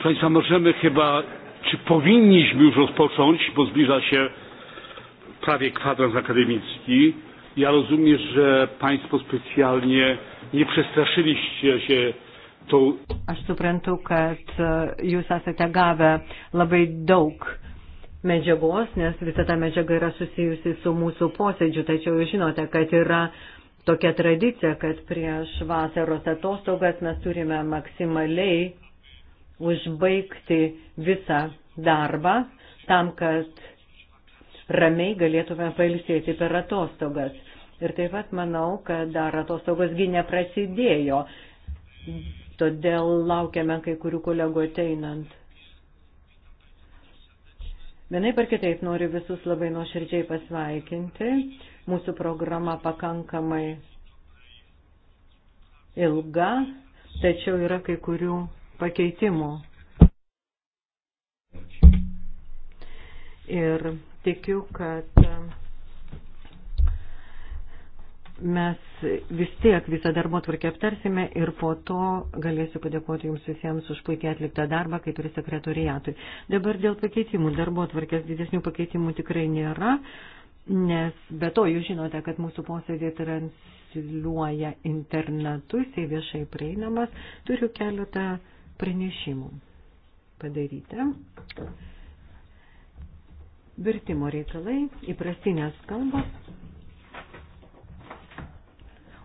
Proszę Państwa, możemy chyba, czy powinniśmy już rozpocząć, bo zbliża się prawie kwadrans akademicki. Ja rozumiem, że Państwo specjalnie nie przestraszyliście się tą. Aš suprantu, kad Jūs esate gavę labai daug medžiagos, nes visa ta medžiaga yra susijusi su mūsų posėdžiu, tačiau jūs žinote, kad yra tokia tradicija, kad prieš vasaros atostogas mes turime maksimaliai užbaigti visą darbą tam, kad ramiai galėtume pailsėti per atostogas. Ir taip pat manau, kad dar atostogosgi neprasidėjo, todėl laukiame kai kurių kolegų ateinant. Vienaip ar kitaip noriu visus labai nuoširdžiai pasveikinti. Mūsų programa pakankamai ilga, tačiau yra kai kurių pakeitimų. Ir tikiu, kad mes vis tiek visą darbo tvarkę aptarsime ir po to galėsiu padėkoti Jums visiems už puikiai atliktą darbą, kaip ir sekretoriatui. Dabar dėl pakeitimų. Darbo tvarkės didesnių pakeitimų tikrai nėra, nes be to Jūs žinote, kad mūsų posėdė transliuoja internetu, jisai viešai prieinamas. Turiu keletą pranešimų padaryta. Vertimo reikalai, įprastinės kalbos.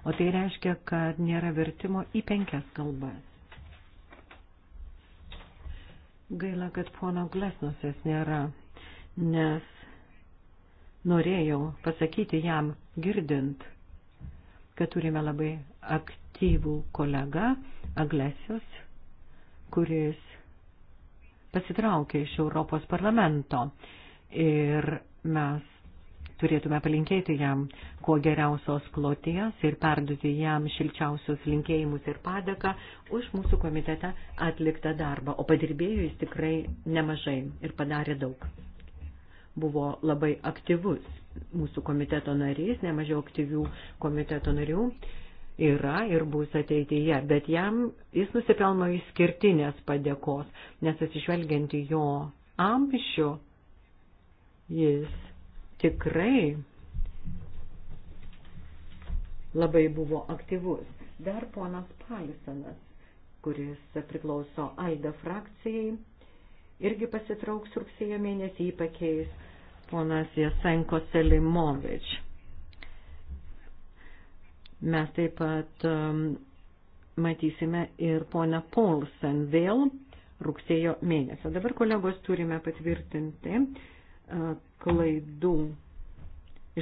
O tai reiškia, kad nėra vertimo į penkias kalbas. Gaila, kad pono Glesnusės nėra, nes norėjau pasakyti jam girdint, kad turime labai aktyvų kolegą Aglesios kuris pasitraukė iš Europos parlamento ir mes turėtume palinkėti jam kuo geriausios kloties ir perduoti jam šilčiausios linkėjimus ir padėką už mūsų komitete atliktą darbą. O padirbėjo jis tikrai nemažai ir padarė daug. Buvo labai aktyvus mūsų komiteto narys, nemažiau aktyvių komiteto narių yra ir bus ateityje, bet jam jis nusipelno išskirtinės padėkos, nes atsižvelgiant į jo amžių, jis tikrai labai buvo aktyvus. Dar ponas Palisanas, kuris priklauso AIDA frakcijai, irgi pasitrauks rugsėjo mėnesį, jį pakeis ponas Jasenko Selimovič. Mes taip pat um, matysime ir poną Paulsen vėl rugsėjo mėnesio. Dabar kolegos turime patvirtinti uh, klaidų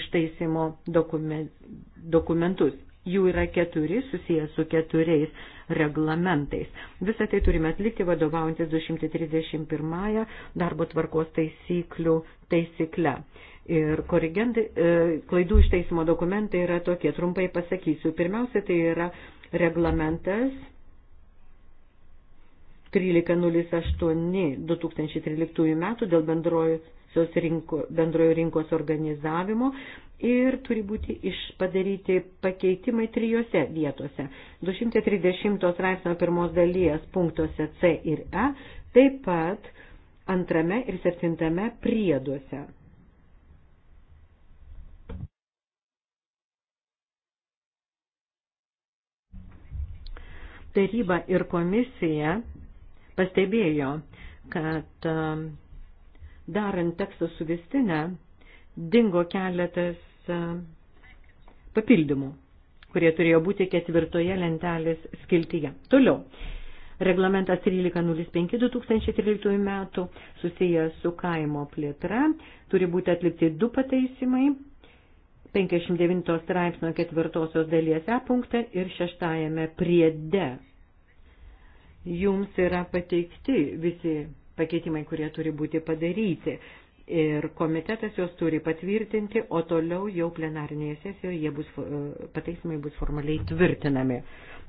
ištaisimo dokumentus. Jų yra keturi susijęs su keturiais reglamentais. Visą tai turime atlikti vadovaujantis 231 darbo tvarkos taisyklių taisykle. Ir korigendai, e, klaidų išteisimo dokumentai yra tokie, trumpai pasakysiu. Pirmiausia, tai yra reglamentas 1308-2013 metų dėl bendrojos rinko, bendrojo rinkos organizavimo ir turi būti padaryti pakeitimai trijose vietose. 230 straipsnio pirmos dalies punktuose C ir E, taip pat antrame ir septintame prieduose taryba ir komisija pastebėjo, kad um, darant tekstą su Vestinė dingo keletas um, papildymų, kurie turėjo būti ketvirtoje lentelės skiltyje. Toliau. Reglamentas 1305-2013 metų susijęs su kaimo plėtra turi būti atlikti du pataisimai 59 straipsnio ketvirtosios dalies E punkte ir šeštajame priede. Jums yra pateikti visi pakeitimai, kurie turi būti padaryti. Ir komitetas juos turi patvirtinti, o toliau jau plenarinėje sesijoje jie bus, e, pataisimai bus formaliai tvirtinami.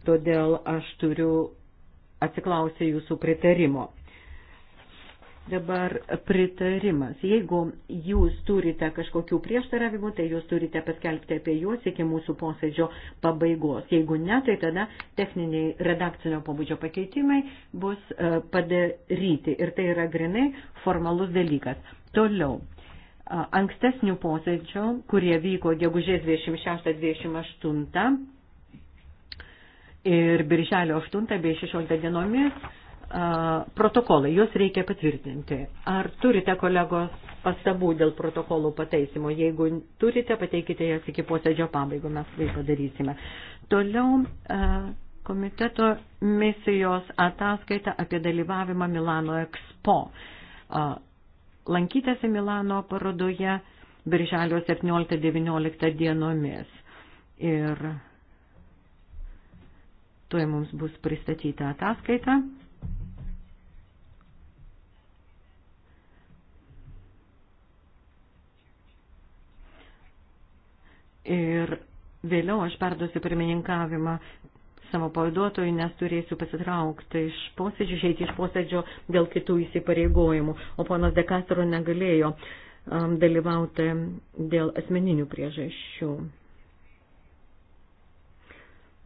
Todėl aš turiu atsiklausę jūsų pritarimo. Dabar pritarimas. Jeigu jūs turite kažkokių prieštaravimų, tai jūs turite paskelbti apie juos iki mūsų posėdžio pabaigos. Jeigu ne, tai tada techniniai redakcinio pabudžio pakeitimai bus e, padaryti. Ir tai yra grinai formalus dalykas. Toliau ankstesnių posėdžių, kurie vyko gegužės 26-28 ir birželio 8 bei 16 dienomis, protokolai, juos reikia patvirtinti. Ar turite kolegos pastabų dėl protokolų pataisimo? Jeigu turite, pateikite jas iki posėdžio pabaigų, mes tai padarysime. Toliau komiteto misijos ataskaita apie dalyvavimą Milano Expo. Lankytėsi Milano parodoje birželio 17-19 dienomis. Ir tuoj mums bus pristatyta ataskaita. ir vėliau aš perduosiu pirmininkavimą savo pavaduotojui, nes turėsiu pasitraukti iš posėdžio, išeiti iš posėdžio dėl kitų įsipareigojimų, o ponas Dekastro negalėjo um, dalyvauti dėl asmeninių priežasčių.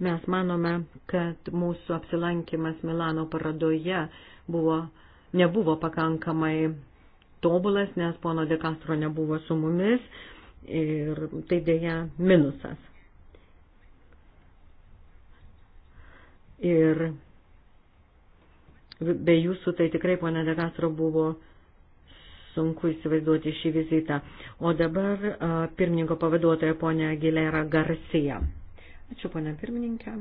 Mes manome, kad mūsų apsilankimas Milano paradoje buvo, nebuvo pakankamai tobulas, nes pono Dekastro nebuvo su mumis ir tai dėja minusas. Ir be jūsų tai tikrai, ponė Degastro, buvo sunku įsivaizduoti šį vizitą. O dabar pirmininko pavaduotoja ponė Gilera Garcia. Ačiū, ponė pirmininkė.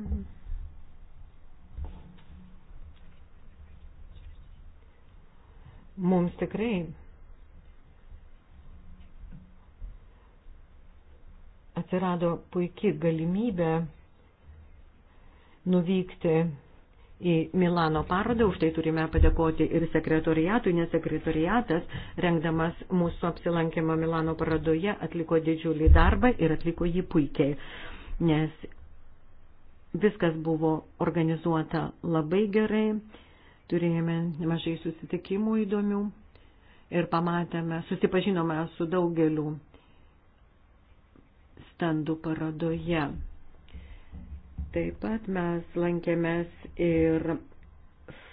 Mums tikrai atsirado puikia galimybė nuvykti į Milano parodą, už tai turime padėkoti ir sekretoriatui, nes sekretoriatas, rengdamas mūsų apsilankimą Milano parodoje, atliko didžiulį darbą ir atliko jį puikiai, nes viskas buvo organizuota labai gerai, turėjome nemažai susitikimų įdomių ir pamatėme, susipažinome su daugeliu standų parodoje. Taip pat mes lankėmės ir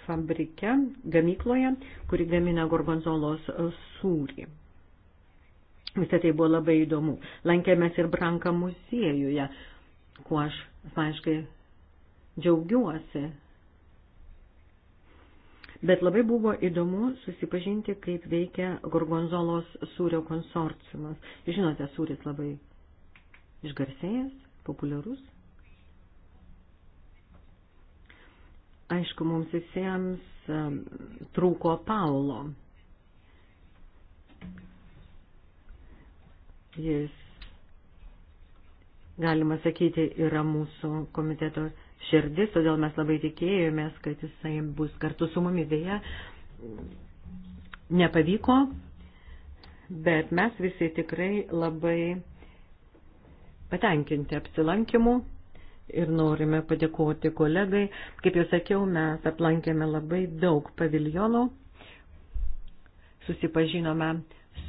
fabrike, gamykloje, kuri gamina gorgonzolos sūrį. Visą tai buvo labai įdomu. Lankėmės ir Branka muziejuje, kuo aš asmeniškai džiaugiuosi. Bet labai buvo įdomu susipažinti, kaip veikia gorgonzolos sūrio konsorciumas. Žinote, sūris labai išgarsėjęs, populiarus. Aišku, mums visiems um, trūko Paulo. Jis, galima sakyti, yra mūsų komiteto širdis, todėl mes labai tikėjomės, kad jisai bus kartu su mumis dėja. Nepavyko, bet mes visi tikrai labai patenkinti apsilankimu ir norime padėkoti kolegai. Kaip jau sakiau, mes aplankėme labai daug paviljonų, susipažinome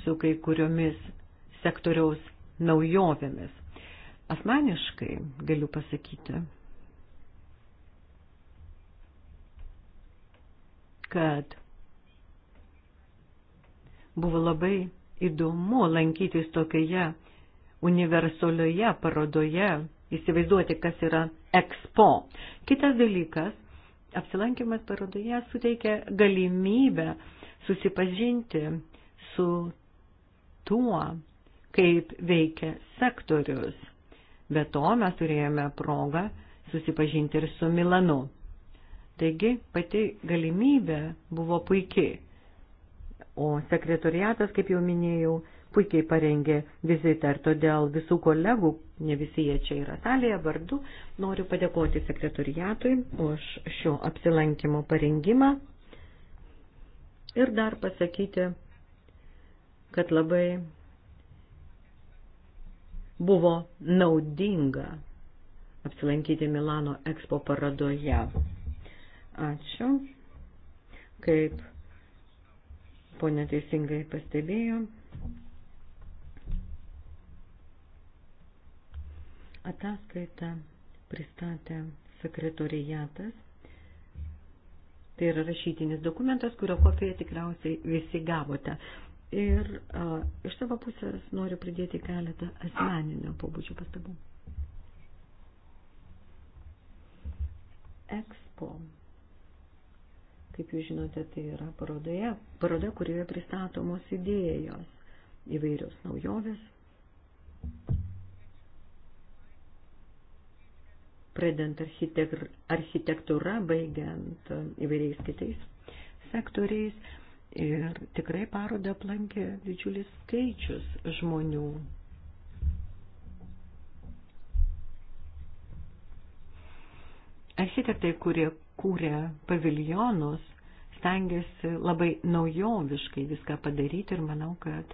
su kai kuriomis sektoriaus naujovėmis. Asmeniškai galiu pasakyti, kad buvo labai įdomu lankytis tokioje universalioje parodoje įsivaizduoti, kas yra ekspo. Kitas dalykas, apsilankimas parodoje suteikia galimybę susipažinti su tuo, kaip veikia sektorius. Be to mes turėjome progą susipažinti ir su Milanu. Taigi pati galimybė buvo puikiai. O sekretoriatas, kaip jau minėjau, puikiai parengė vizitą ir todėl visų kolegų, ne visi jie čia yra salėje vardu, noriu padėkoti sekretoriatui už šio apsilankimo parengimą ir dar pasakyti, kad labai buvo naudinga apsilankyti Milano Expo parodoje. Ačiū. Kaip ponė teisingai pastebėjo, Ataskaitą pristatė sekretorijatas. Tai yra rašytinis dokumentas, kurio kopiją tikriausiai visi gavote. Ir a, iš savo pusės noriu pridėti keletą asmeninio pobūdžio pastabų. Expo. Kaip jūs žinote, tai yra parodoje, paroda, kurioje pristatomos idėjos, įvairios naujovės, pradant architektūrą, baigiant um, įvairiais kitais sektoriais. Ir tikrai parodą aplankė didžiulis skaičius žmonių. Architektai, kurie kūrė paviljonus, stengiasi labai naujoviškai viską padaryti ir manau, kad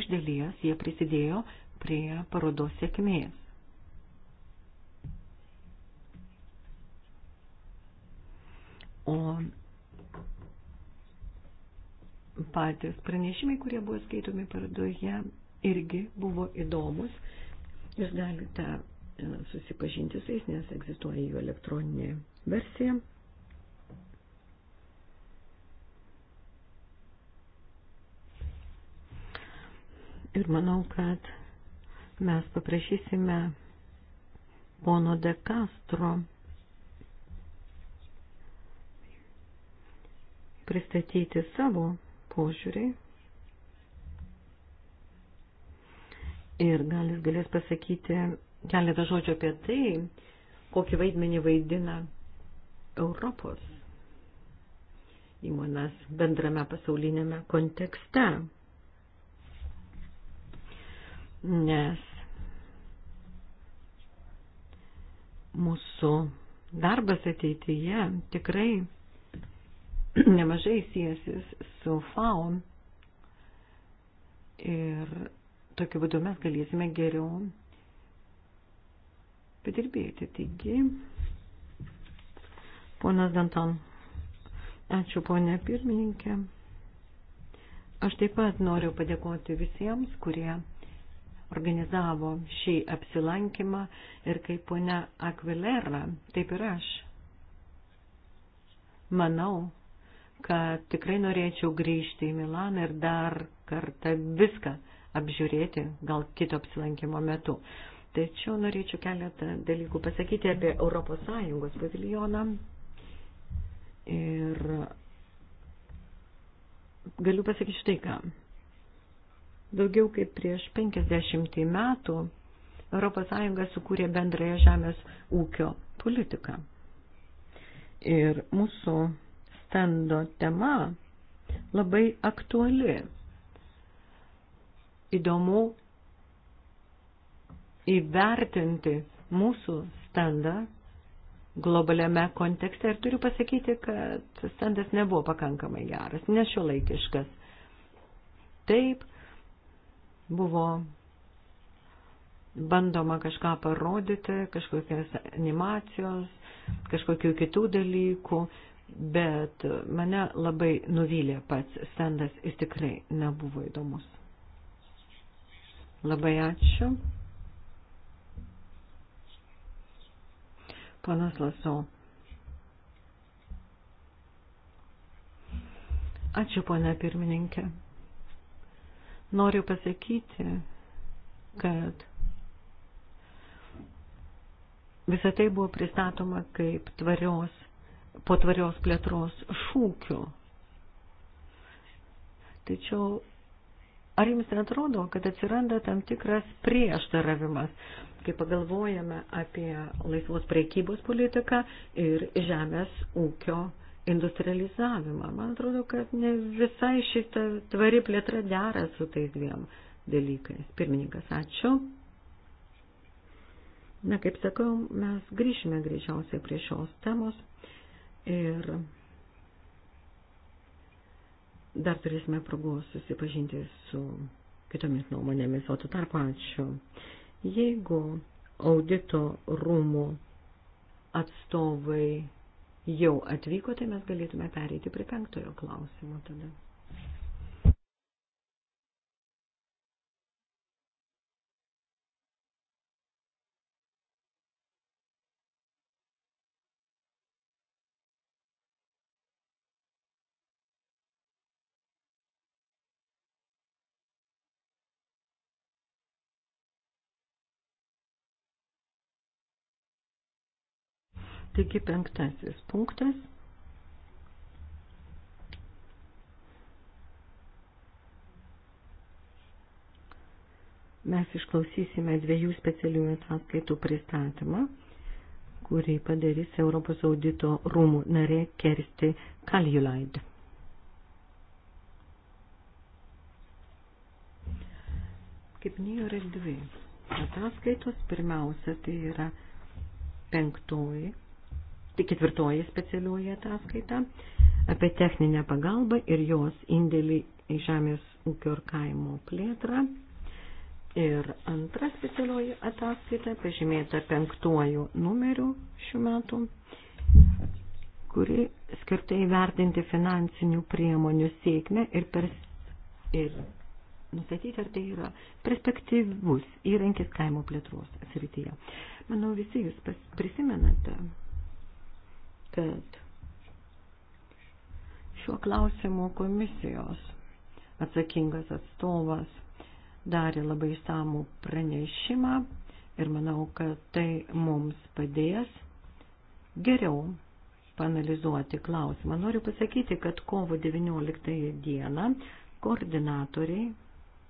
iš dalies jie prisidėjo prie parodos sėkmės. O patys pranešimai, kurie buvo skaitomi parodoje, irgi buvo įdomus. Jūs galite e, susipažinti su jais, nes egzistuoja jų elektroninė versija. Ir manau, kad mes paprašysime pono De Castro pristatyti savo požiūrį ir gal jis galės pasakyti keletą žodžių apie tai, kokį vaidmenį vaidina Europos įmonės bendrame pasaulinėme kontekste. Nes mūsų darbas ateityje tikrai nemažai siesis su FAO ir tokiu būdu mes galėsime geriau padirbėti. Taigi, ponas Dantam, ačiū ponė pirmininkė. Aš taip pat noriu padėkoti visiems, kurie organizavo šį apsilankymą ir kaip ponia Akvilera, taip ir aš. Manau, kad tikrai norėčiau grįžti į Milaną ir dar kartą viską apžiūrėti, gal kito apsilankimo metu. Tačiau norėčiau keletą dalykų pasakyti apie Europos Sąjungos paviljoną. Ir galiu pasakyti štai ką. Daugiau kaip prieš 50 metų Europos Sąjunga sukūrė bendrąją žemės ūkio politiką. Ir mūsų stendo tema labai aktuali. Įdomu įvertinti mūsų standą globaliame kontekste ir turiu pasakyti, kad standas nebuvo pakankamai geras, nešiolaikiškas. Taip, buvo bandoma kažką parodyti, kažkokias animacijos, kažkokių kitų dalykų, bet mane labai nuvylė pats stendas, jis tikrai nebuvo įdomus. Labai ačiū. Panas Laso. Ačiū, ponia pirmininkė. Noriu pasakyti, kad visą tai buvo pristatoma kaip tvarios po tvarios plėtros šūkių. Tačiau ar jums netrodo, kad atsiranda tam tikras prieštaravimas, kai pagalvojame apie laisvos priekybos politiką ir žemės ūkio industrializavimą? Man atrodo, kad ne visai šita tvari plėtra dera su tais dviem dalykais. Pirmininkas, ačiū. Na, kaip sakau, mes grįšime greičiausiai prie šios temos. Ir dar turėsime progos susipažinti su kitomis nuomonėmis, o tu tarpu ačiū. Jeigu audito rūmų atstovai jau atvyko, tai mes galėtume pereiti prie penktojo klausimo tada. Taigi penktasis punktas. Mes išklausysime dviejų specialių ataskaitų pristatymą, kurį padarys Europos audito rūmų narė Kersti Kaljulaid. Kaip minėjau, yra dvi ataskaitos. Pirmiausia, tai yra penktoji tai ketvirtoji specialioji ataskaita apie techninę pagalbą ir jos indėlį į žemės ūkio ir kaimo plėtrą. Ir antra specialioji ataskaita, pažymėta penktuoju numeriu šiuo metu, kuri skirta įvertinti finansinių priemonių sėkmę ir, pers, ir nustatyti, ar tai yra perspektyvus įrankis kaimo plėtros srityje. Manau, visi jūs prisimenate kad šiuo klausimu komisijos atsakingas atstovas darė labai samų pranešimą ir manau, kad tai mums padės geriau panalizuoti klausimą. Noriu pasakyti, kad kovo 19 dieną koordinatoriai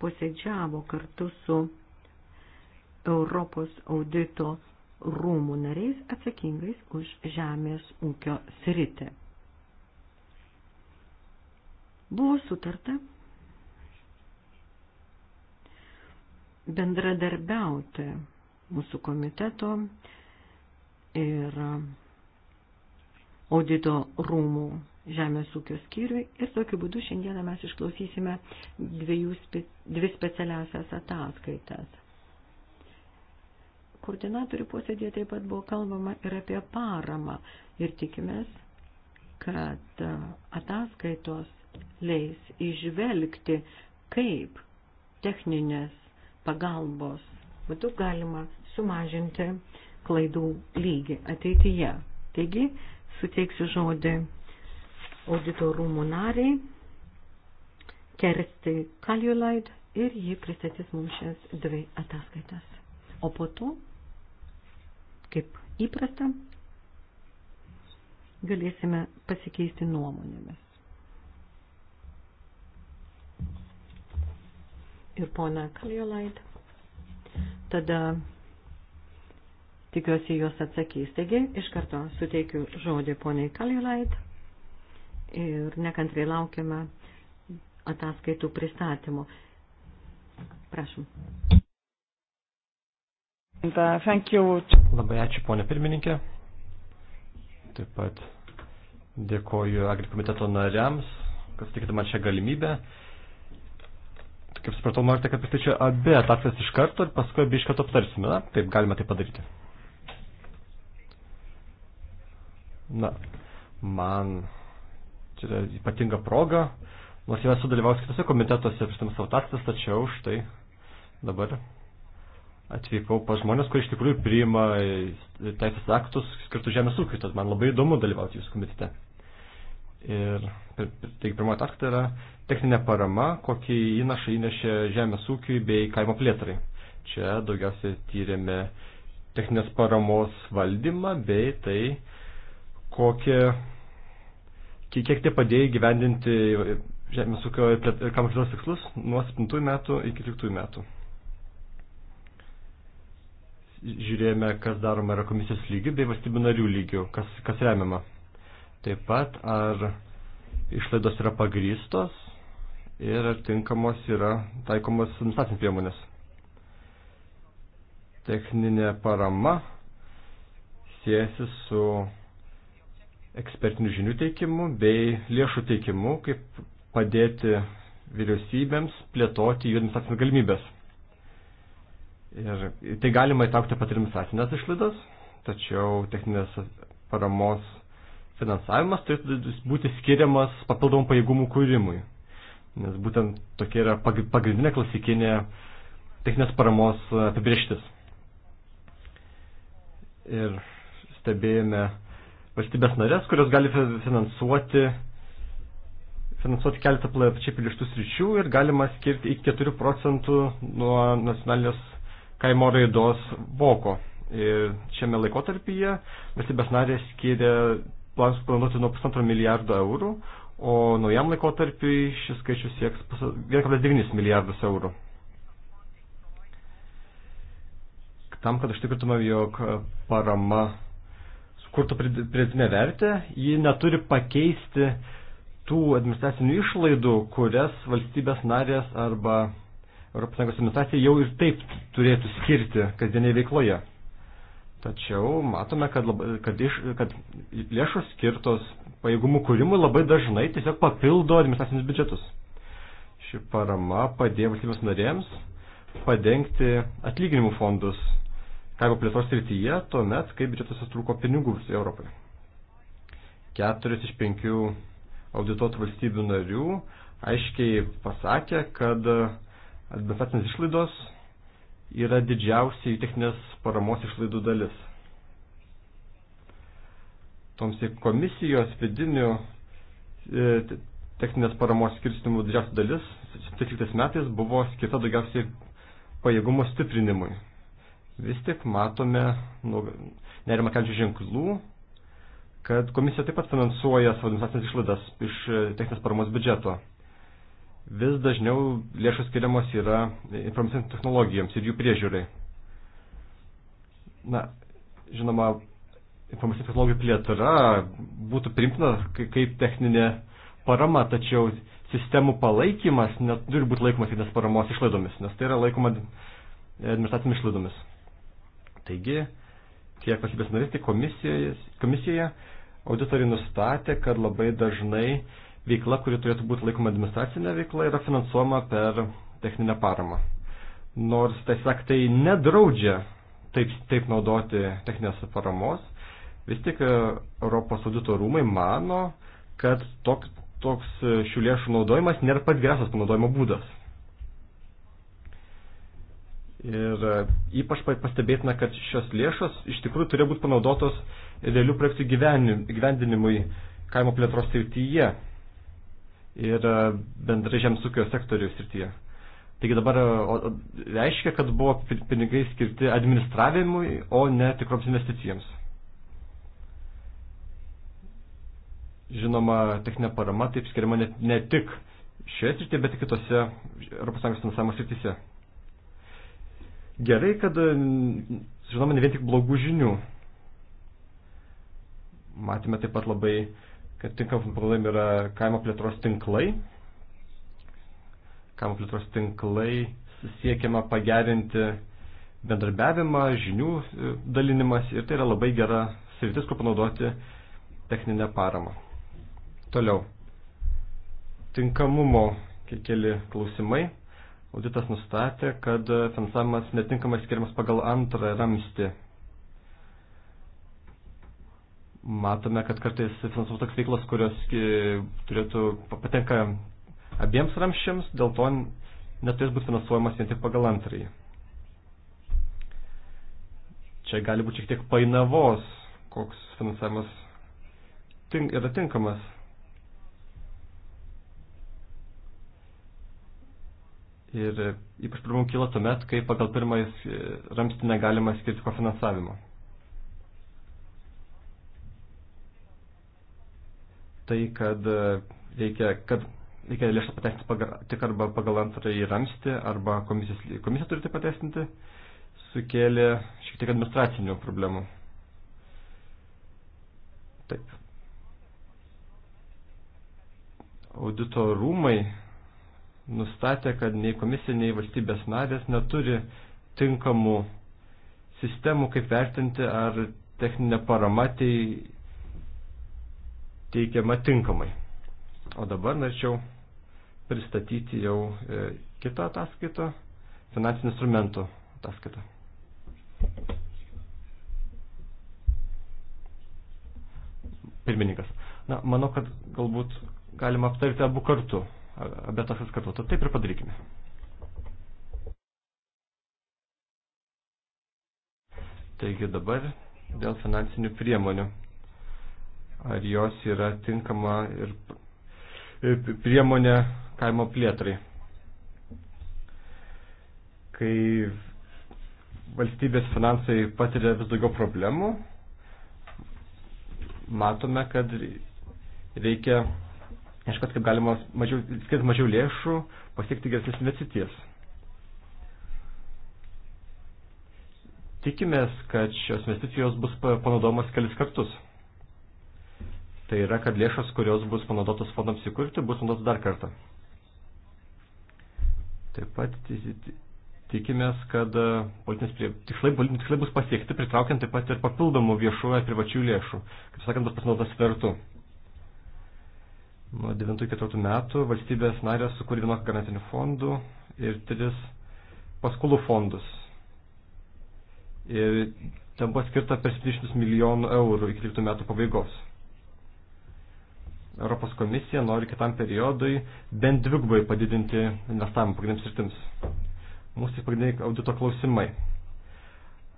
posėdžiavo kartu su Europos audito rūmų nariais atsakingais už žemės ūkio sritį. Buvo sutarta bendradarbiauti mūsų komiteto ir audito rūmų žemės ūkio skyriui ir tokiu būdu šiandieną mes išklausysime dviejų, dvi specialiasias ataskaitas. Koordinatorių posėdėje taip pat buvo kalbama ir apie paramą ir tikimės, kad e, ataskaitos leis išvelgti, kaip techninės pagalbos būtų galima sumažinti klaidų lygį ateityje. Taigi, suteiksiu žodį auditorumų nariai Kersti Kaljulaid ir ji pristatys mums šias dvi ataskaitas. O po to kaip įprasta, galėsime pasikeisti nuomonėmis. Ir pona Kaliolait. Tada tikiuosi juos atsakys. Taigi, iš karto suteikiu žodį poniai Kaliolait ir nekantriai laukiame ataskaitų pristatymo. Prašom. Uh, Labai ačiū, ponė pirmininkė. Taip pat dėkoju agrikomiteto nariams, kad sutikite man šią galimybę. Kaip supratau, norite, kad pristačiau abi ataskaitas iš karto ir paskui abi iš karto aptarsime. Na, taip, galime tai padaryti. Na, man čia yra ypatinga proga, nors jau esu dalyvaus kitose komitetuose pristatymas savo ataskaitas, tačiau štai dabar atvykau pas žmonės, kurie iš tikrųjų priima teisės aktus skirtus žemės ūkiui, tad man labai įdomu dalyvauti jūsų komitete. Ir taigi pirmoji ataskaita yra techninė parama, kokį įnašą įnešė žemės ūkiui bei kaimo plėtrai. Čia daugiausiai tyrėme techninės paramos valdymą bei tai, kokie, kiek tie padėjo gyvendinti žemės ūkio ir kaimo plėtros tikslus nuo 7 metų iki 13 metų žiūrėjome, kas daroma yra komisijos lygių bei valstybių narių lygių, kas, kas remiama. Taip pat, ar išlaidos yra pagrystos ir ar tinkamos yra taikomos administracinės priemonės. Techninė parama siejasi su ekspertinių žinių teikimu bei lėšų teikimu, kaip padėti vyriausybėms plėtoti jų administracinės galimybės. Ir tai galima įtraukti pat administracinės išlaidas, tačiau techninės paramos finansavimas turėtų būti skiriamas papildomų pajėgumų kūrimui. Nes būtent tokia yra pagrindinė klasikinė techninės paramos apibrieštis. Ir stebėjome valstybės narės, kurios gali finansuoti, finansuoti keletą plačiai pilištų sričių ir galima skirti iki 4 procentų nuo nacionalinės kaimo raidos voko. Ir šiame laikotarpyje valstybės narės skiria planuoti nuo pusantro milijardo eurų, o naujam laikotarpiui šis skaičius sieks 1,9 milijardus eurų. Tam, kad ištikrintume, jog parama sukurtų pridėtinę vertę, ji neturi pakeisti tų administracinių išlaidų, kurias valstybės narės arba ES administracija jau ir taip turėtų skirti kasdieniai veikloje. Tačiau matome, kad, labai, kad, iš, kad lėšos skirtos pajėgumų kūrimui labai dažnai tiesiog papildo administracinius biudžetus. Ši parama padėjo valstybės narėms padengti atlyginimų fondus kaimo plėtros srityje, tuomet, kai biudžetas sutrūko pinigų visoje Europoje. Keturis iš penkių audituotų valstybių narių aiškiai pasakė, kad administracinės išlaidos yra didžiausiai techninės paramos išlaidų dalis. Toms komisijos vidinių e, techninės paramos skirstimų didžiausia dalis 17 metais buvo skirta daugiausiai pajėgumo stiprinimui. Vis tik matome nu, nerima kelčių ženklų, kad komisija taip pat finansuoja savo administracinės išlaidas iš e, techninės paramos biudžeto vis dažniau lėšos skiriamos yra informacinėms technologijoms ir jų priežiūrai. Na, žinoma, informacinių technologijų plėtra būtų primtina kaip techninė parama, tačiau sistemų palaikymas neturi būti laikomas vienas paramos išlaidomis, nes tai yra laikoma e, administracinėmis išlaidomis. Taigi, tiek valstybės narys, tiek komisijoje auditoriai nustatė, kad labai dažnai veikla, kuri turėtų būti laikoma administracinė veikla, yra finansuojama per techninę paramą. Nors tiesiog tai nedraudžia taip, taip naudoti techninės paramos, vis tik e, Europos audito rūmai mano, kad tok, toks e, šių lėšų naudojimas nėra pats geriausias panaudojimo būdas. Ir e, ypač pastebėtina, kad šios lėšos iš tikrųjų turėjo būti panaudotos realių projektų gyvendinimui kaimo plėtros srityje. Tai ir e, bendrai žemės ūkio sektorių srityje. Taigi dabar e, o, o, reiškia, kad buvo pinigai skirti administravimui, o ne tikroms investicijoms. Žinoma, techninė parama taip skiriama ne, ne tik šioje srityje, bet ir kitose ES finansavimo srityse. Gerai, kad žinoma ne vien tik blogų žinių. Matėme taip pat labai uh, kad tinkamam problemai yra kaimo plėtros tinklai. Kaimo plėtros tinklai siekiama pagerinti bendarbiavimą, žinių e, dalinimas ir tai yra labai gera sritis, kur panaudoti techninę paramą. Toliau. Tinkamumo keli klausimai. Auditas nustatė, kad finansavimas netinkamas skiriamas pagal antrą ramstį matome, kad kartais finansuotos toks veiklos, kurios e, turėtų patenka abiems ramščiams, dėl to neturės būti finansuojamas vien tik pagal antrąjį. Čia gali būti šiek tiek painavos, koks finansavimas tink, yra tinkamas. Ir ypač problemų kyla tuomet, kai pagal pirmąjį ramstį negalima skirti kofinansavimo. finansavimo. tai, kad e, reikia, kad reikia lėšą pateisinti pagal, tik arba pagal antrąjį ramstį, arba komisijos, komisija turi tai pateisinti, sukėlė šiek tiek administracinių problemų. Taip. Audito rūmai nustatė, kad nei komisija, nei valstybės narės neturi tinkamų sistemų, kaip vertinti, ar techninė parama tei, teikiama tinkamai. O dabar norėčiau pristatyti jau e, kitą ataskaitą, finansinių instrumentų ataskaitą. Pirmininkas. Na, manau, kad galbūt galima aptarti abu kartu, abi ataskaitas kartu. Tad taip ir padarykime. Taigi dabar dėl finansinių priemonių ar jos yra tinkama ir priemonė kaimo plėtrai. Kai valstybės finansai patiria vis daugiau problemų, matome, kad reikia iškart kaip galima mažiau, skirti mažiau lėšų, pasiekti geresnės investicijas. Tikimės, kad šios investicijos bus panaudomas kelis kartus. Tai yra, kad lėšos, kurios bus panaudotos fondams įkurti, bus panaudotos dar kartą. Taip pat tikimės, kad e, politinės prie... tikslai, politiniai tikslai bus pasiekti, pritraukiant taip pat ir papildomų viešų ir privačių lėšų. Kaip sakant, bus pasinaudotas svertų. Nuo 9-14 metų valstybės narės sukūrė 11 garantinių fondų ir 3 paskolų fondus. Ir ten buvo skirta per 700 milijonų eurų iki 13 metų pabaigos. Europos komisija nori kitam periodui bent dvigubai padidinti investavimą pagrindiniams sritims. Mūsų pagrindiniai audito klausimai.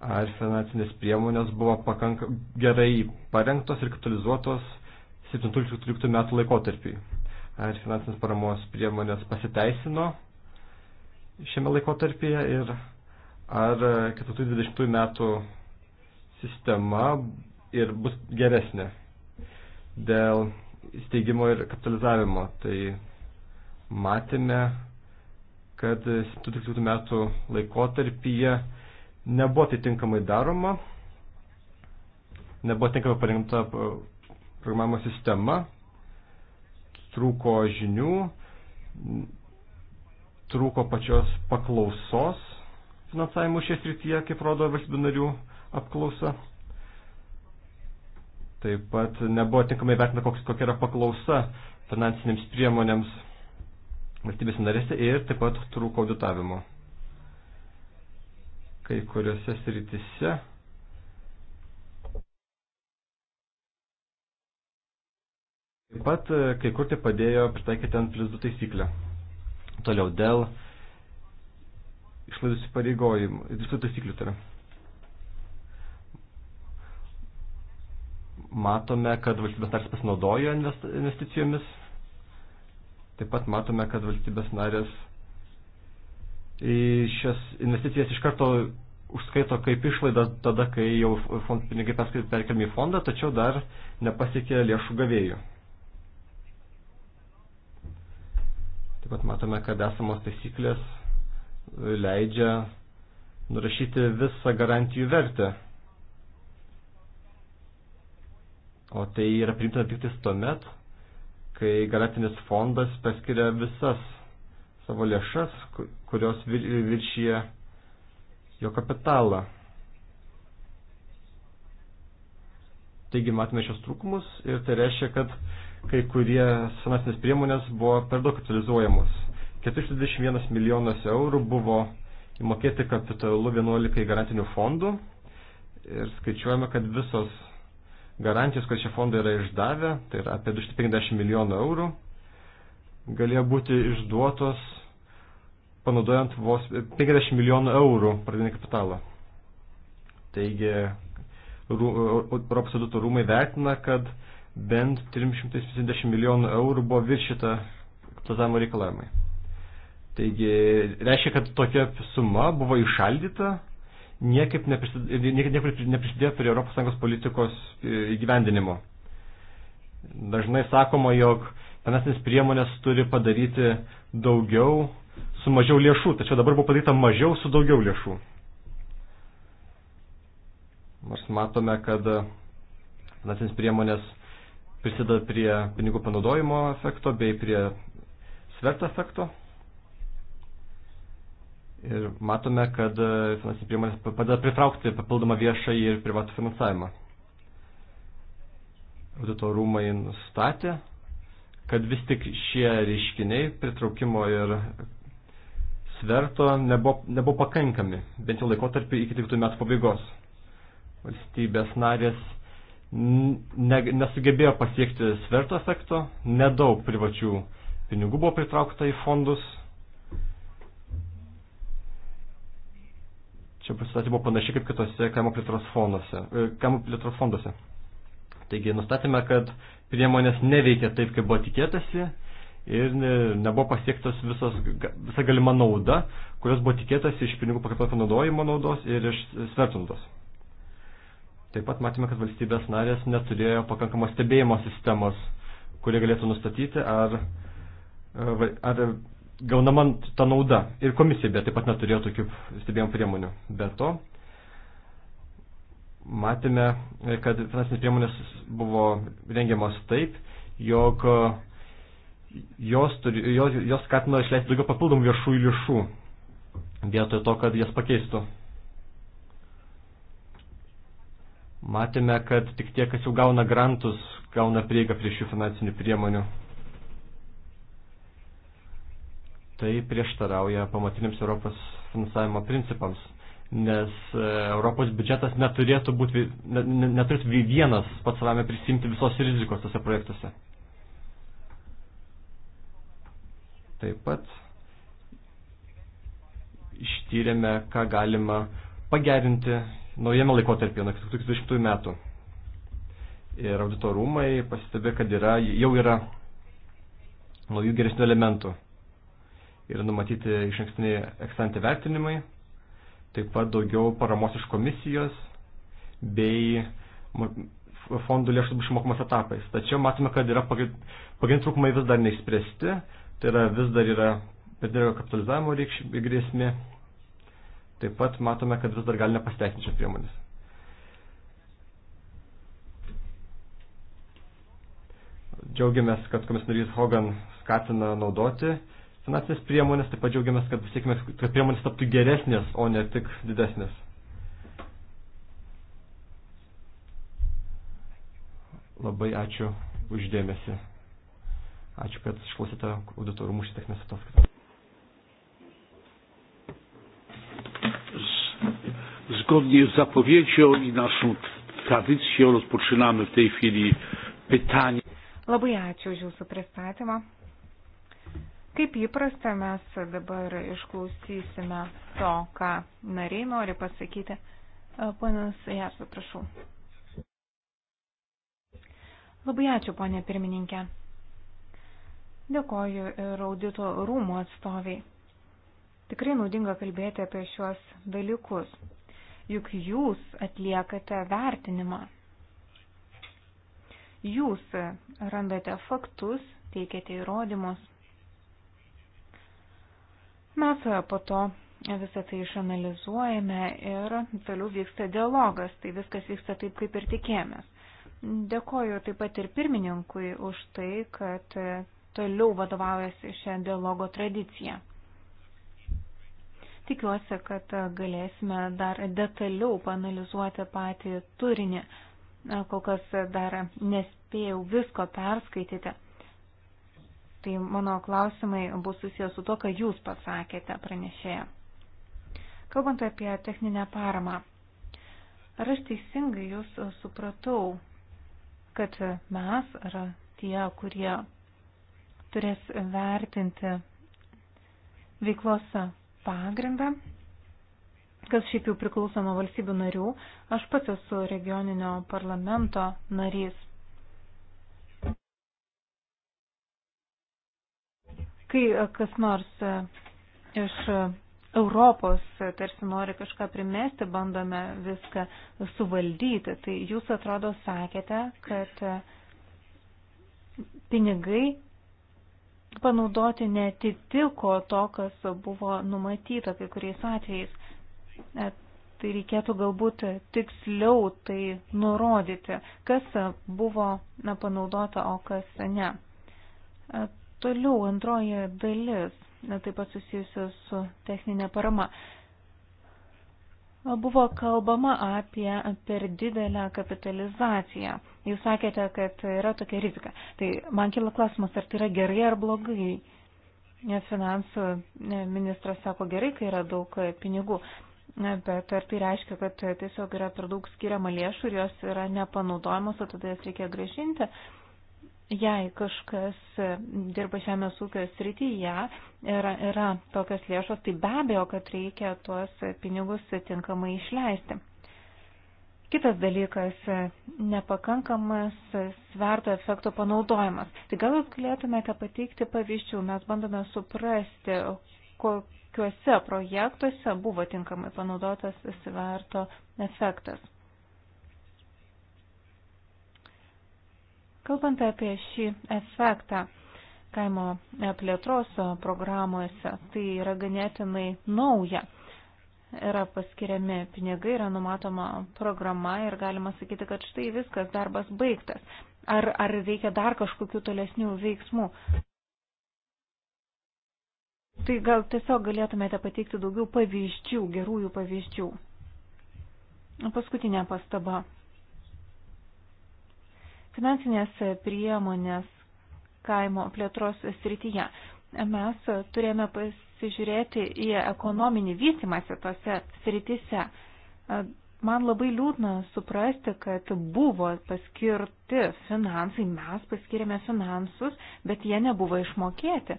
Ar finansinės priemonės buvo pakank gerai parengtos ir kapitalizuotos 17-13 metų laikotarpiai? Ar finansinės paramos priemonės pasiteisino šiame laikotarpyje ir ar 420 metų sistema ir bus geresnė? Dėl įsteigimo ir kapitalizavimo. Tai matėme, kad 2013 metų laikotarpyje nebuvo tai tinkamai daroma, nebuvo tinkamai parengta programavimo sistema, trūko žinių, trūko pačios paklausos finansavimų šią srityje, kaip rodo valstybių narių apklausa. Taip pat nebuvo tinkamai vertina, kokia yra paklausa finansinėms priemonėms valstybės narėse ir taip pat trūko auditavimo. Kai kuriuose sritise Taip pat e, kai kur tai padėjo pritaikyti ant plus 2 taisyklę. Toliau dėl išlaidų įsipareigojimų, visų taisyklių tai yra. matome, kad valstybės narės pasinaudojo investicijomis. Taip pat matome, kad valstybės narės į šias investicijas iš karto užskaito kaip išlaida tada, kai jau fond, pinigai perkeliami į fondą, tačiau dar nepasiekė lėšų gavėjų. Taip pat matome, kad esamos taisyklės leidžia nurašyti visą garantijų vertę O tai yra priimtina tik tais tuomet, kai garantinis fondas paskiria visas savo lėšas, kurios viršyje jo kapitalą. Taigi matome šios trūkumus ir tai reiškia, kad kai kurie senasinės priemonės buvo per daug kapitalizuojamos. 421 milijonas eurų buvo įmokėti kapitalu 11 garantinių fondų ir skaičiuojame, kad visos garantijas, kurias šie fondai yra išdavę, tai yra apie 250 milijonų eurų, galėjo būti išduotos panaudojant vos 50 milijonų eurų pradinį kapitalą. Taigi, Europos audito rūmai vertina, kad bent 350 milijonų eurų buvo viršita kapitalizavimo reikalavimai. Taigi, reiškia, kad tokia suma buvo išaldyta niekaip neprisidėjo prie ES politikos e, įgyvendinimo. Dažnai sakoma, jog finansinės priemonės turi padaryti daugiau su mažiau lėšų, tačiau dabar buvo padaryta mažiau su daugiau lėšų. Nors matome, kad finansinės priemonės prisideda prie pinigų panaudojimo efekto bei prie sverto efekto. Ir matome, kad e, finansinės priemonės padeda pritraukti papildomą viešą ir privatų finansavimą. Audito rūmai nustatė, kad vis tik šie reiškiniai pritraukimo ir sverto nebuvo, nebuvo pakankami, bent jau laikotarpį iki 13 metų pabaigos. Valstybės narės ne, nesugebėjo pasiekti sverto efekto, nedaug privačių pinigų buvo pritraukta į fondus Čia pristatė buvo panašiai kaip kitose kaimo plėtros, e, kaimo plėtros fonduose. Taigi nustatėme, kad priemonės neveikia taip, kaip buvo tikėtasi ir ne, nebuvo pasiektas visos, visa galima nauda, kurios buvo tikėtasi iš pinigų pakartos panaudojimo naudos ir iš svertų naudos. Taip pat matėme, kad valstybės narės neturėjo pakankamos stebėjimo sistemos, kurie galėtų nustatyti, ar, e, ar gaunama ta nauda. Ir komisija bet taip pat neturėjo tokių stebėjimų priemonių. Be to, matėme, kad finansinės priemonės buvo rengiamas taip, jog e, jos, turi, jos, jos skatino išleisti daugiau papildomų viešųjų lėšų vietoj to, kad jas pakeistų. Matėme, kad tik tie, kas jau gauna grantus, gauna prieigą prie šių finansinių priemonių. tai prieštarauja pamatiniams Europos finansavimo principams, nes e, Europos biudžetas neturėtų būti neturėtų vienas pats savame prisimti visos rizikos tose projektuose. Taip pat ištyrėme, ką galima pagerinti naujame laikotarpyje, nuo 2020 metų. Ir auditorumai pastebė, kad yra, jau yra naujų geresnių elementų yra numatyti iš ankstiniai ekstantį vertinimai, taip pat daugiau paramos iš komisijos bei fondų lėšų bus išmokamas etapais. Tačiau matome, kad yra pagrindų trūkumai vis dar neišspręsti, tai yra vis dar yra perdėlio kapitalizavimo reikšmė grėsmė. Taip pat matome, kad vis dar gali nepasiteisinti šios priemonės. Džiaugiamės, kad komisarys Hogan skatina naudoti Finansinės priemonės taip pat džiaugiamės, kad siekime, kad priemonės taptų geresnės, o ne tik didesnės. Labai ačiū uždėmesi. Ačiū, kad išklausėte auditorumų šį techninės ataskaitą. Zgodnie z zapowiedzią i naszą tradycją rozpoczynamy w tej chwili pytanie. Labai ačiū už Jūsų pristatymą. Kaip įprasta, mes dabar išklausysime to, ką nariai nori pasakyti. E, ponas Jasu, prašau. Labai ačiū, ponė pirmininkė. Dėkoju ir audito rūmų atstoviai. Tikrai naudinga kalbėti apie šiuos dalykus, juk jūs atliekate vertinimą. Jūs randate faktus, teikiate įrodymus. Mes e, po to visą tai išanalizuojame ir toliau vyksta dialogas, tai viskas vyksta taip, kaip ir tikėjomės. Dėkoju taip pat ir pirmininkui už tai, kad e, toliau vadovaujasi šią dialogo tradiciją. Tikiuosi, kad e, galėsime dar detaliau panalizuoti patį turinį. Kol kas dar nespėjau visko perskaityti tai mano klausimai bus susijęs su to, ką jūs pasakėte pranešėje. Kalbant apie techninę paramą, ar aš teisingai jūs supratau, kad mes ar tie, kurie turės vertinti veiklos pagrindą, kas šiaip jau priklauso nuo valstybių narių, aš pats esu regioninio parlamento narys kai e, kas nors e, iš e, Europos tarsi nori kažką primesti, bandome viską suvaldyti. Tai jūs atrodo sakėte, kad pinigai panaudoti netitiko to, kas buvo numatyta kai kuriais atvejais. Tai reikėtų galbūt tiksliau tai nurodyti, kas buvo na, panaudota, o kas ne. Toliau antroji dalis, taip pat susijusi su techninė parama. Buvo kalbama apie per didelę kapitalizaciją. Jūs sakėte, kad yra tokia rizika. Tai man kila klausimas, ar tai yra gerai ar blogai. Finansų ministras sako gerai, kai yra daug pinigų. Bet ar tai reiškia, kad tiesiog yra per daug skiriama lėšų ir jos yra nepanaudojamos, o tada jas reikia gražinti? Jei kažkas e, dirba žemės ūkio srityje ir yra tokios lėšos, tai be abejo, kad reikia tuos pinigus tinkamai išleisti. Kitas dalykas e, - nepakankamas sverto efekto panaudojimas. Tai gal jūs galėtumėte pateikti pavyzdžių, mes bandome suprasti, kokiuose projektuose buvo tinkamai panaudotas sverto efektas. Kalbant apie šį efektą kaimo plėtros programuose, tai yra ganėtinai nauja. Yra paskiriami pinigai, yra numatoma programa ir galima sakyti, kad štai viskas, darbas baigtas. Ar, ar reikia dar kažkokių tolesnių veiksmų? Tai gal tiesiog galėtumėte pateikti daugiau pavyzdžių, gerųjų pavyzdžių. Paskutinė pastaba. Finansinės priemonės kaimo plėtros srityje. Mes turėjome pasižiūrėti į ekonominį vystimąsi tose srityse. Man labai liūdna suprasti, kad buvo paskirti finansai, mes paskirėme finansus, bet jie nebuvo išmokėti.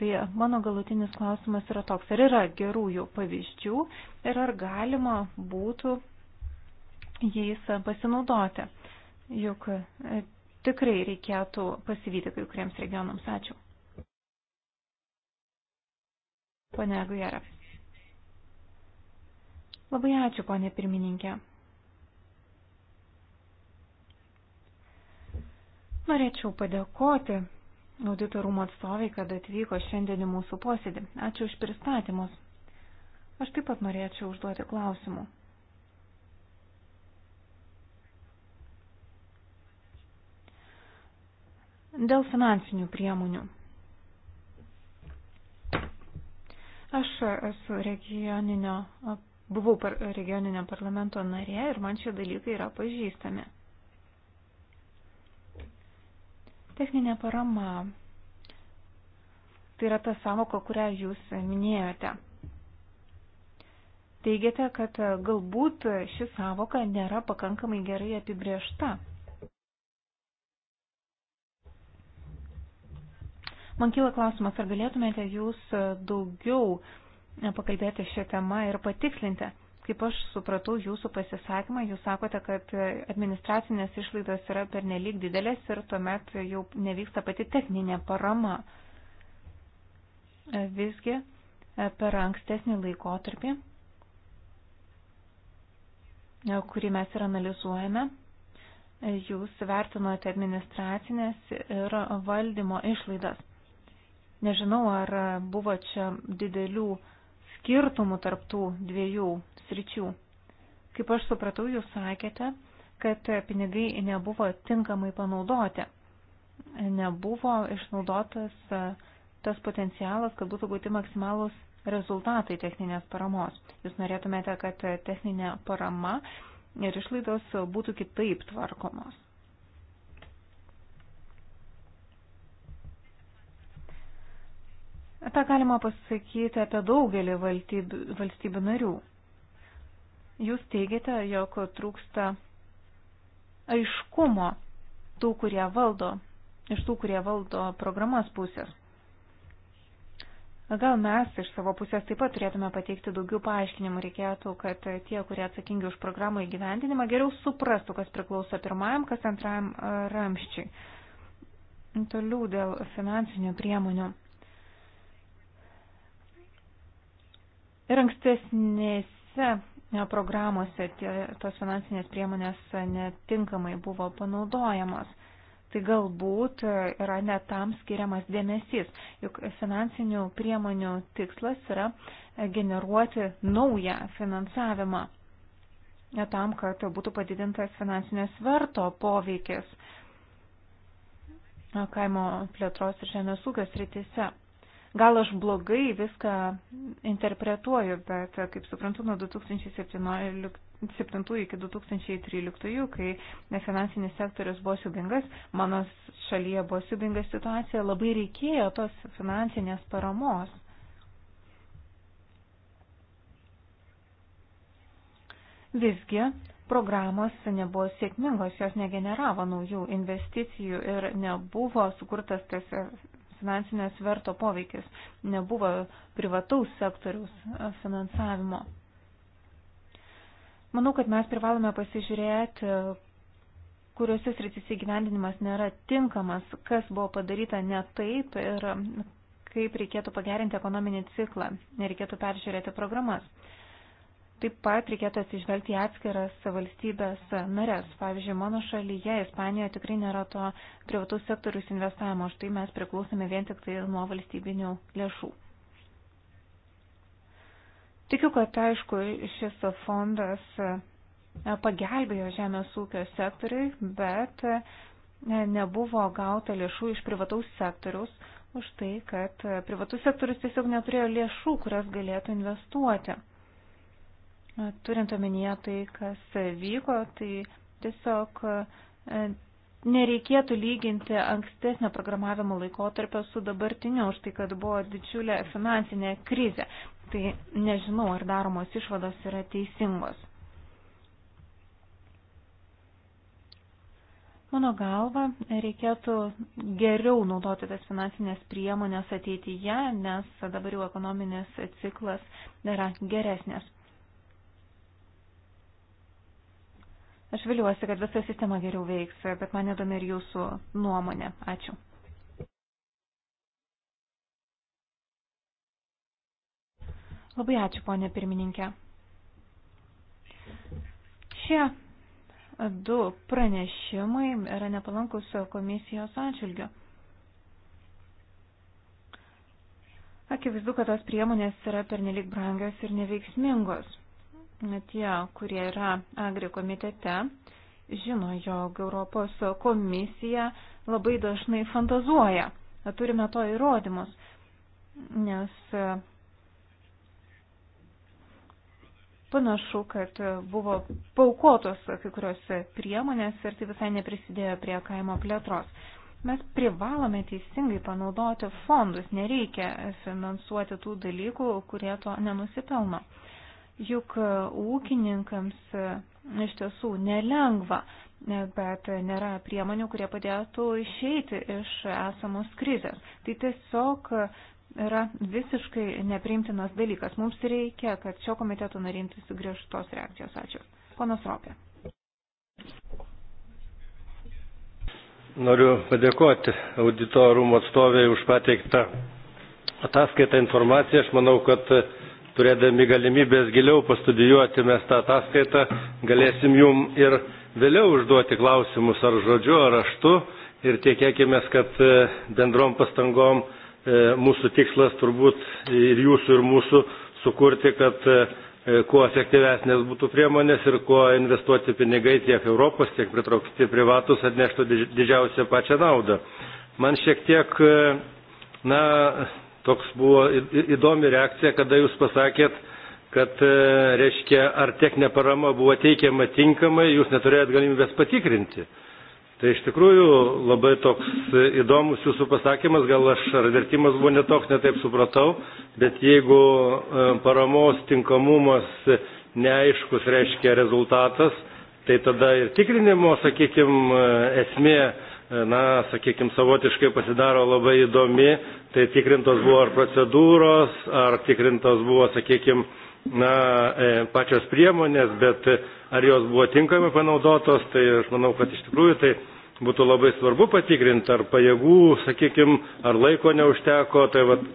Tai mano galutinis klausimas yra toks, ar yra gerųjų pavyzdžių ir ar galima būtų jais pasinaudoti. Juk e, tikrai reikėtų pasivyti kai kuriems regionams. Ačiū. Pane Agujera. Labai ačiū, ponė pirmininkė. Norėčiau padėkoti auditorumo atstovai, kad atvyko šiandien į mūsų posėdį. Ačiū už pristatymus. Aš taip pat norėčiau užduoti klausimų. Dėl finansinių priemonių. Aš esu regioninio, buvau par, regioninio parlamento narė ir man šie dalykai yra pažįstami. Techninė parama. Tai yra ta samoka, kurią jūs minėjote. Teigiate, kad galbūt ši savoka nėra pakankamai gerai apibriešta. Man kyla klausimas, ar galėtumėte jūs e, daugiau e, pakalbėti šią temą ir patikslinti. Kaip aš supratau jūsų pasisakymą, jūs sakote, kad e, administracinės išlaidos yra pernelyg didelės ir tuomet jau nevyksta pati techninė parama. Visgi per ankstesnį laikotarpį, kurį mes ir analizuojame, jūs vertinote administracinės ir valdymo išlaidas. Nežinau, ar buvo čia didelių skirtumų tarptų dviejų sričių. Kaip aš supratau, jūs sakėte, kad pinigai nebuvo tinkamai panaudoti. Nebuvo išnaudotas e, tas potencialas, kad būtų gauti maksimalus rezultatai techninės paramos. Jūs norėtumėte, kad techninė parama ir išlaidos būtų kitaip tvarkomos. Ta galima pasakyti apie daugelį valstybių, valstybių narių. Jūs teigiate, jog trūksta aiškumo tų, kurie valdo, iš tų, kurie valdo programas pusės. Gal mes iš savo pusės taip pat turėtume pateikti daugiau paaiškinimų. Reikėtų, kad tie, kurie atsakingi už programų įgyvendinimą, geriau suprastų, kas priklauso pirmajam, kas antrajam ramščiai. Toliau dėl finansinių priemonių. Ir ankstesnėse e, programuose tie, tos finansinės priemonės e, netinkamai buvo panaudojamos. Tai galbūt e, yra netam skiriamas dėmesys, juk finansinių priemonių tikslas yra generuoti naują finansavimą tam, kad būtų padidintas finansinės sverto poveikis kaimo plėtros ir žemės ūkio srityse. Gal aš blogai viską interpretuoju, bet, kaip suprantu, nuo 2017 iki 2013, kai finansinis sektorius buvo siubingas, mano šalyje buvo siubinga situacija, labai reikėjo tos finansinės paramos. Visgi, programos nebuvo sėkmingos, jos negeneravo naujų investicijų ir nebuvo sukurtas tas finansinio sverto poveikis, nebuvo privataus sektoriaus e, finansavimo. Manau, kad mes privalome pasižiūrėti, kuriuose srityse gyvendinimas nėra tinkamas, kas buvo padaryta ne taip ir kaip reikėtų pagerinti ekonominį ciklą, nereikėtų peržiūrėti programas. Taip pat reikėtų atsižvelgti į atskiras valstybės narės. Pavyzdžiui, mano šalyje, Ispanijoje tikrai nėra to privataus sektorius investavimo, štai mes priklausome vien tik tai nuo valstybinių lėšų. Tikiu, kad aišku, šis fondas e, pagelbėjo žemės ūkio sektoriui, bet e, nebuvo gauta lėšų iš privataus sektoriaus už tai, kad privatus sektorius tiesiog neturėjo lėšų, kurias galėtų investuoti. Turint omenyje tai, kas vyko, tai tiesiog e, nereikėtų lyginti ankstesnio programavimo laikotarpio su dabartiniu, už tai, kad buvo didžiulė finansinė krizė. Tai nežinau, ar daromos išvados yra teisingos. Mano galva, reikėtų geriau naudoti tas finansinės priemonės ateityje, nes dabar jau ekonominis ciklas yra geresnės Aš viliuosi, kad visa sistema geriau veiks, bet man įdomi ir jūsų nuomonė. Ačiū. Labai ačiū, ponė pirmininkė. Šie du pranešimai yra nepalankus komisijos atžvilgiu. Akivaizdu, kad tos priemonės yra pernelik brangios ir neveiksmingos tie, kurie yra Agri komitete, žino, jog Europos komisija labai dažnai fantazuoja. Turime to įrodymus, nes e, panašu, kad buvo paukotos kai kurios priemonės ir tai visai neprisidėjo prie kaimo plėtros. Mes privalome teisingai panaudoti fondus, nereikia finansuoti tų dalykų, kurie to nenusipelno. Juk e, ūkininkams e, iš tiesų nelengva, e, bet nėra priemonių, kurie padėtų išeiti iš esamos krizės. Tai tiesiog yra visiškai nepriimtinas dalykas. Mums reikia, kad šio komiteto narintųsi griežtos reakcijos. Ačiū. Ponas Ropė. Noriu padėkoti auditorumo atstoviai už pateiktą ataskaitą informaciją. Aš manau, kad turėdami galimybės giliau pastudijuoti mes tą ataskaitą, galėsim jum ir vėliau užduoti klausimus ar žodžiu, ar raštu ir tiekėkime, kad e, bendrom pastangom e, mūsų tikslas turbūt ir jūsų, ir mūsų sukurti, kad e, kuo efektyvesnės būtų priemonės ir kuo investuoti pinigai tiek Europos, tiek pritraukti privatus atneštų didžiausią pačią naudą. Man šiek tiek, na, toks buvo įdomi reakcija, kada jūs pasakėt, kad, e, reiškia, ar techninė parama buvo teikiama tinkamai, jūs neturėjot galimybės patikrinti. Tai iš tikrųjų labai toks e, įdomus jūsų pasakymas, gal aš ar vertimas buvo netoks, netaip supratau, bet jeigu e, paramos tinkamumas neaiškus reiškia rezultatas, tai tada ir tikrinimo, sakykime, esmė na, sakykime, savotiškai pasidaro labai įdomi, tai tikrintos buvo ar procedūros, ar tikrintos buvo, sakykime, na, e, pačios priemonės, bet ar jos buvo tinkamai panaudotos, tai aš manau, kad iš tikrųjų tai būtų labai svarbu patikrinti, ar pajėgų, sakykime, ar laiko neužteko, tai vat,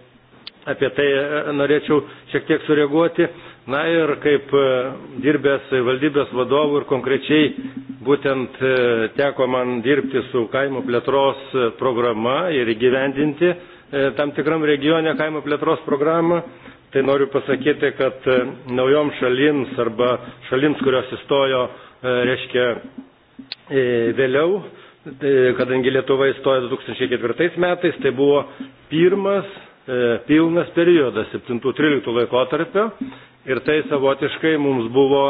apie tai e, norėčiau šiek tiek sureaguoti. Na ir kaip e, dirbęs valdybės vadovų ir konkrečiai būtent e, teko man dirbti su kaimo plėtros programa ir įgyvendinti tam tikram regione kaimo plėtros programą, tai noriu pasakyti, kad naujom šalims arba šalims, kurios įstojo, reiškia, vėliau kadangi Lietuva įstojo 2004 metais, tai buvo pirmas E, pilnas periodas 7-13 laikotarpio ir tai savotiškai mums buvo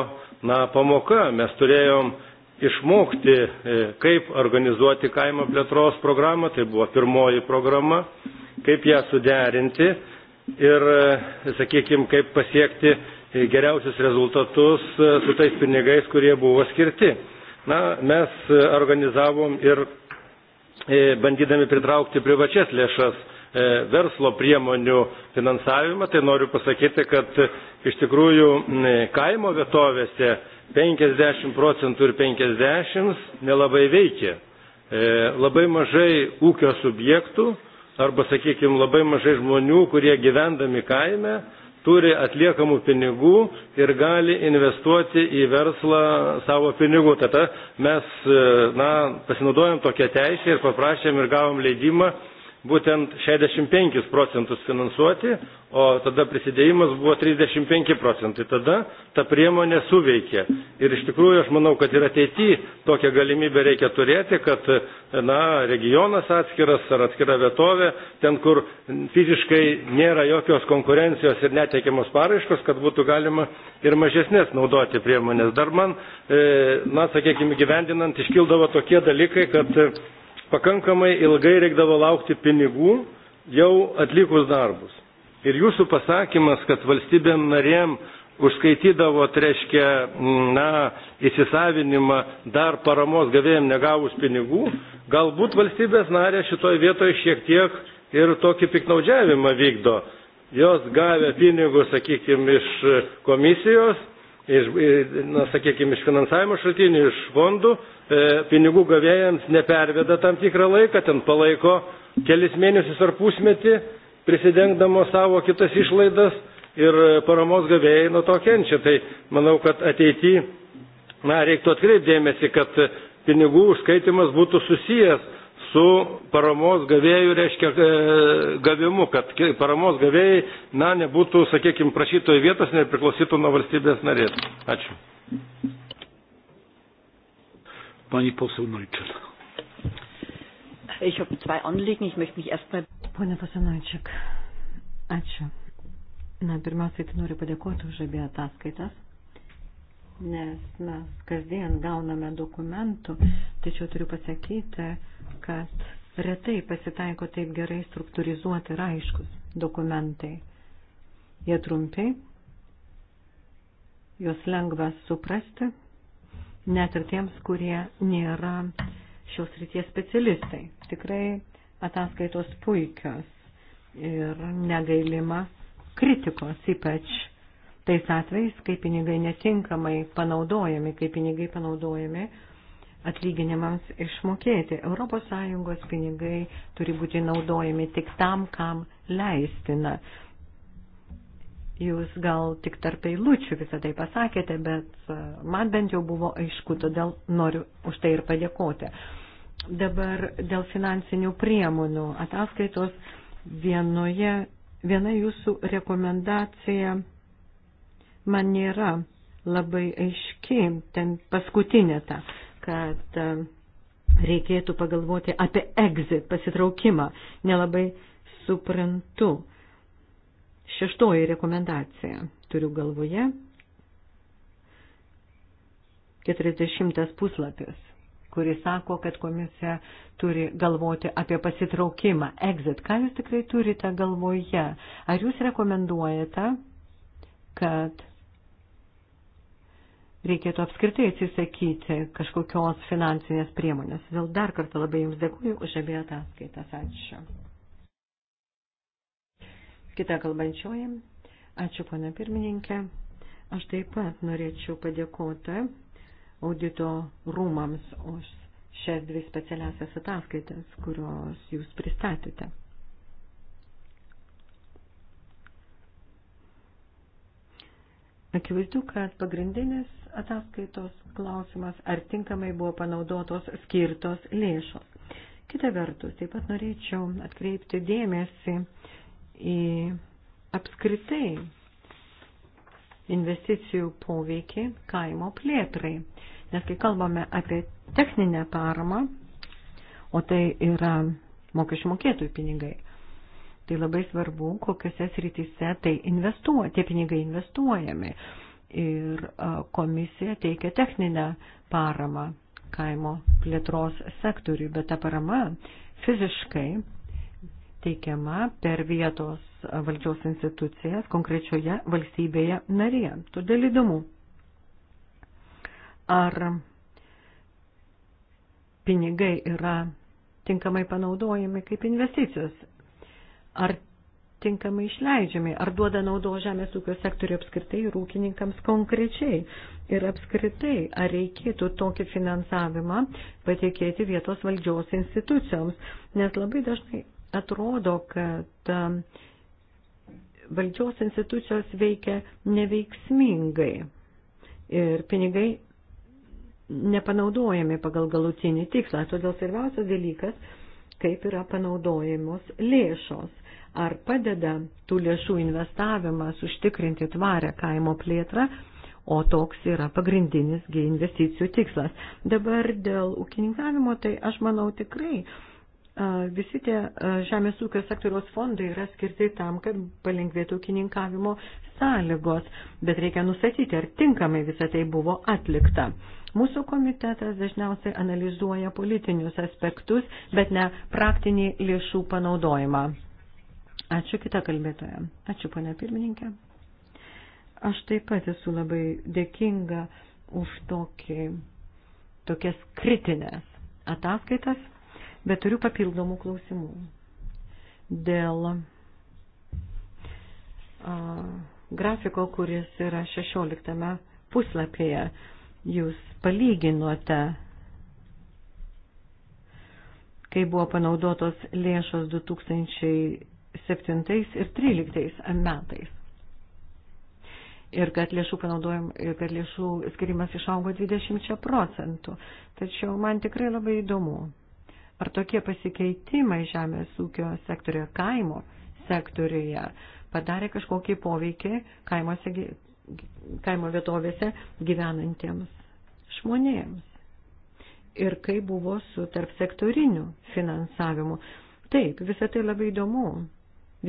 na, pamoka. Mes turėjom išmokti, e, kaip organizuoti kaimo plėtros programą, tai buvo pirmoji programa, kaip ją suderinti ir, e, sakykime, kaip pasiekti geriausius rezultatus su tais pinigais, kurie buvo skirti. Na, mes organizavom ir bandydami pritraukti privačias lėšas E, verslo priemonių finansavimą, tai noriu pasakyti, kad e, iš tikrųjų e, kaimo vietovėse 50 procentų ir 50 nelabai veikia. Labai mažai ūkio subjektų arba, sakykime, labai mažai žmonių, kurie gyvendami kaime turi atliekamų pinigų ir gali investuoti į verslą savo pinigų. Tada mes na, pasinaudojom tokią teisę ir paprašėm ir gavom leidimą būtent 65 procentus finansuoti, o tada prisidėjimas buvo 35 procentai. Tada ta priemonė suveikė. Ir iš tikrųjų aš manau, kad ir ateityje tokią galimybę reikia turėti, kad na, regionas atskiras ar atskira vietovė, ten kur fiziškai nėra jokios konkurencijos ir neteikiamos paraiškos, kad būtų galima ir mažesnės naudoti priemonės. Dar man, e, na, sakykime, gyvendinant iškildavo tokie dalykai, kad pakankamai ilgai reikdavo laukti pinigų jau atlikus darbus. Ir jūsų pasakymas, kad valstybėm narėm užskaitydavo, tai reiškia, na, įsisavinimą dar paramos gavėjim negavus pinigų, galbūt valstybės narė šitoje vietoje šiek tiek ir tokį piknaudžiavimą vykdo. Jos gavę pinigus, sakykime, iš komisijos, iš, na, sakykime, iš finansavimo šaltinių, iš fondų, E, pinigų gavėjams neperveda tam tikrą laiką, ten palaiko kelis mėnesius ar pusmetį, prisidengdamo savo kitas išlaidas ir paramos gavėjai nuo to kenčia. Tai manau, kad ateityje reiktų atkreipdėmėsi, kad pinigų užskaitimas būtų susijęs su paramos gavėjų, reiškia, e, gavimu, kad paramos gavėjai, na, nebūtų, sakykime, prašytojų vietos, nepriklausytų nuo valstybės narės. Ačiū. Pani poseł Neuchel. Ich habe zwei Anliegen. Ich möchte mich erstmal. Pone Pasanaičiak, ačiū. Na, pirmiausiai, tai noriu padėkoti už abie ataskaitas, nes mes kasdien gauname dokumentų, tačiau turiu pasakyti, kad retai pasitaiko taip gerai struktūrizuoti ir aiškus dokumentai. Jie trumpi, juos lengva suprasti, net ir tiems, kurie nėra šios ryties specialistai. Tikrai ataskaitos puikios ir negailima kritikos, ypač tais atvejais, kai pinigai netinkamai panaudojami, kai pinigai panaudojami atlyginimams išmokėti. ES pinigai turi būti naudojami tik tam, kam leistina. Jūs gal tik tarp eilučių visą tai pasakėte, bet e, man bent jau buvo aišku, todėl noriu už tai ir padėkoti. Dabar dėl finansinių priemonų ataskaitos vienoje, viena jūsų rekomendacija man nėra labai aiški, ten paskutinė ta, kad e, reikėtų pagalvoti apie exit, pasitraukimą. Nelabai suprantu Šeštoji rekomendacija turiu galvoje. 40 puslapis, kuris sako, kad komisija turi galvoti apie pasitraukimą. Exit, ką jūs tikrai turite galvoje? Ar jūs rekomenduojate, kad reikėtų apskritai atsisakyti kažkokios finansinės priemonės. Vėl dar kartą labai Jums dėkuoju už abie ataskaitas. Ačiū. Kita kalbančioji. Ačiū, pana pirmininkė. Aš taip pat norėčiau padėkoti audito rūmams už šias dvi specialiasias ataskaitas, kurios jūs pristatėte. Akivaizdu, kad pagrindinis ataskaitos klausimas, ar tinkamai buvo panaudotos skirtos lėšos. Kita vertus, taip pat norėčiau atkreipti dėmesį į apskritai investicijų poveikį kaimo plėtrai. Nes kai kalbame apie techninę paramą, o tai yra mokesčių mokėtojų pinigai, tai labai svarbu, kokiuose srityse tai investuoja, tie pinigai investuojami. Ir komisija teikia techninę paramą kaimo plėtros sektoriui, bet ta parama fiziškai teikiama per vietos valdžios institucijas konkrečioje valstybėje narėje. Todėl įdomu, ar pinigai yra tinkamai panaudojami kaip investicijos, ar tinkamai išleidžiami, ar duoda naudo žemės ūkio sektoriui apskritai ir ūkininkams konkrečiai. Ir apskritai, ar reikėtų tokį finansavimą patikėti vietos valdžios institucijoms, nes labai dažnai atrodo, kad um, valdžios institucijos veikia neveiksmingai ir pinigai nepanaudojami pagal galutinį tikslą. Todėl svarbiausias dalykas, kaip yra panaudojamos lėšos. Ar padeda tų lėšų investavimas užtikrinti tvarę kaimo plėtrą, o toks yra pagrindinis investicijų tikslas. Dabar dėl ūkininkavimo, tai aš manau tikrai Visi tie žemės ūkio sektoriaus fondai yra skirti tam, kad palengvėtų ūkininkavimo sąlygos, bet reikia nustatyti, ar tinkamai visą tai buvo atlikta. Mūsų komitetas dažniausiai analizuoja politinius aspektus, bet ne praktinį lėšų panaudojimą. Ačiū kitą kalbėtoją. Ačiū, ponia pirmininkė. Aš taip pat esu labai dėkinga už tokį, tokias kritinės ataskaitas bet turiu papildomų klausimų dėl a, grafiko, kuris yra 16 puslapyje. Jūs palyginote, kai buvo panaudotos lėšos 2007 ir 2013 metais. Ir kad lėšų, ir kad lėšų skirimas išaugo 20 procentų. Tačiau man tikrai labai įdomu, Ar tokie pasikeitimai žemės ūkio sektorioje, kaimo sektorioje padarė kažkokį poveikį kaimuose, kaimo vietovėse gyvenantiems žmonėms? Ir kaip buvo su tarp sektoriniu finansavimu? Taip, visą tai labai įdomu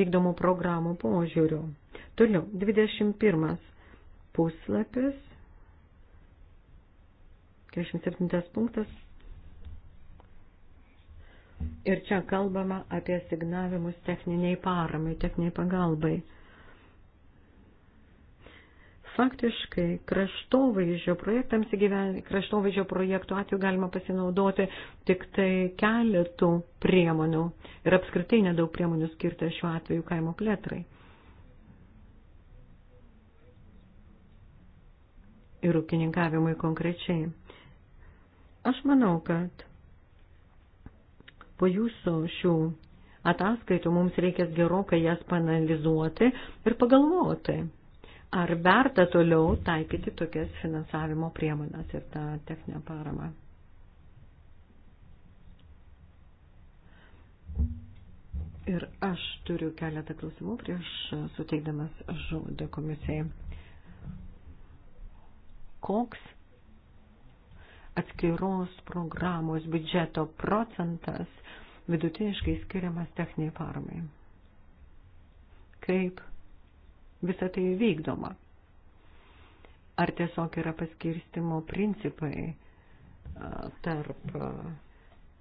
vykdomų programų požiūrių. Toliau, 21 puslapis, 47 punktas, Ir čia kalbama apie signavimus techniniai paramai, techniniai pagalbai. Faktiškai kraštovaizdžio, kraštovaizdžio projektų atveju galima pasinaudoti tik tai keletų priemonių ir apskritai nedaug priemonių skirta šiuo atveju kaimo plėtrai. Ir ūkininkavimui konkrečiai. Aš manau, kad Po jūsų šių ataskaitų mums reikės gerokai jas panalizuoti ir pagalvoti, ar verta toliau taikyti tokias finansavimo priemonės ir tą techninę paramą. Ir aš turiu keletą klausimų prieš suteikdamas žodį komisijai. Koks atskiros programos biudžeto procentas vidutiniškai skiriamas techniniai paramai. Kaip visą tai vykdoma? Ar tiesiog yra paskirstimo principai tarp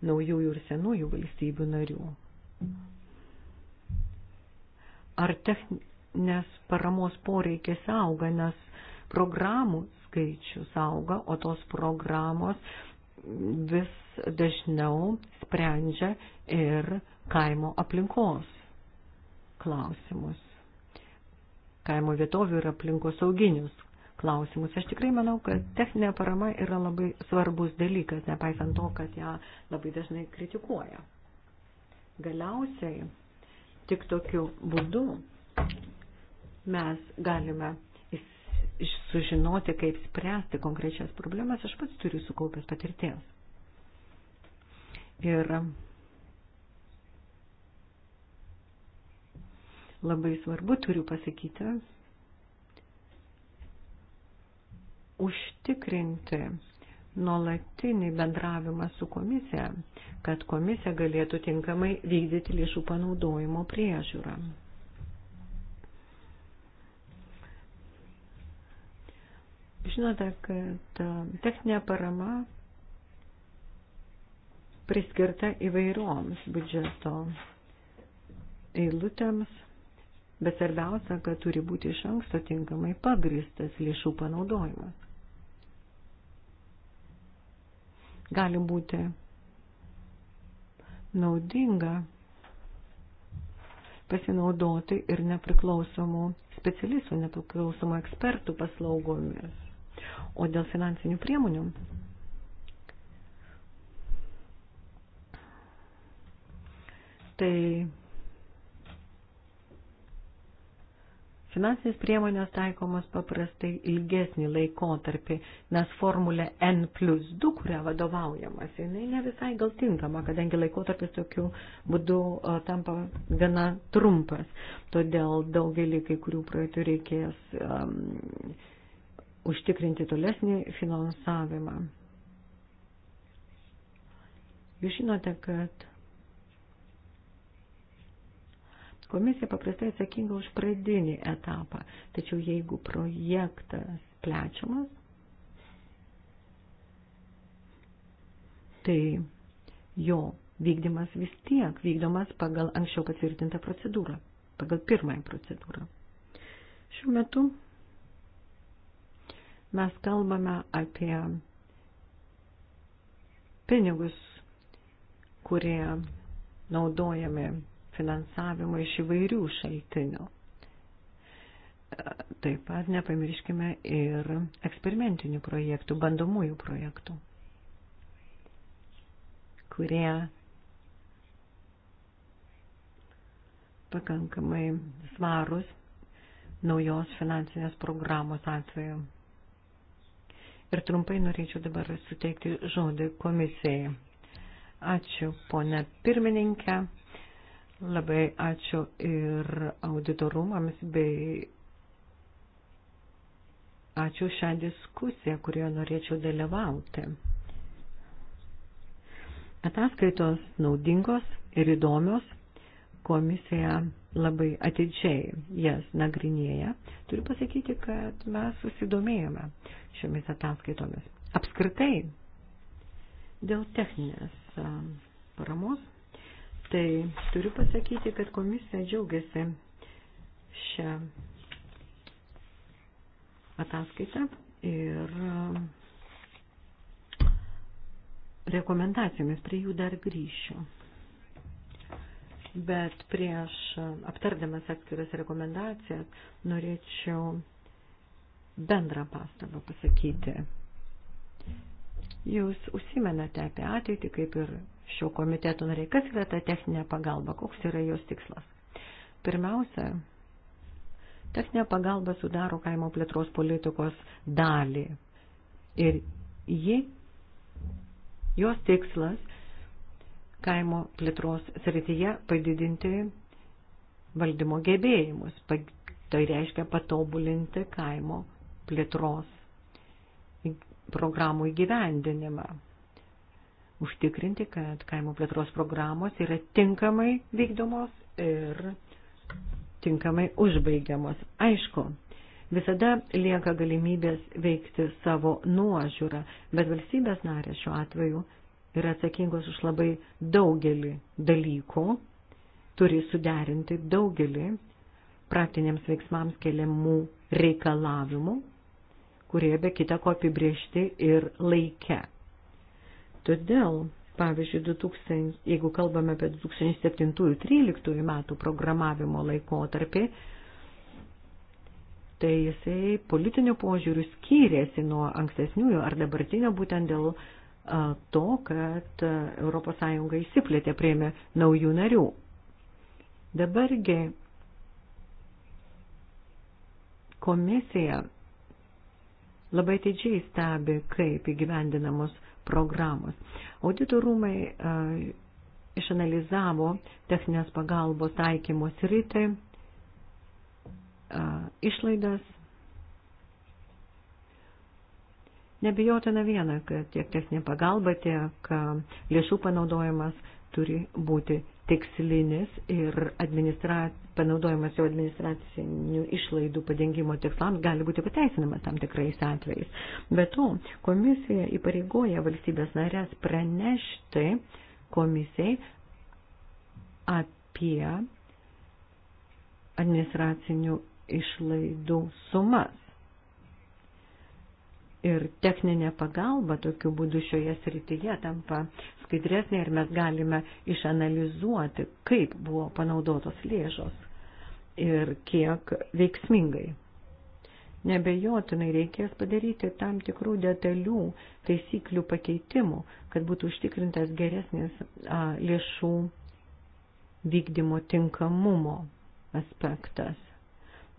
naujųjų ir senųjų valstybių narių? Ar techninės paramos poreikis auga, nes programų skaičius auga, o tos programos vis dažniau sprendžia ir kaimo aplinkos klausimus. Kaimo vietovių ir aplinkos sauginius klausimus. Aš tikrai manau, kad techninė parama yra labai svarbus dalykas, nepaisant to, kad ją labai dažnai kritikuoja. Galiausiai tik tokiu būdu mes galime sužinoti, kaip spręsti konkrečias problemas, aš pats turiu sukaupęs patirties. Ir labai svarbu, turiu pasakyti, užtikrinti nuolatinį bendravimą su komisija, kad komisija galėtų tinkamai vykdyti lėšų panaudojimo priežiūrą. žinote, kad techninė parama priskirta įvairioms biudžeto eilutėms, bet svarbiausia, kad turi būti iš anksto tinkamai pagristas lėšų panaudojimas. Gali būti naudinga pasinaudoti ir nepriklausomų specialistų, nepriklausomų ekspertų paslaugomis. O dėl finansinių priemonių. Tai finansinės priemonės taikomas paprastai ilgesnį laikotarpį, nes formulė N plus 2, kurią vadovaujamas, jinai ne visai gal tinkama, kadangi laikotarpis tokiu būdu tampa gana trumpas. Todėl daugelį kai kurių projektų reikės um, užtikrinti tolesnį finansavimą. Jūs žinote, kad komisija paprastai atsakinga už pradinį etapą, tačiau jeigu projektas plečiamas, tai jo vykdymas vis tiek vykdomas pagal anksčiau patvirtintą procedūrą, pagal pirmąją procedūrą. Šiuo metu mes kalbame apie pinigus, kurie naudojami finansavimo iš įvairių šaltinių. Taip pat nepamirškime ir eksperimentinių projektų, bandomųjų projektų, kurie pakankamai svarus naujos finansinės programos atveju ir trumpai norėčiau dabar suteikti žodį komisijai. Ačiū, ponė pirmininkė. Labai ačiū ir auditorumams bei ačiū šią diskusiją, kurioje norėčiau dalyvauti. Ataskaitos naudingos ir įdomios. Komisija labai atidžiai jas nagrinėja. Turiu pasakyti, kad mes susidomėjome šiomis ataskaitomis. Apskritai, dėl techninės paramos, tai turiu pasakyti, kad komisija džiaugiasi šią ataskaitą ir rekomendacijomis, prie jų dar grįšiu. Bet prieš aptardamas atskiras rekomendacijas norėčiau bendrą pastabą pasakyti. Jūs užsimenate apie ateitį, kaip ir šio komiteto nariai. Kas yra ta techninė pagalba? Koks yra jos tikslas? Pirmiausia, techninė pagalba sudaro kaimo plėtros politikos dalį. Ir ji, jos tikslas kaimo plėtros srityje padidinti valdymo gebėjimus, tai reiškia patobulinti kaimo plėtros programų įgyvendinimą. Užtikrinti, kad kaimo plėtros programos yra tinkamai vykdomos ir tinkamai užbaigiamos. Aišku, visada lieka galimybės veikti savo nuožiūrą, bet valstybės narės šiuo atveju yra atsakingos už labai daugelį dalykų, turi suderinti daugelį praktiniams veiksmams keliamų reikalavimų kurie be kita ko apibriežti ir laike. Todėl, pavyzdžiui, 2000, jeigu kalbame apie 2007-2013 metų programavimo laikotarpį, tai jisai politinių požiūrių skyrėsi nuo ankstesniųjų ar dabartinio būtent dėl to, kad ES įsiplėtė prieimė naujų narių. Dabargi komisija labai teidžiai stebi, kaip įgyvendinamos programos. Audito rūmai e, išanalizavo techninės pagalbos taikymo sritį, e, išlaidas. Nebijotina viena, kad tiek techninė pagalba, tiek e, lėšų panaudojimas turi būti tikslinis ir administra... panaudojimas jau administracinių išlaidų padengimo tikslams gali būti pateisinamas tam tikrais atvejais. Be to, komisija įpareigoja valstybės narės pranešti komisijai apie administracinių išlaidų sumas ir techninė pagalba tokiu būdu šioje srityje tampa skaidresnė ir mes galime išanalizuoti, kaip buvo panaudotos lėšos ir kiek veiksmingai. Nebejotinai reikės padaryti tam tikrų detalių taisyklių pakeitimų, kad būtų užtikrintas geresnis a, lėšų vykdymo tinkamumo aspektas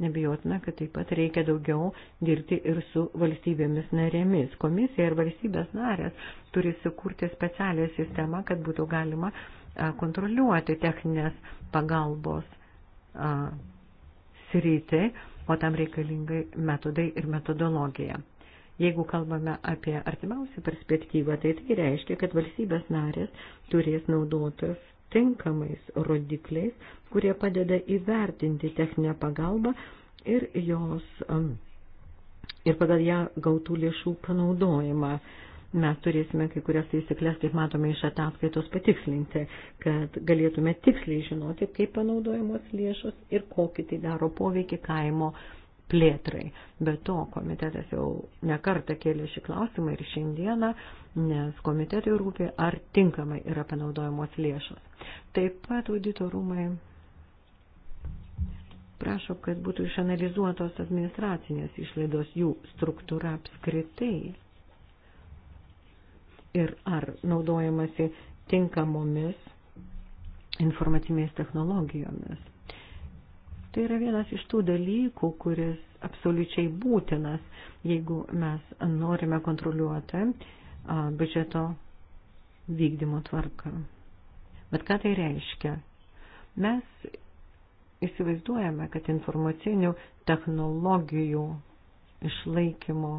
Nebijotina, kad taip pat reikia daugiau dirbti ir su valstybėmis narėmis. Komisija ir valstybės narės turi sukurti specialią sistemą, kad būtų galima kontroliuoti techninės pagalbos sritį, o tam reikalingai metodai ir metodologija. Jeigu kalbame apie artimiausią perspektyvą, tai tai reiškia, kad valstybės narės turės naudotis tinkamais rodikliais, kurie padeda įvertinti techninę pagalbą ir jos um, ir pagal ją gautų lėšų panaudojimą. Mes turėsime kai kurias taisyklės, kaip matome iš ataskaitos, patikslinti, kad galėtume tiksliai žinoti, kaip panaudojamos lėšos ir kokį tai daro poveikį kaimo plėtrai. Be to, komitetas jau nekarta kėlė šį klausimą ir šiandieną, nes komitetui rūpi, ar tinkamai yra panaudojamos lėšos. Taip pat auditorumai prašo, kad būtų išanalizuotos administracinės išlaidos jų struktūra apskritai ir ar naudojamasi tinkamomis informacinės technologijomis Tai yra vienas iš tų dalykų, kuris absoliučiai būtinas, jeigu mes norime kontroliuoti biudžeto vykdymo tvarką. Bet ką tai reiškia? Mes įsivaizduojame, kad informacinių technologijų išlaikymo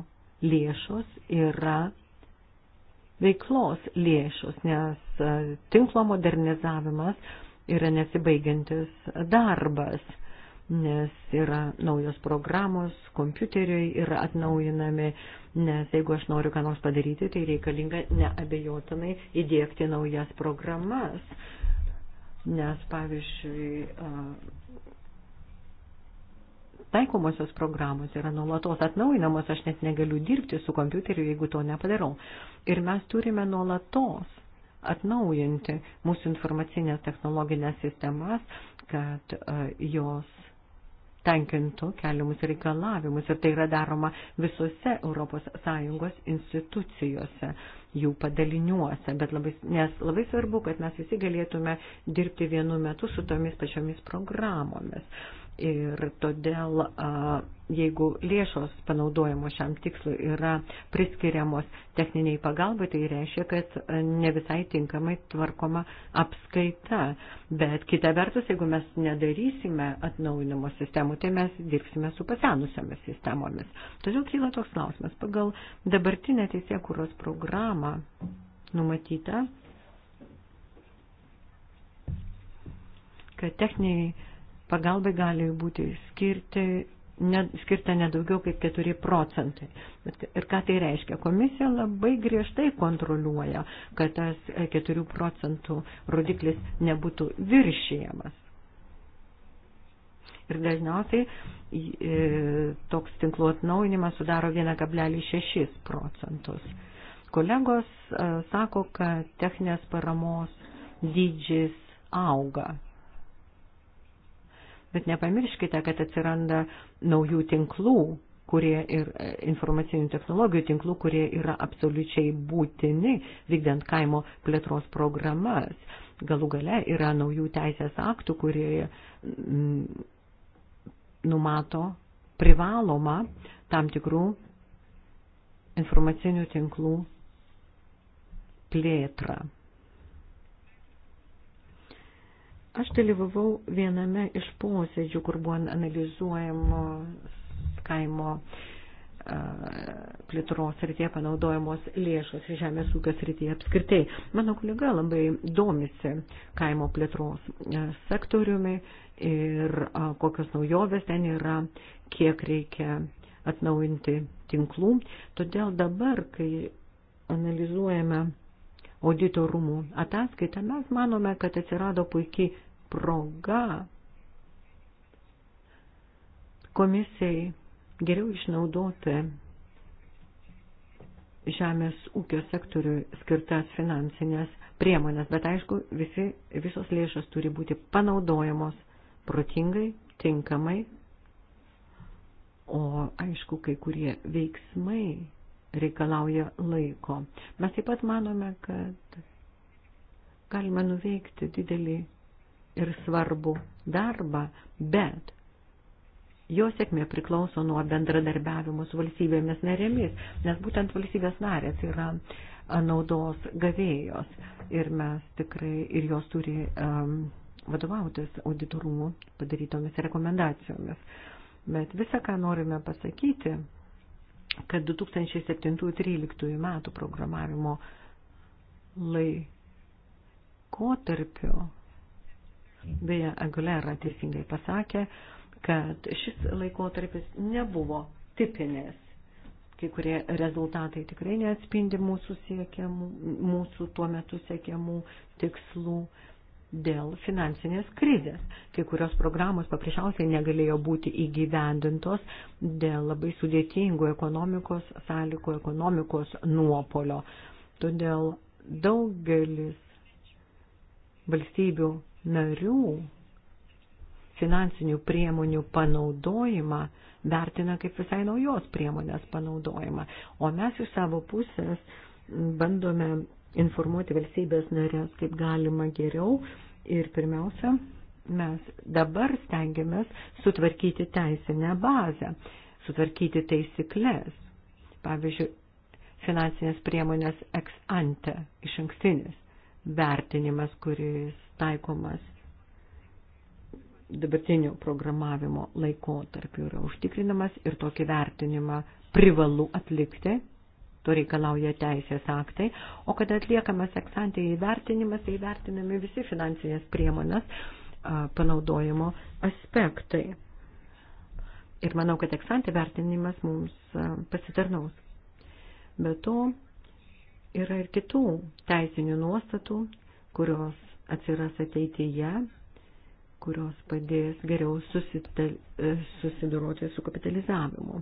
lėšos yra veiklos lėšos, nes tinklo modernizavimas yra nesibaigiantis darbas nes yra naujos programos, kompiuteriai yra atnaujinami, nes jeigu aš noriu ką nors padaryti, tai reikalinga neabejotinai įdėkti naujas programas, nes pavyzdžiui, taikomosios programos yra nuolatos atnaujinamos, aš net negaliu dirbti su kompiuteriu, jeigu to nepadarau. Ir mes turime nuolatos atnaujinti mūsų informacinės technologinės sistemas, kad jos tenkintų keliamus reikalavimus ir tai yra daroma visose ES institucijose, jų padaliniuose, bet labai, nes labai svarbu, kad mes visi galėtume dirbti vienu metu su tomis pačiomis programomis. Ir todėl a, jeigu lėšos panaudojamos šiam tikslui yra priskiriamos techniniai pagalbai, tai reiškia, kad ne visai tinkamai tvarkoma apskaita. Bet kita vertus, jeigu mes nedarysime atnaujinimo sistemų, tai mes dirbsime su pasenusiamis sistemomis. Todėl kyla toks klausimas. Pagal dabartinę teisėkūros programą numatyta, kad techniniai pagalbai gali būti skirti ne, skirta nedaugiau kaip 4 procentai. Bet, ir ką tai reiškia? Komisija labai griežtai kontroliuoja, kad tas 4 procentų rodiklis nebūtų viršijamas. Ir dažniausiai e, toks tinklų atnaujinimas sudaro 1,6 procentus. Kolegos e, sako, kad techninės paramos dydžis auga Bet nepamirškite, kad atsiranda naujų tinklų, kurie ir e, informacinių technologijų tinklų, kurie yra absoliučiai būtini vykdant kaimo plėtros programas. Galų gale yra naujų teisės aktų, kurie mm, numato privaloma tam tikrų informacinių tinklų plėtrą. Aš dalyvavau viename iš posėdžių, kur buvo analizuojamos kaimo plėtros srityje panaudojamos lėšos ir žemės ūkio srityje apskritai. Mano kolega labai domisi kaimo plėtros sektoriumi ir kokios naujovės ten yra, kiek reikia atnaujinti tinklų. Todėl dabar, kai analizuojame audito rūmų ataskaitą, mes manome, kad atsirado puikiai proga komisijai geriau išnaudoti žemės ūkio sektoriui skirtas finansinės priemonės, bet aišku, visi, visos lėšas turi būti panaudojamos protingai, tinkamai, o aišku, kai kurie veiksmai reikalauja laiko. Mes taip pat manome, kad galime nuveikti didelį ir svarbu darbą, bet jo sėkmė priklauso nuo bendradarbiavimo su valstybėmis narėmis, nes būtent valstybės narės yra naudos gavėjos ir mes tikrai ir jos turi um, vadovautis auditorumų padarytomis rekomendacijomis. Bet visą, ką norime pasakyti, kad 2007-2013 metų programavimo laikotarpio Beje, Aguilera teisingai pasakė, kad šis laikotarpis nebuvo tipinės. Kai kurie rezultatai tikrai neatspindi mūsų, siekiamų, mūsų tuo metu siekiamų tikslų dėl finansinės krizės. Kai kurios programos paprasčiausiai negalėjo būti įgyvendintos dėl labai sudėtingų ekonomikos sąlygų, ekonomikos nuopolio. Todėl daugelis valstybių narių finansinių priemonių panaudojimą vertina kaip visai naujos priemonės panaudojimą. O mes iš savo pusės bandome informuoti valstybės narės kaip galima geriau ir pirmiausia, mes dabar stengiamės sutvarkyti teisinę bazę, sutvarkyti taisyklės. Pavyzdžiui, finansinės priemonės ex ante iš ankstinės vertinimas, kuris taikomas dabartinio programavimo laikotarpiu yra užtikrinamas ir tokį vertinimą privalu atlikti, to reikalauja teisės aktai, o kada atliekamas eksantė įvertinimas, tai įvertinami visi finansinės priemonės panaudojimo aspektai. Ir manau, kad eksantė vertinimas mums pasitarnaus. Be to, Yra ir kitų teisinių nuostatų, kurios atsiras ateityje, kurios padės geriau e, susidoroti su kapitalizavimu.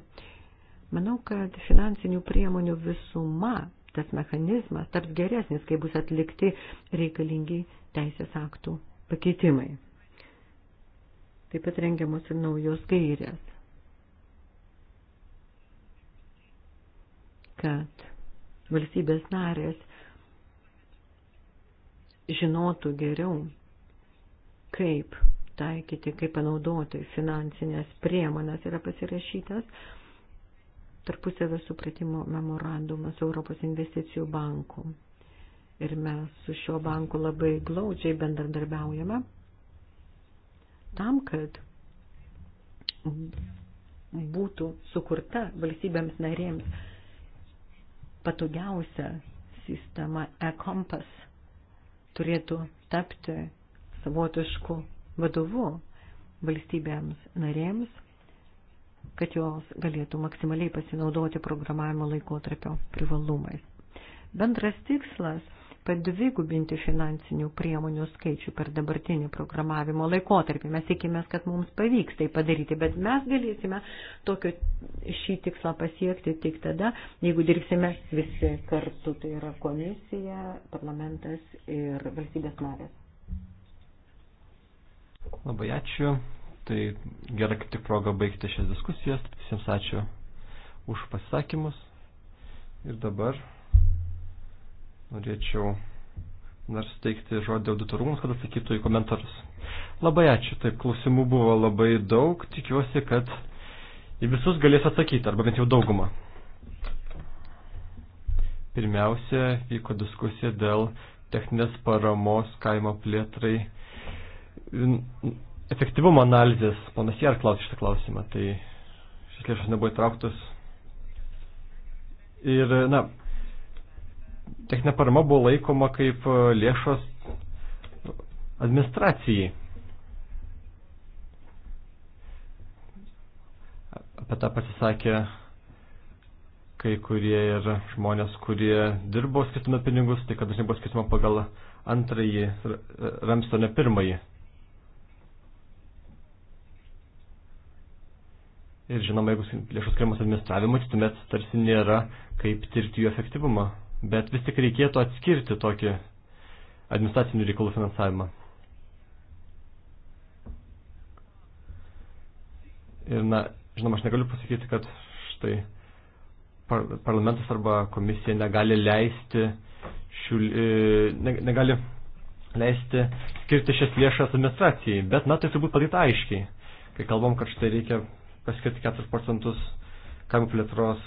Manau, kad finansinių priemonių visuma, tas mechanizmas taps geresnis, kai bus atlikti reikalingi teisės aktų pakeitimai. Taip pat rengiamos ir naujos gairės, kad valstybės narės žinotų geriau, kaip taikyti, kaip panaudoti finansinės priemonės yra pasirašytas tarpusavio supratimo memorandumas Europos investicijų bankų. Ir mes su šiuo banku labai glaudžiai bendradarbiaujame tam, kad būtų sukurta valstybėms narėms patogiausia sistema e-kompas turėtų tapti savotišku vadovu valstybėms narėms, kad jos galėtų maksimaliai pasinaudoti programavimo laikotarpio privalumais. Bendras tikslas padvigubinti finansinių priemonių skaičių per dabartinį programavimo laikotarpį. Mes tikimės, kad mums pavyks tai padaryti, bet mes galėsime tokio šį tikslą pasiekti tik tada, jeigu dirbsime visi kartu, tai yra komisija, parlamentas ir valstybės narės. Labai ačiū. Tai gera kaip tik proga baigti šias diskusijas. Visiems ačiū už pasakymus. Ir dabar Norėčiau dar steigti žodį auditorumus, kad atsakytų į komentarus. Labai ačiū, taip, klausimų buvo labai daug, tikiuosi, kad į visus galės atsakyti, arba bent jau daugumą. Pirmiausia, vyko diskusija dėl techninės paramos kaimo plėtrai efektyvumo analizės. Ponas Jar klausė šitą klausimą, tai šis lėšas nebuvo įtrauktas. Ir, na, techninė parama buvo laikoma kaip e, lėšos administracijai. Apie tą pasisakė kai kurie ir žmonės, kurie dirbo skirtumą pinigus, tai kad dažnai buvo skirtumą pagal antrąjį e, ramstą, ne pirmąjį. Ir žinoma, jeigu lėšos skiriamas administravimui, tai tuomet tarsi nėra kaip tirti jų efektyvumą bet vis tik reikėtų atskirti tokį administracinių reikalų finansavimą. Ir, na, žinoma, aš negaliu pasakyti, kad štai par parlamentas arba komisija negali leisti šių, e, ne, negali leisti skirti šias lėšas administracijai, bet, na, tai turbūt padaryta aiškiai, kai kalbam, kad štai reikia paskirti 4 procentus kaimo plėtros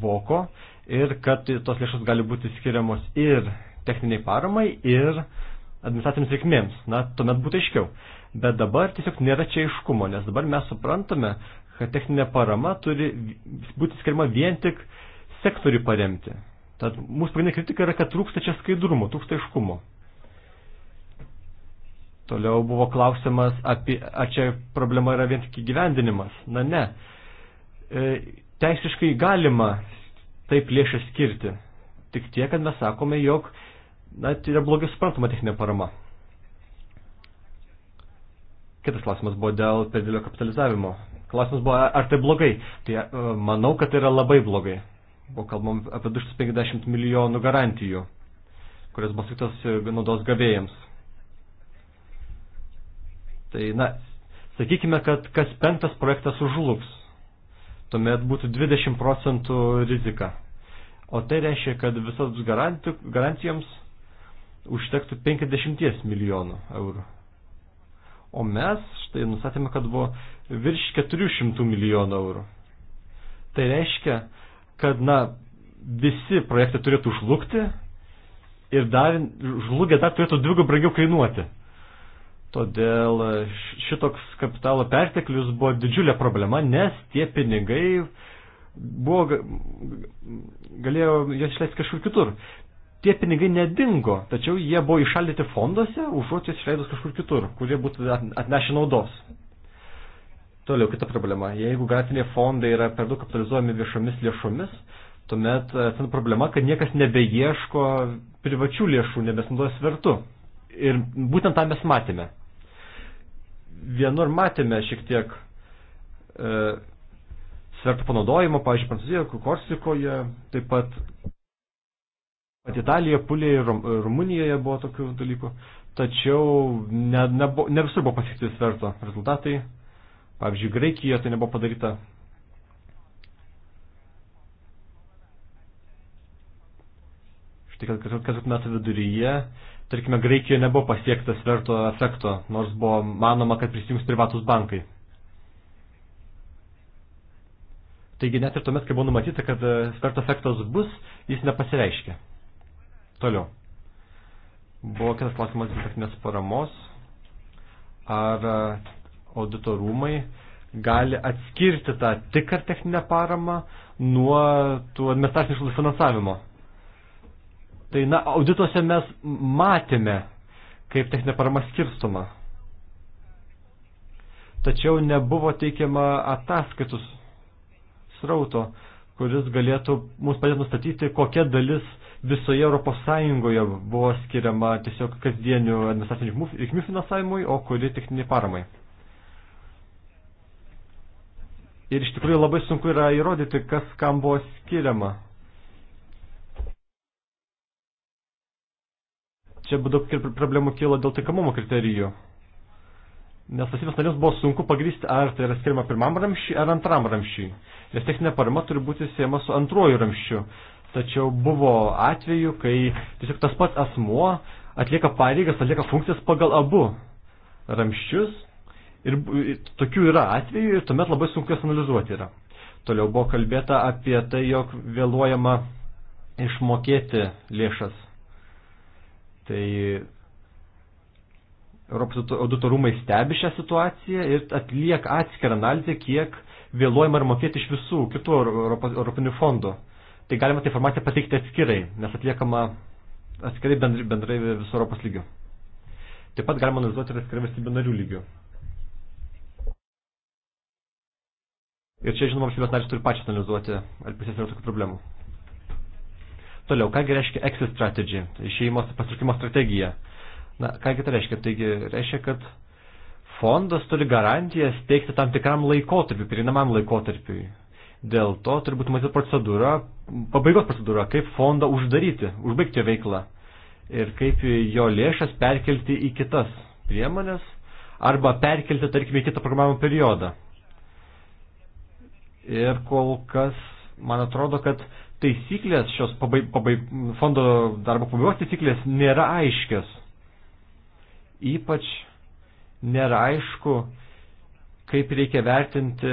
voko ir kad tos lėšos gali būti skiriamos ir techniniai paramai, ir administracinėms reikmėms. Na, tuomet būtų aiškiau. Bet dabar tiesiog nėra čia aiškumo, nes dabar mes suprantame, kad techninė parama turi būti skiriama vien tik sektoriui paremti. Tad mūsų pagrindinė kritika yra, kad trūksta čia skaidrumo, trūksta aiškumo. Toliau buvo klausimas, apie, ar čia problema yra vien tik įgyvendinimas. Na ne. E, teisiškai galima taip lėšas skirti. Tik tiek, kad mes sakome, jog na, tai yra blogai suprantama techninė parama. Kitas klausimas buvo dėl perdėlio kapitalizavimo. Klausimas buvo, ar tai blogai? Tai e, manau, kad tai yra labai blogai. Buvo kalbam apie 250 milijonų garantijų, kurias buvo skirtos e, naudos gavėjams. Tai, na, sakykime, kad kas penktas projektas užlugs tuomet būtų 20 procentų rizika. O tai reiškia, kad visoms garantijoms užtektų 50 milijonų eurų. O mes štai nustatėme, kad buvo virš 400 milijonų eurų. Tai reiškia, kad na, visi projektai turėtų žlugti ir dar žlugę dar turėtų dvigubai brangiau kainuoti. Todėl e, šitoks kapitalo perteklius buvo didžiulė problema, nes tie pinigai buvo, galėjo juos išleisti kažkur kitur. Tie pinigai nedingo, tačiau jie buvo išaldyti fonduose, užuot juos išleidus kažkur kitur, kurie būtų atnešę naudos. Toliau kita problema. Jeigu gatiniai fondai yra per daug kapitalizuojami viešomis lėšomis, tuomet e, atsiranda problema, kad niekas nebeieško privačių lėšų, nebesinaudoja svertu. Ir būtent tą mes matėme vienur matėme šiek tiek e, svertų panaudojimo, pavyzdžiui, Prancūzijoje, Korsikoje, taip pat, pat Italijoje, Pulėje, Rum, Rumunijoje buvo tokių dalykų, tačiau ne, ne, ne visur buvo pasiekti sverto rezultatai, pavyzdžiui, Graikijoje tai nebuvo padaryta. Štai kad, kad, kad metų viduryje tarkime, Graikijoje nebuvo pasiektas sverto efekto, nors buvo manoma, kad prisijungs privatus bankai. Taigi net ir tuomet, kai buvo numatyta, kad e, sverto efektas bus, jis nepasireiškia. Toliau. Buvo kitas klausimas dėl paramos. Ar e, audito rūmai gali atskirti tą tikrą techninę paramą nuo tų administracinių išlaidų finansavimo? Tai na, audituose mes matėme, kaip techninė parama skirstoma. Tačiau nebuvo teikiama ataskaitus srauto, kuris galėtų mums padėti nustatyti, kokia dalis visoje Europos Sąjungoje buvo skiriama tiesiog kasdienių administracinių reikmių finansavimui, o kuri techniniai paramai. Ir iš tikrųjų labai sunku yra įrodyti, kas kam buvo skiriama. Čia daug problemų kilo dėl tinkamumo kriterijų. Nes valstybės narėms buvo sunku pagrysti, ar tai yra skiriama pirmam ramščiui ar antram ramščiui. Nes techninė parama turi būti siejama su antruoju ramščiu. Tačiau buvo atvejų, kai tiesiog tas pats asmuo atlieka pareigas, atlieka funkcijas pagal abu ramščius. Ir tokių yra atvejų ir tuomet labai sunku jas analizuoti yra. Toliau buvo kalbėta apie tai, jog vėluojama išmokėti lėšas Tai Europos auditorumai stebi šią situaciją ir atlieka atskirą analizę, kiek vėluojama ar mokėti iš visų kitų Europos, Europinių fondų. Tai galima tą informaciją pateikti atskirai, nes atliekama atskirai bendrai, bendrai viso Europos lygių. Taip pat galima analizuoti ir atskirai valstybių narių lygių. Ir čia, žinoma, valstybės narys turi pačias analizuoti, ar pasisyra tokių problemų. Toliau, kągi reiškia exit strategy, tai išėjimo pasirkimo strategija. Na, kągi tai reiškia? Taigi, reiškia, kad fondas turi garantijas teikti tam tikram laikotarpiu, prieinamam laikotarpiui. Dėl to turi būti matyta procedūra, pabaigos procedūra, kaip fondą uždaryti, užbaigti jo veiklą ir kaip jo lėšas perkelti į kitas priemonės arba perkelti, tarkime, į kitą programavimo periodą. Ir kol kas, man atrodo, kad taisyklės, šios pabai, pabai, fondo darbo pabaigos taisyklės nėra aiškios. Ypač nėra aišku, kaip reikia vertinti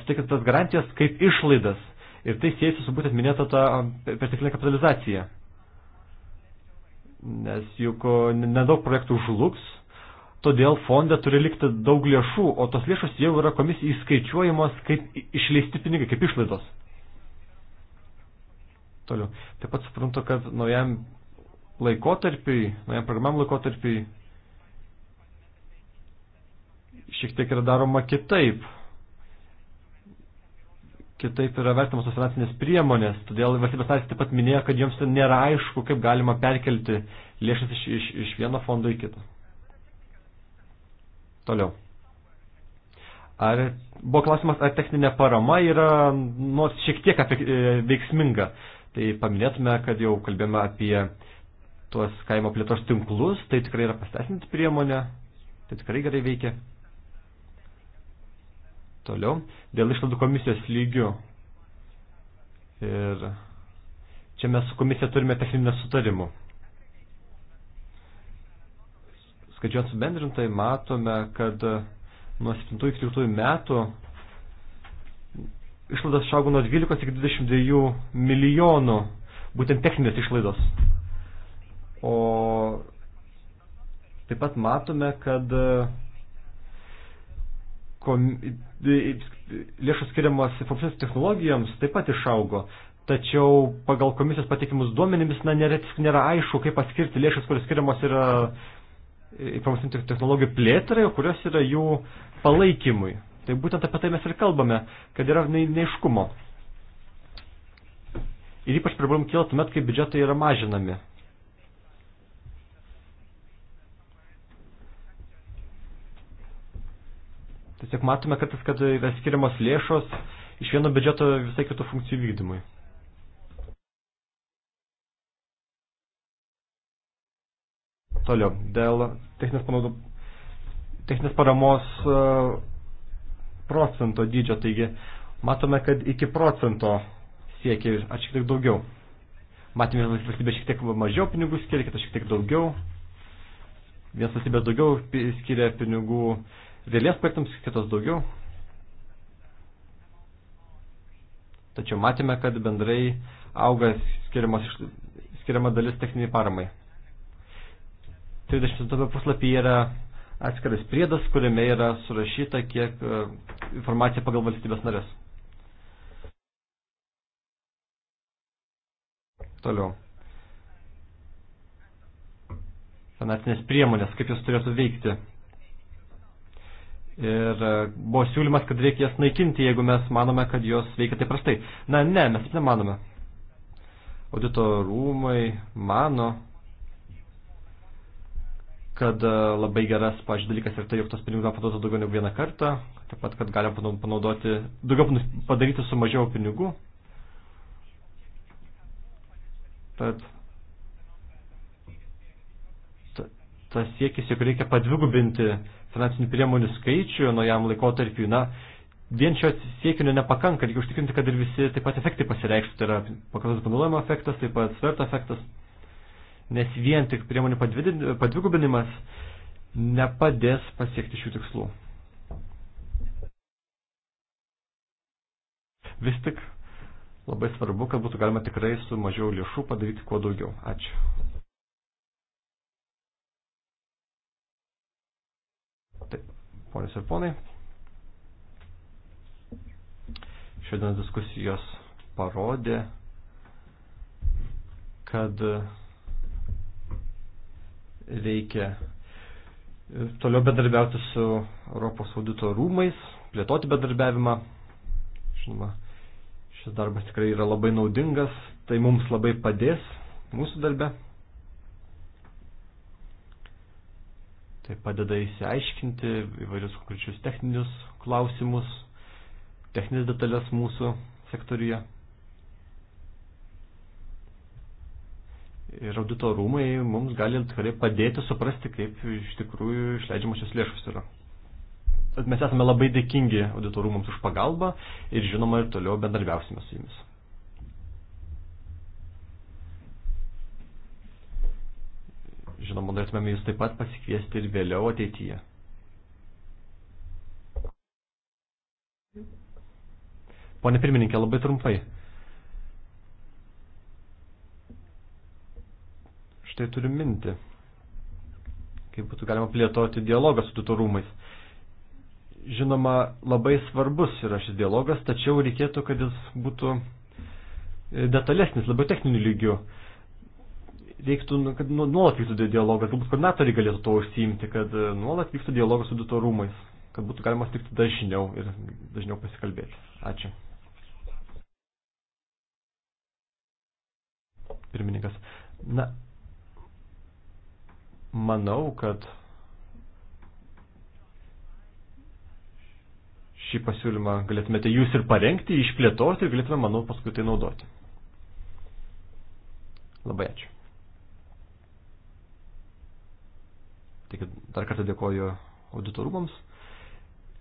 sutikrintas garantijas kaip išlaidas. Ir tai siejasi su būtent minėta ta perteklinė kapitalizacija. Nes juk nedaug projektų žlugs, todėl fonde turi likti daug lėšų, o tos lėšos jau yra komisijai įskaičiuojamos kaip išleisti pinigai, kaip išlaidos toliau. Taip pat suprantu, kad naujam laikotarpiai, naujam programam laikotarpiai šiek tiek yra daroma kitaip. Kitaip yra vertamos tos finansinės priemonės, todėl valstybės narės taip pat minėjo, kad joms nėra aišku, kaip galima perkelti lėšas iš, iš, iš vieno fondo į kitą. Toliau. Ar buvo klausimas, ar techninė parama yra nors nu, šiek tiek apie, e, veiksminga tai paminėtume, kad jau kalbėjome apie tuos kaimo plėtos tinklus, tai tikrai yra pasteisinti priemonė, tai tikrai gerai veikia. Toliau, dėl išlaidų komisijos lygių. Ir čia mes su komisija turime techninę sutarimų. Skaičiuojant subendrintai, matome, kad nuo 7 iki 13 metų išlaidos išaugo nuo 12 iki 22 milijonų, būtent techninės išlaidos. O taip pat matome, kad kom... lėšos skiriamas informacinės technologijoms taip pat išaugo. Tačiau pagal komisijos patikimus duomenimis na, nėra, nėra aišku, kaip atskirti lėšas, kurios skiriamos yra informacinių technologijų plėtrai, o kurios yra jų palaikymui. Tai būtent apie tai mes ir kalbame, kad yra neiškumo. Ir ypač problemų kyla tuomet, kai biudžetai yra mažinami. Tiesiog matome kartais, kad yra skiriamos lėšos iš vieno biudžeto visai kitų funkcijų vykdymui. Toliau, dėl techninės, panaudo, techninės paramos uh, procento dydžio, taigi matome, kad iki procento siekia, ar šiek tiek daugiau. Matėme, kad valstybė šiek tiek mažiau pinigų skiria, kita šiek tiek daugiau. Vienas valstybė daugiau skiria pinigų vėlės projektams, kitos daugiau. Tačiau matėme, kad bendrai auga skiriamos, skiriama dalis techniniai paramai. 37 puslapyje yra atskiras priedas, kuriame yra surašyta kiek e, informacija pagal valstybės narės. Toliau. Finansinės priemonės, kaip jos turėtų veikti. Ir e, buvo siūlymas, kad reikia jas naikinti, jeigu mes manome, kad jos veikia taip prastai. Na, ne, mes taip nemanome. Audito rūmai mano, kad e, labai geras, pažiūrėjau, dalykas yra tai, jog tos pinigus galima panaudoti daugiau negu vieną kartą, taip pat, kad galima panaudoti, daugiau padaryti su mažiau pinigų. Tad tas ta siekis, jog reikia padvigubinti finansinių priemonių skaičių nuo jam laikotarpių, na, vien šio siekinio nepakanka, reikia užtikrinti, kad ir visi taip pat efektai pasireikštų, tai yra pakartotas panaudojimo efektas, taip pat sverto efektas nes vien tik priemonių padvigubinimas nepadės pasiekti šių tikslų. Vis tik labai svarbu, kad būtų galima tikrai su mažiau lėšų padaryti kuo daugiau. Ačiū. Taip, ponės ir ponai. Šiandienos diskusijos parodė, kad reikia e, toliau bendarbiauti su Europos audito rūmais, plėtoti bendarbiavimą. Žinoma, šis darbas tikrai yra labai naudingas, tai mums labai padės mūsų darbe. Tai padeda įsiaiškinti įvairius konkrečius techninius klausimus, techninės detalės mūsų sektoriuje. ir audito rūmai mums gali tikrai padėti suprasti, kaip iš tikrųjų išleidžiamos šios lėšos yra. Mes esame labai dėkingi audito rūmams už pagalbą ir žinoma ir toliau bendarbiausime su jumis. Žinoma, norėtumėm jūs taip pat pasikviesti ir vėliau ateityje. Pone pirmininkė, labai trumpai. Štai turiu minti, kaip būtų galima plėtoti dialogą su tuto rūmais. Žinoma, labai svarbus yra šis dialogas, tačiau reikėtų, kad jis būtų e, detalesnis, labiau techniniu lygiu. Reiktų, nu, kad nu, nuolat vyktų dialogas, galbūt koordinatoriai galėtų to užsiimti, kad e, nuolat vyktų dialogas su tuto rūmais, kad būtų galima stikti dažniau ir dažniau pasikalbėti. Ačiū. Pirmininkas. Na, manau, kad šį pasiūlymą galėtumėte jūs ir parengti, išplėtoti ir galėtume, manau, paskui tai naudoti. Labai ačiū. Taigi dar kartą dėkoju auditorumams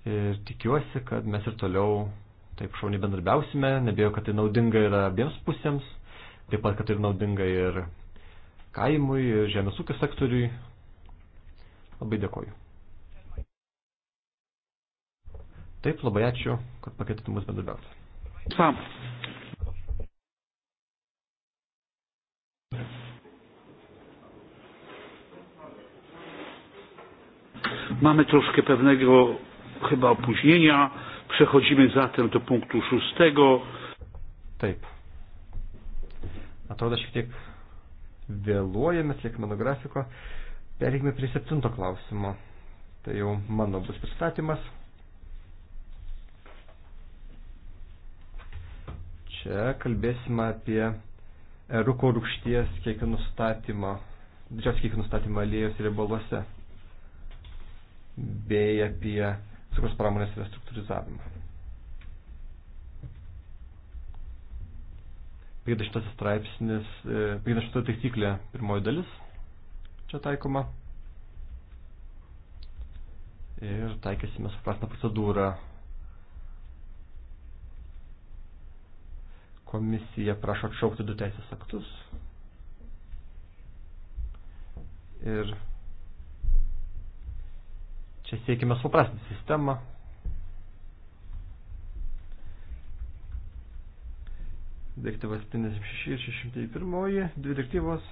ir tikiuosi, kad mes ir toliau taip šauniai bendarbiausime, nebėjau, kad tai naudinga yra abiems pusėms, taip pat, kad tai naudinga ir kaimui, žemės ūkio sektoriui. Labai dėkoju. Taip, labai ačiū, kad pakvietėte mus bendradarbiauti. Sam. Mamy troszkę pewnego chyba opóźnienia. Przechodzimy zatem do punktu szóstego. Taip. Atrodo, šiek tiek vėluojame, atliekame nuo grafiko. Pereikime prie septinto klausimo. Tai jau mano bus pristatymas. Čia kalbėsime apie rūko rūkšties kiekio nustatymą, didžiausią kiekio nustatymą aliejus riebaluose bei apie cukrus pramonės restruktūrizavimą. 58 straipsnis, 58 e, taisyklė pirmoji dalis čia taikoma. Ir taikysime suprastą procedūrą. Komisija prašo atšaukti du teisės aktus. Ir čia siekime suprasti sistemą, direktyva 76 ir 601, dvi direktyvos.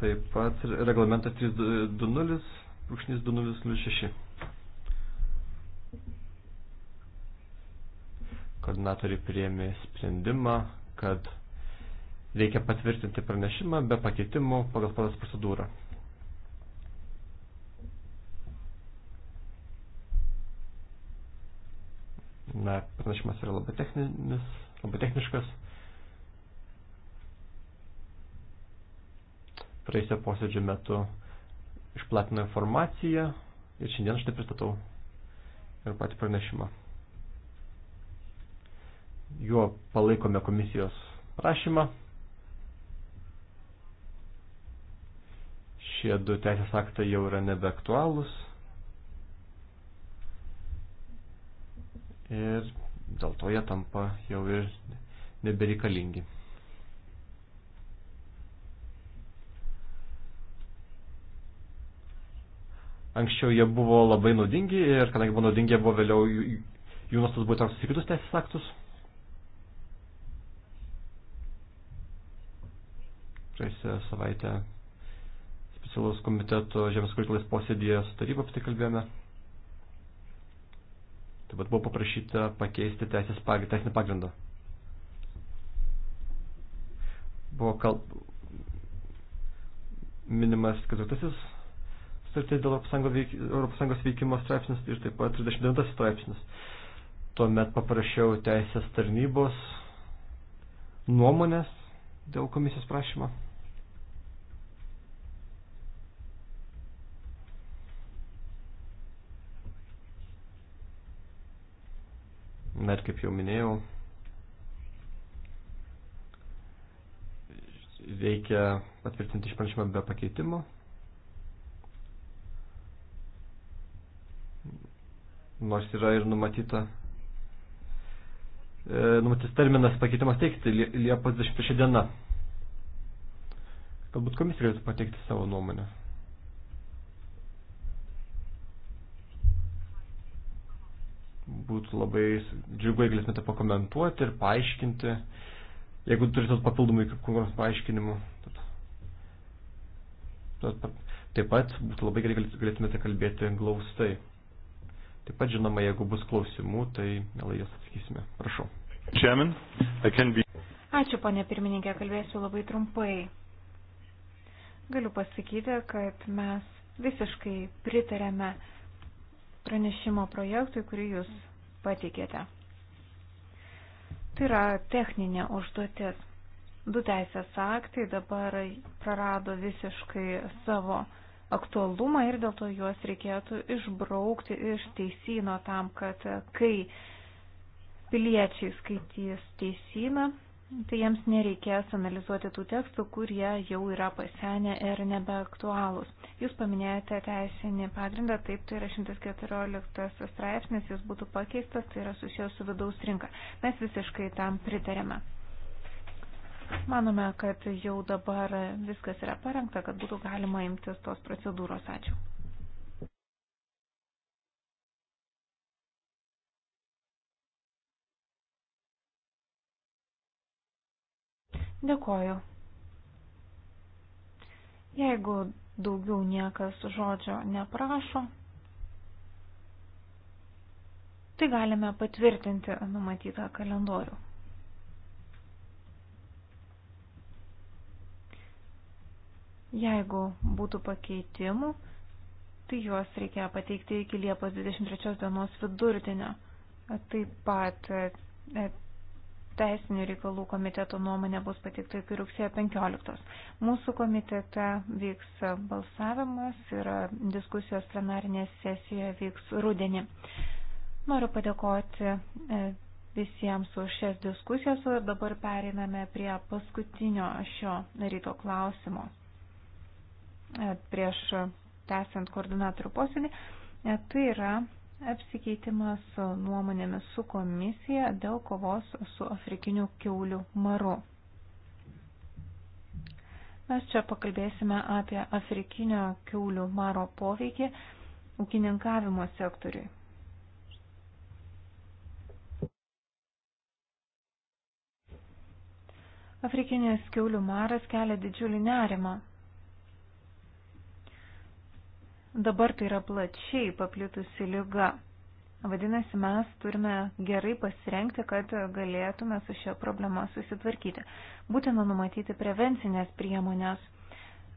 Taip pat reglamentas 320, brūkšnys 2006. Koordinatoriai priėmė sprendimą, kad reikia patvirtinti pranešimą be pakeitimų pagal padas procedūrą. na, pranešimas yra labai techninis, labai techniškas. Praėjusio posėdžio metu išplatino informaciją ir šiandien štai pristatau ir patį pranešimą. Juo palaikome komisijos prašymą. Šie du teisės aktai jau yra nebeaktualūs ir dėl to jie tampa jau ir nebereikalingi. Anksčiau jie buvo labai naudingi ir kadangi buvo naudingi, jie buvo vėliau jų nuostas buvo toks į kitus teisės aktus. Praėjusią savaitę specialaus komiteto Žemės kuriklais posėdėje su taryba apie tai kalbėjome. Taip pat buvo paprašyta pakeisti teisės pag... teisinį pagrindą. Buvo kal... minimas 4 sutartis dėl ES veikimo straipsnis ir taip pat 39 straipsnis. Tuomet paprašiau teisės tarnybos nuomonės dėl komisijos prašymo. Dar kaip jau minėjau, reikia patvirtinti šį pranešimą be pakeitimo. Nors yra ir numatyta e, numatytas terminas pakeitimas teikti Liepos 23 diena. Galbūt komisija galėtų pateikti savo nuomonę. būtų labai džiugu, jeigu galėtumėte pakomentuoti ir paaiškinti, jeigu turite papildomai kokių nors paaiškinimų. Taip pat būtų labai gerai, galėtumėte kalbėti glaustai. Taip pat, žinoma, jeigu bus klausimų, tai mielai jas atsakysime. Prašau. Chairman, I can be... Ačiū, ponė pirmininkė, kalbėsiu labai trumpai. Galiu pasakyti, kad mes visiškai pritarėme pranešimo projektui, kurį jūs patikėte. Tai yra techninė užduotis. Du teisės aktai dabar prarado visiškai savo aktualumą ir dėl to juos reikėtų išbraukti iš teisino tam, kad kai piliečiai skaitys teisyną, tai jiems nereikės analizuoti tų tekstų, kurie jau yra pasenę ir nebeaktualūs. Jūs paminėjote teisinį pagrindą, taip, tai yra 114 straipsnis, jis būtų pakeistas, tai yra susijęs su vidaus rinka. Mes visiškai tam pritarėme. Manome, kad jau dabar viskas yra parengta, kad būtų galima imtis tos procedūros. Ačiū. Dėkoju. Jeigu daugiau niekas žodžio neprašo, tai galime patvirtinti numatytą kalendorių. Jeigu būtų pakeitimų, tai juos reikia pateikti iki Liepos 23 dienos vidurdienio. Taip pat Teisinių reikalų komiteto nuomonė bus patikta iki rugsėjo 15. Mūsų komitete vyks balsavimas ir diskusijos plenarinėje sesijoje vyks rudenį. Noriu padėkoti e, visiems už šias diskusijas ir dabar pereiname prie paskutinio šio ryto klausimo. E, prieš tęsiant koordinatorių posėdį, e, tai yra apsikeitimas nuomonėmis su komisija dėl kovos su afrikiniu keuliu maru. Mes čia pakalbėsime apie afrikinio keulių maro poveikį ūkininkavimo sektoriui. Afrikinės keulių maras kelia didžiulį nerimą. Dabar tai yra plačiai paplitusi lyga. Vadinasi, mes turime gerai pasirengti, kad galėtume su šia problema susitvarkyti. Būtina numatyti prevencinės priemonės,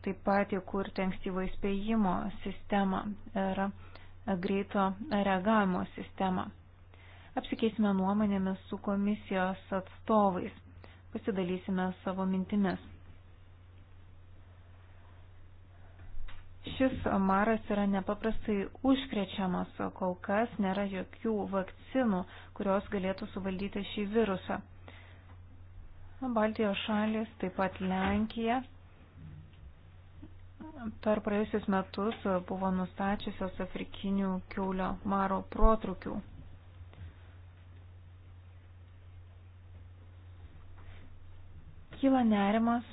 taip pat įkurti ankstyvo įspėjimo sistemą ir greito reagavimo sistemą. Apsikeisime nuomonėmis su komisijos atstovais, pasidalysime savo mintimis. Šis maras yra nepaprastai užkrečiamas, kol kas nėra jokių vakcinų, kurios galėtų suvaldyti šį virusą. Baltijos šalis, taip pat Lenkija, per praėjusius metus buvo nustačiusios afrikinių kiaulio maro protrukių. Kyla nerimas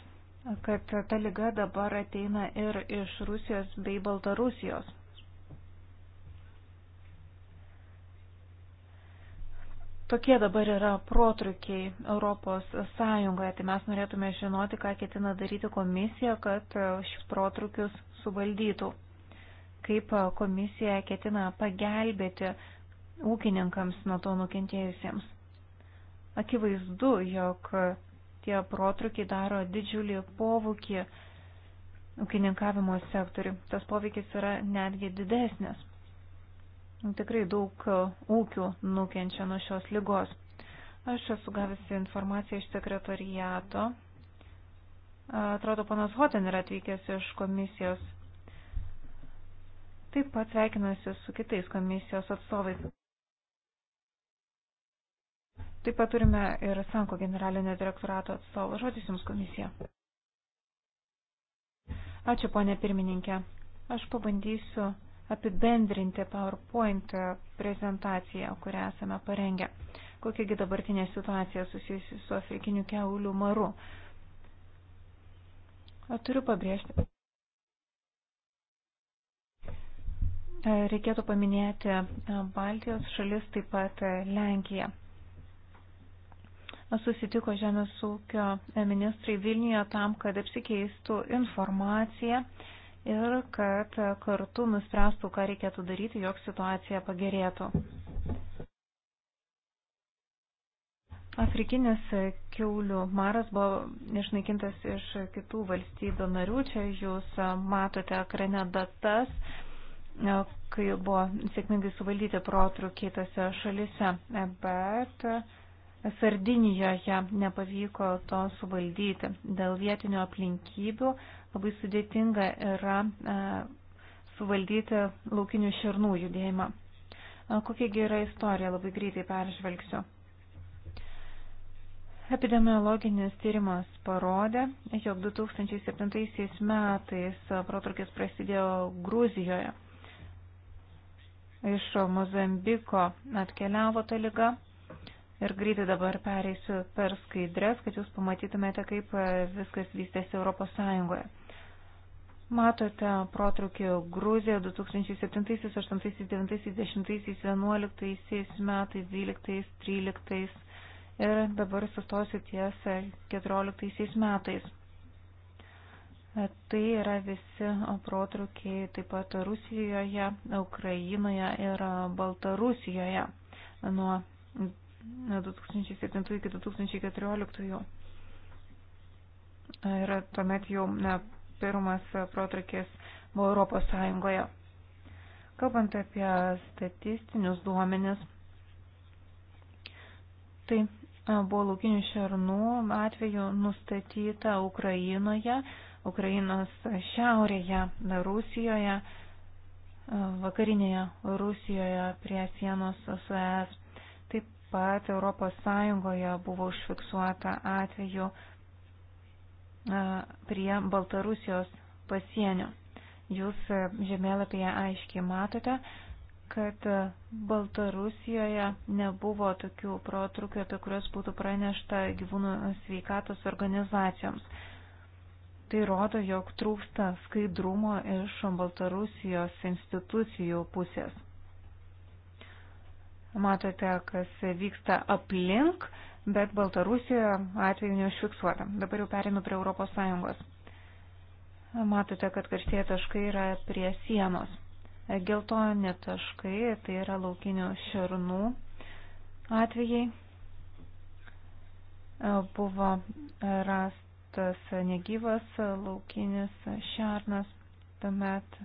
kad ta lyga dabar ateina ir iš Rusijos bei Baltarusijos. Tokie dabar yra protrukiai Europos Sąjungoje, tai mes norėtume žinoti, ką ketina daryti komisija, kad šis protrukius suvaldytų. Kaip komisija ketina pagelbėti ūkininkams nuo to nukentėjusiems. Akivaizdu, jog Tie protrukiai daro didžiulį povukį ūkininkavimo sektoriui. Tas poveikis yra netgi didesnis. Tikrai daug ūkių nukenčia nuo šios lygos. Aš esu gavusi informaciją iš sekretariato. Atrodo, panas Hoten yra atvykęs iš komisijos. Taip pat sveikinuosi su kitais komisijos atstovais. Taip pat turime ir Sanko generalinio direktorato atstovą. Žodis Jums komisija. Ačiū, ponė pirmininkė. Aš pabandysiu apibendrinti PowerPoint prezentaciją, kurią esame parengę. Kokiagi dabartinė situacija susijusi su afrikiniu keulių maru. Turiu pabrėžti. Reikėtų paminėti Baltijos šalis, taip pat Lenkiją susitiko Žemės ūkio ministrai Vilniuje tam, kad apsikeistų informaciją ir kad kartu nuspręstų, ką reikėtų daryti, jog situacija pagerėtų. Afrikinis keulių maras buvo išnaikintas iš kitų valstybių narių. Čia jūs matote ekrane datas, kai buvo sėkmingai suvaldyti protrukiai tose šalise. Bet Sardinijoje nepavyko to suvaldyti. Dėl vietinių aplinkybių labai sudėtinga yra e, suvaldyti laukinių šernų judėjimą. E, Kokiagi yra istorija, labai greitai peržvelgsiu. Epidemiologinis tyrimas parodė, jog 2007 metais protrukis prasidėjo Gruzijoje. Iš Mozambiko atkeliavo ta lyga, Ir greitai dabar pereisiu per skaidrės, kad jūs pamatytumėte, kaip e, viskas vystėsi Europos Sąjungoje. Matote protrukį Gruziją 2007, 2008, 2009, 2010, 2011 metais, 2012, 2013 ir dabar sustosiu ties 2014 e, metais. E, tai yra visi protrukiai taip pat Rusijoje, Ukrainoje ir Baltarusijoje nuo 2007 iki 2014. Ir e, tuomet jau ne, pirmas protrakės buvo Europos Sąjungoje. Kalbant apie statistinius duomenis, tai e, buvo laukinių šernų atveju nustatyta Ukrainoje, Ukrainos šiaurėje, Rusijoje, e, vakarinėje Rusijoje prie sienos su ES pat ES buvo užfiksuota atveju prie Baltarusijos pasienio. Jūs žemėlapyje aiškiai matote, kad Baltarusijoje nebuvo tokių protrukio, apie kurios būtų pranešta gyvūnų sveikatos organizacijoms. Tai rodo, jog trūksta skaidrumo iš Baltarusijos institucijų pusės. Matote, kas vyksta aplink, bet Baltarusijoje atveju neužfiksuota. Dabar jau perinu prie ES. Matote, kad karštieji taškai yra prie sienos. Geltoni taškai tai yra laukinių šernų atvejai. Buvo rastas negyvas laukinis šernas, tuomet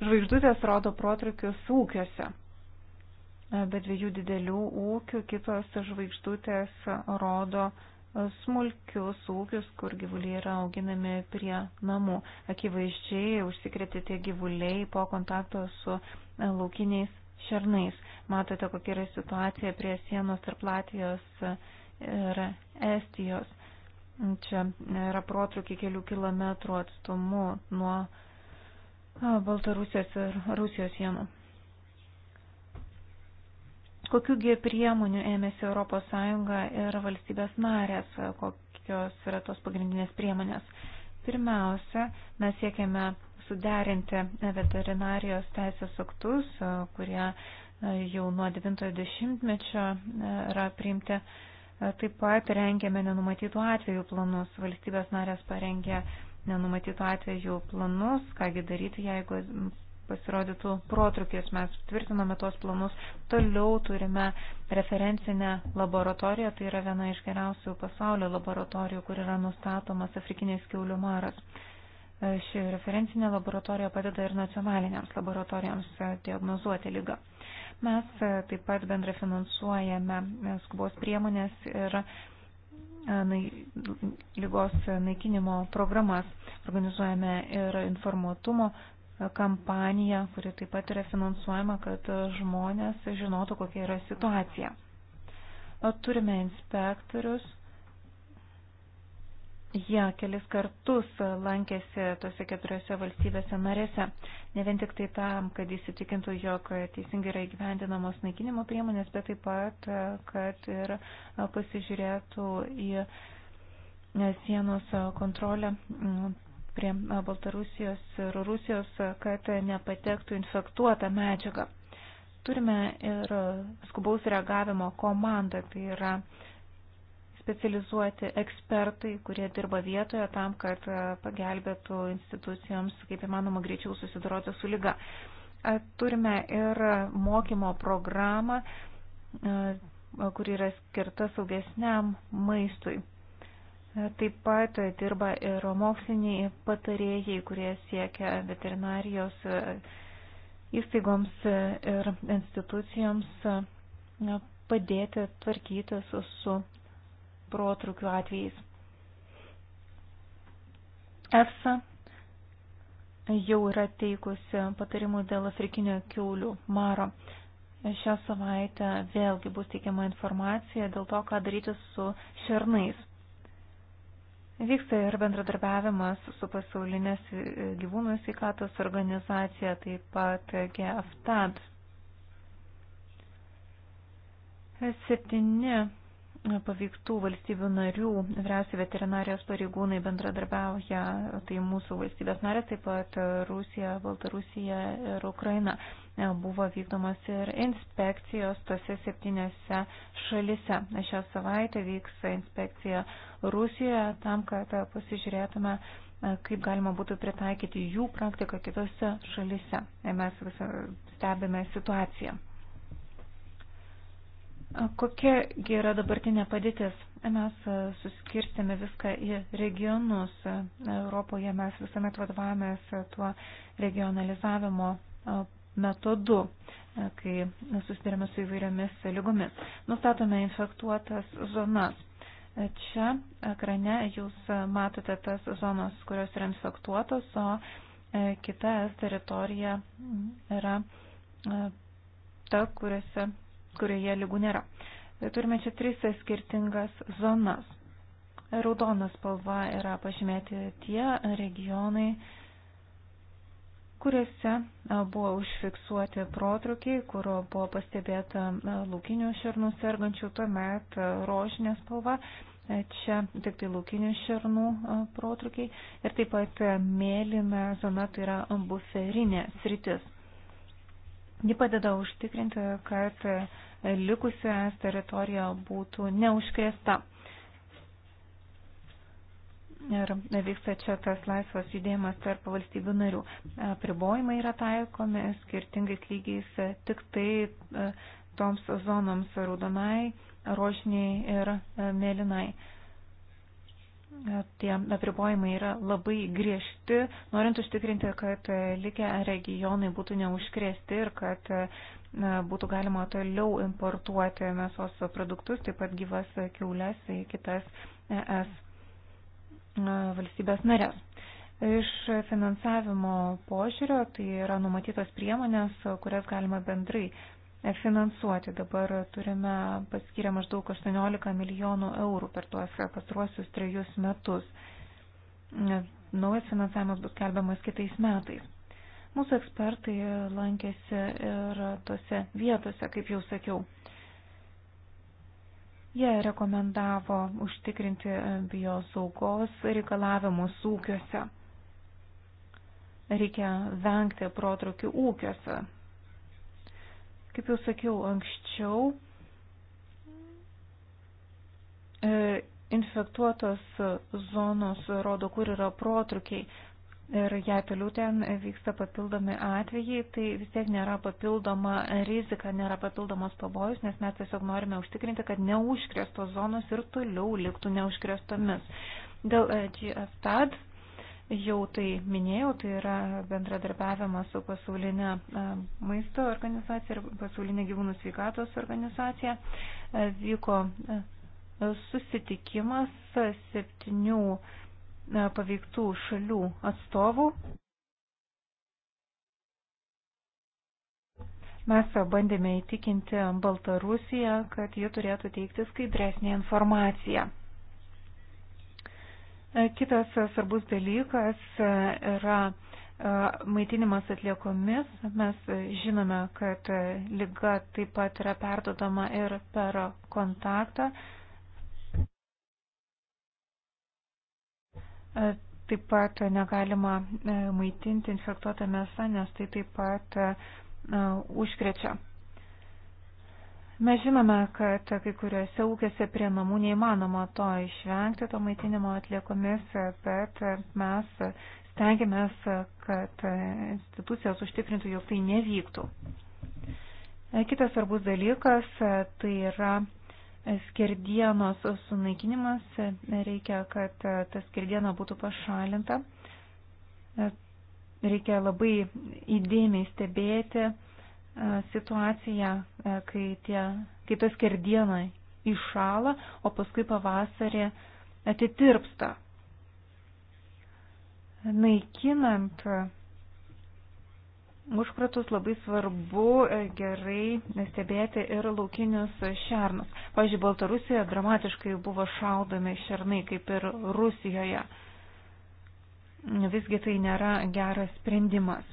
Žvaigždutės rodo protrukius ūkiuose. E, be dviejų didelių ūkių kitos žvaigždutės rodo smulkius ūkius, kur gyvuliai yra auginami prie namų. Akivaizdžiai užsikrėtė tie gyvuliai po kontakto su e, laukiniais šernais. Matote, kokia yra situacija prie sienos tarp Latvijos ir Estijos. Čia yra protrukiai kelių kilometrų atstumu nuo Baltarusijos ir Rusijos sienų. Kokiųgi priemonių ėmėsi ES ir valstybės narės, kokios yra tos pagrindinės priemonės. Pirmiausia, mes siekiame suderinti veterinarijos teisės aktus, kurie jau nuo 90-mečio yra priimti. Taip pat rengėme nenumatytų atvejų planus. Valstybės narės parengė nenumatytų atvejų planus, kągi daryti, jeigu pasirodytų protrukis. Mes tvirtiname tuos planus, toliau turime referencinę laboratoriją, tai yra viena iš geriausių pasaulio laboratorijų, kur yra nustatomas afrikinės kiaulių maras. Ši referencinė laboratorija padeda ir nacionaliniams laboratorijoms diagnozuoti lygą. Mes taip pat bendrafinansuojame skubos priemonės ir lygos naikinimo programas. Organizuojame ir informuotumo kampaniją, kuri taip pat yra finansuojama, kad žmonės žinotų, kokia yra situacija. Turime inspektorius, Jie ja, kelis kartus lankėsi tose keturiose valstybėse narėse, ne vien tik tai tam, kad įsitikintų, jog teisingai yra įgyvendinamos naikinimo priemonės, bet taip pat, kad ir pasižiūrėtų į sienos kontrolę prie Baltarusijos ir Rusijos, kad nepatektų infektuota medžiaga. Turime ir skubaus reagavimo komandą, tai yra specializuoti ekspertai, kurie dirba vietoje tam, kad e, pagelbėtų institucijoms kaip įmanoma greičiau susidoroti su lyga. Turime ir mokymo programą, e, kuri yra skirta saugesniam maistui. E, taip pat dirba ir moksliniai patarėjai, kurie siekia veterinarijos įstaigoms ir institucijoms padėti tvarkytis su protrukių atvejais. EFSA jau yra teikusi patarimų dėl afrikinio kiaulių maro. Šią savaitę vėlgi bus teikiama informacija dėl to, ką daryti su šernais. Vyksta ir bendradarbiavimas su pasaulinės gyvūnų sveikatos organizacija, taip pat GFTAD. Septyni paveiktų valstybių narių vyriausiai veterinarijos pareigūnai bendradarbiauja, tai mūsų valstybės narės, taip pat Rusija, Baltarusija ir Ukraina. Buvo vykdomas ir inspekcijos tose septyniose šalise. Šią savaitę vyks inspekcija Rusijoje tam, kad pasižiūrėtume, kaip galima būtų pritaikyti jų praktiką kitose šalise. Mes stebime situaciją. Kokia yra dabartinė padėtis? Mes suskirstėme viską į regionus. Europoje mes visuomet vadovavomės tuo regionalizavimo metodu, kai susidurėme su įvairiomis lygomis. Nustatome infektuotas zonas. Čia ekrane jūs matote tas zonas, kurios yra infektuotos, o kita teritorija yra ta, kuriuose kurioje lygų nėra. Turime čia tris skirtingas zonas. Raudona spalva yra pažymėti tie regionai, kuriuose buvo užfiksuoti protrukiai, kur buvo pastebėta laukinių šernų sergančių, tuomet rožinė spalva, čia tik tai laukinių šernų protrukiai ir taip pat mėlyna zona tai yra buferinė sritis. Ji padeda užtikrinti, kad likusi es teritorija būtų neužkrėsta. Ir vyksta čia tas laisvas judėjimas tarp valstybių narių. Pribojimai yra taikomi skirtingais lygiais tik tai e, toms zonoms raudonai, rožiniai ir e, mėlynai tie apribojimai yra labai griežti, norint užtikrinti, kad likę regionai būtų neužkrėsti ir kad būtų galima toliau importuoti mėsos produktus, taip pat gyvas kiaules į kitas ES valstybės narės. Iš finansavimo požiūrio tai yra numatytos priemonės, kurias galima bendrai finansuoti. Dabar turime paskyrę maždaug 18 milijonų eurų per tuos pastruosius trejus metus. Naujas finansavimas bus kelbiamas kitais metais. Mūsų ekspertai lankėsi ir tose vietose, kaip jau sakiau. Jie rekomendavo užtikrinti biosaugos reikalavimus ūkiuose. Reikia vengti protrukių ūkiuose, Kaip jau sakiau anksčiau, e, infektuotos zonos rodo, kur yra protrukiai ir jei toliau ten vyksta papildomi atvejai, tai vis tiek nėra papildoma rizika, nėra papildomas pavojus, nes mes tiesiog norime užtikrinti, kad neužkrėstos zonos ir toliau liktų neužkrėstomis. Dėl e, GFTAD Jau tai minėjau, tai yra bendradarbiavimas su pasaulinė e, maisto organizacija ir pasaulinė gyvūnų sveikatos organizacija. E, vyko e, susitikimas septynių paveiktų šalių atstovų. Mes bandėme įtikinti Baltarusiją, kad ji turėtų teikti skaidresnį informaciją. E, kitas svarbus dalykas e, yra e, maitinimas atliekomis. Mes žinome, kad lyga taip pat yra perdodama ir per kontaktą. Taip pat negalima maitinti infektuotą mėsą, nes tai taip pat užkrečia. Mes žinome, kad kai kuriuose ūkiuose prie namų neįmanoma to išvengti, to maitinimo atliekomis, bet mes stengiamės, kad institucijos užtikrintų, jog tai nevyktų. Kitas svarbus dalykas tai yra skerdienos sunaikinimas. Reikia, kad ta skerdiena būtų pašalinta. Reikia labai įdėmiai stebėti E, situaciją, e, kai, tie, kai ta skerdiena iššala, o paskui pavasarį atitirpsta. Naikinant užkratus labai svarbu e, gerai stebėti ir laukinius šernus. Pavyzdžiui, Baltarusijoje dramatiškai buvo šaudomi šernai, kaip ir Rusijoje. Visgi tai nėra geras sprendimas.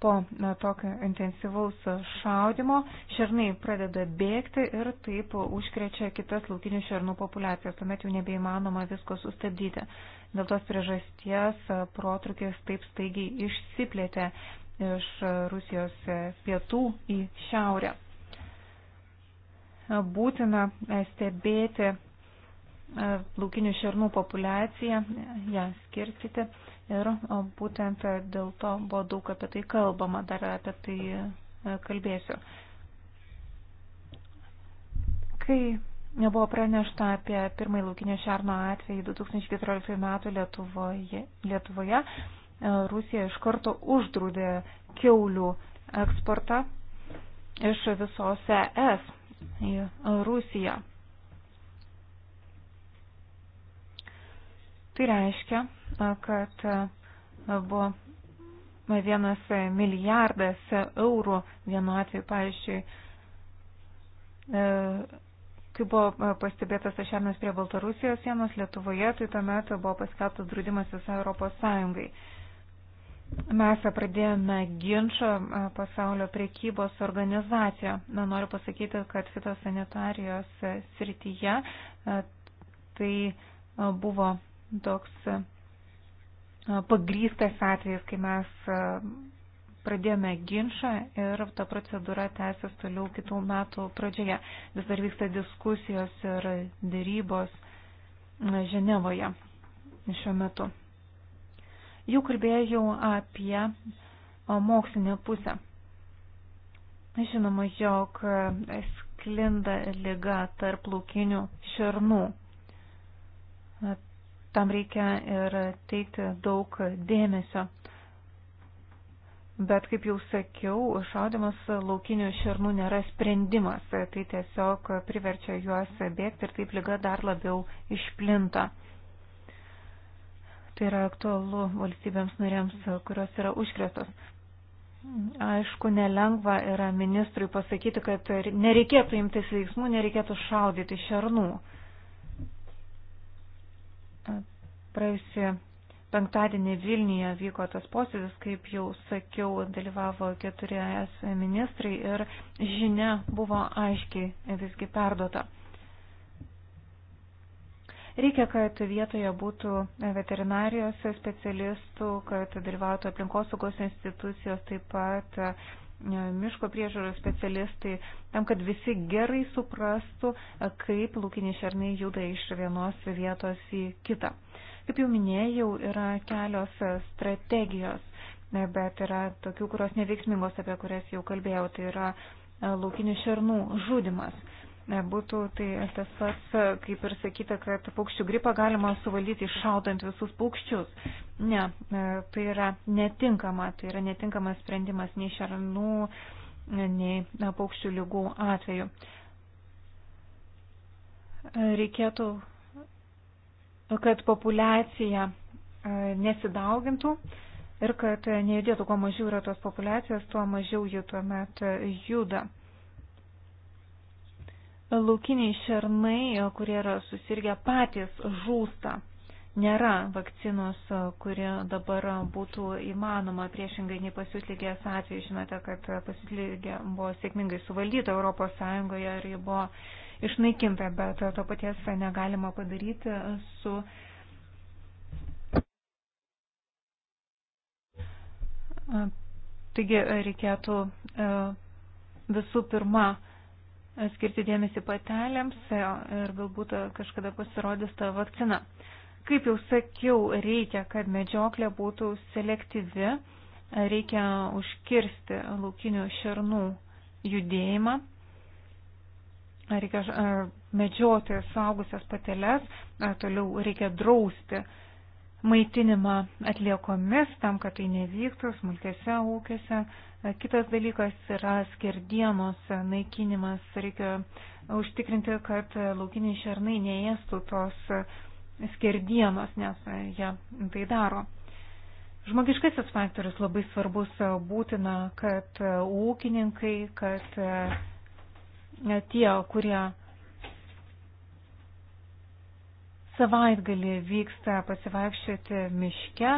Po tokio intensyvaus šaudimo šernai pradeda bėgti ir taip užkrečia kitas laukinių šernų populiacijas, tuomet jau nebeįmanoma visko sustabdyti. Dėl tos priežasties protrukis taip staigiai išsiplėtė iš Rusijos pietų į šiaurę. Būtina stebėti laukinių šernų populiaciją, ją skirstyti Ir būtent dėl to buvo daug apie tai kalbama, dar apie tai e, kalbėsiu. Kai nebuvo pranešta apie pirmąjį laukinio šerno atvejį 2014 metų Lietuvoje, Lietuvoje, e, Rusija iš karto uždraudė keulių eksportą iš visos ES į Rusiją. Tai reiškia, kad e, buvo vienas milijardas eurų vienu atveju, pavyzdžiui, e, kai buvo pastebėtas ašernas prie Baltarusijos sienos Lietuvoje, tai tuomet buvo paskelbtas draudimas visai Europos Sąjungai. Mes pradėjome ginčą e, pasaulio priekybos organizaciją. Na, noriu pasakyti, kad fitosanitarijos srityje tai buvo toks e, pagrystas atvejis, kai mes e, pradėjome ginčą ir ta procedūra tęsis toliau kitų metų pradžioje. Vis dar vyksta diskusijos ir dėrybos e, Ženevoje šiuo metu. Jau kalbėjau apie mokslinę pusę. Žinoma, jog sklinda lyga tarp laukinių šernų tam reikia ir teikti daug dėmesio. Bet, kaip jau sakiau, šaudimas laukinių šernų nėra sprendimas, tai tiesiog priverčia juos bėgti ir taip lyga dar labiau išplinta. Tai yra aktualu valstybėms norėms, kurios yra užkretos. Aišku, nelengva yra ministrui pasakyti, kad nereikėtų imtis veiksmų, nereikėtų šaudyti šernų. Praėjusį penktadienį Vilniuje vyko tas posėdis, kaip jau sakiau, dalyvavo keturi es ministrai ir žinia buvo aiškiai visgi perduota. Reikia, kad vietoje būtų veterinarijos specialistų, kad dalyvautų aplinkosaugos institucijos, taip pat E, miško priežiūros specialistai, tam, kad visi gerai suprastų, e, kaip laukiniai šernai juda iš vienos vietos į kitą. Kaip jau minėjau, yra kelios strategijos, e, bet yra tokių, kurios neveiksmingos, apie kurias jau kalbėjau, tai yra laukinių šernų žudimas būtų tai tas pats, kaip ir sakyta, kad paukščių gripą galima suvaldyti iššaudant visus paukščius. Ne, e, tai yra netinkama, tai yra netinkamas sprendimas nei šernų, nei e, paukščių lygų atveju. Reikėtų, kad populiacija e, nesidaugintų ir kad nejudėtų, kuo mažiau yra tos populiacijos, tuo mažiau jų tuomet juda laukiniai šernai, kurie yra susirgę patys, žūsta. Nėra vakcinos, kuri dabar būtų įmanoma priešingai nei pasiutlygės atveju. Žinote, kad pasiutlygė buvo sėkmingai suvaldyta ES ir ji buvo išnaikinta, bet to paties negalima padaryti su Taigi reikėtų e, visų pirma skirti dėmesį patelėms ir galbūt kažkada pasirodys ta vakcina. Kaip jau sakiau, reikia, kad medžioklė būtų selektyvi, reikia užkirsti laukinių šernų judėjimą, reikia medžioti saugusias pateles, toliau reikia drausti maitinimą atliekomis, tam, kad tai nevyktų smulkėse ūkiuose. E, kitas dalykas yra skerdienos naikinimas. Reikia užtikrinti, kad laukiniai šernai neėstų tos skerdienos, nes jie tai daro. Žmogiškasis faktorius labai svarbus e, būtina, kad ūkininkai, kad e, tie, kurie savaitgalį vyksta pasivaikščioti miške,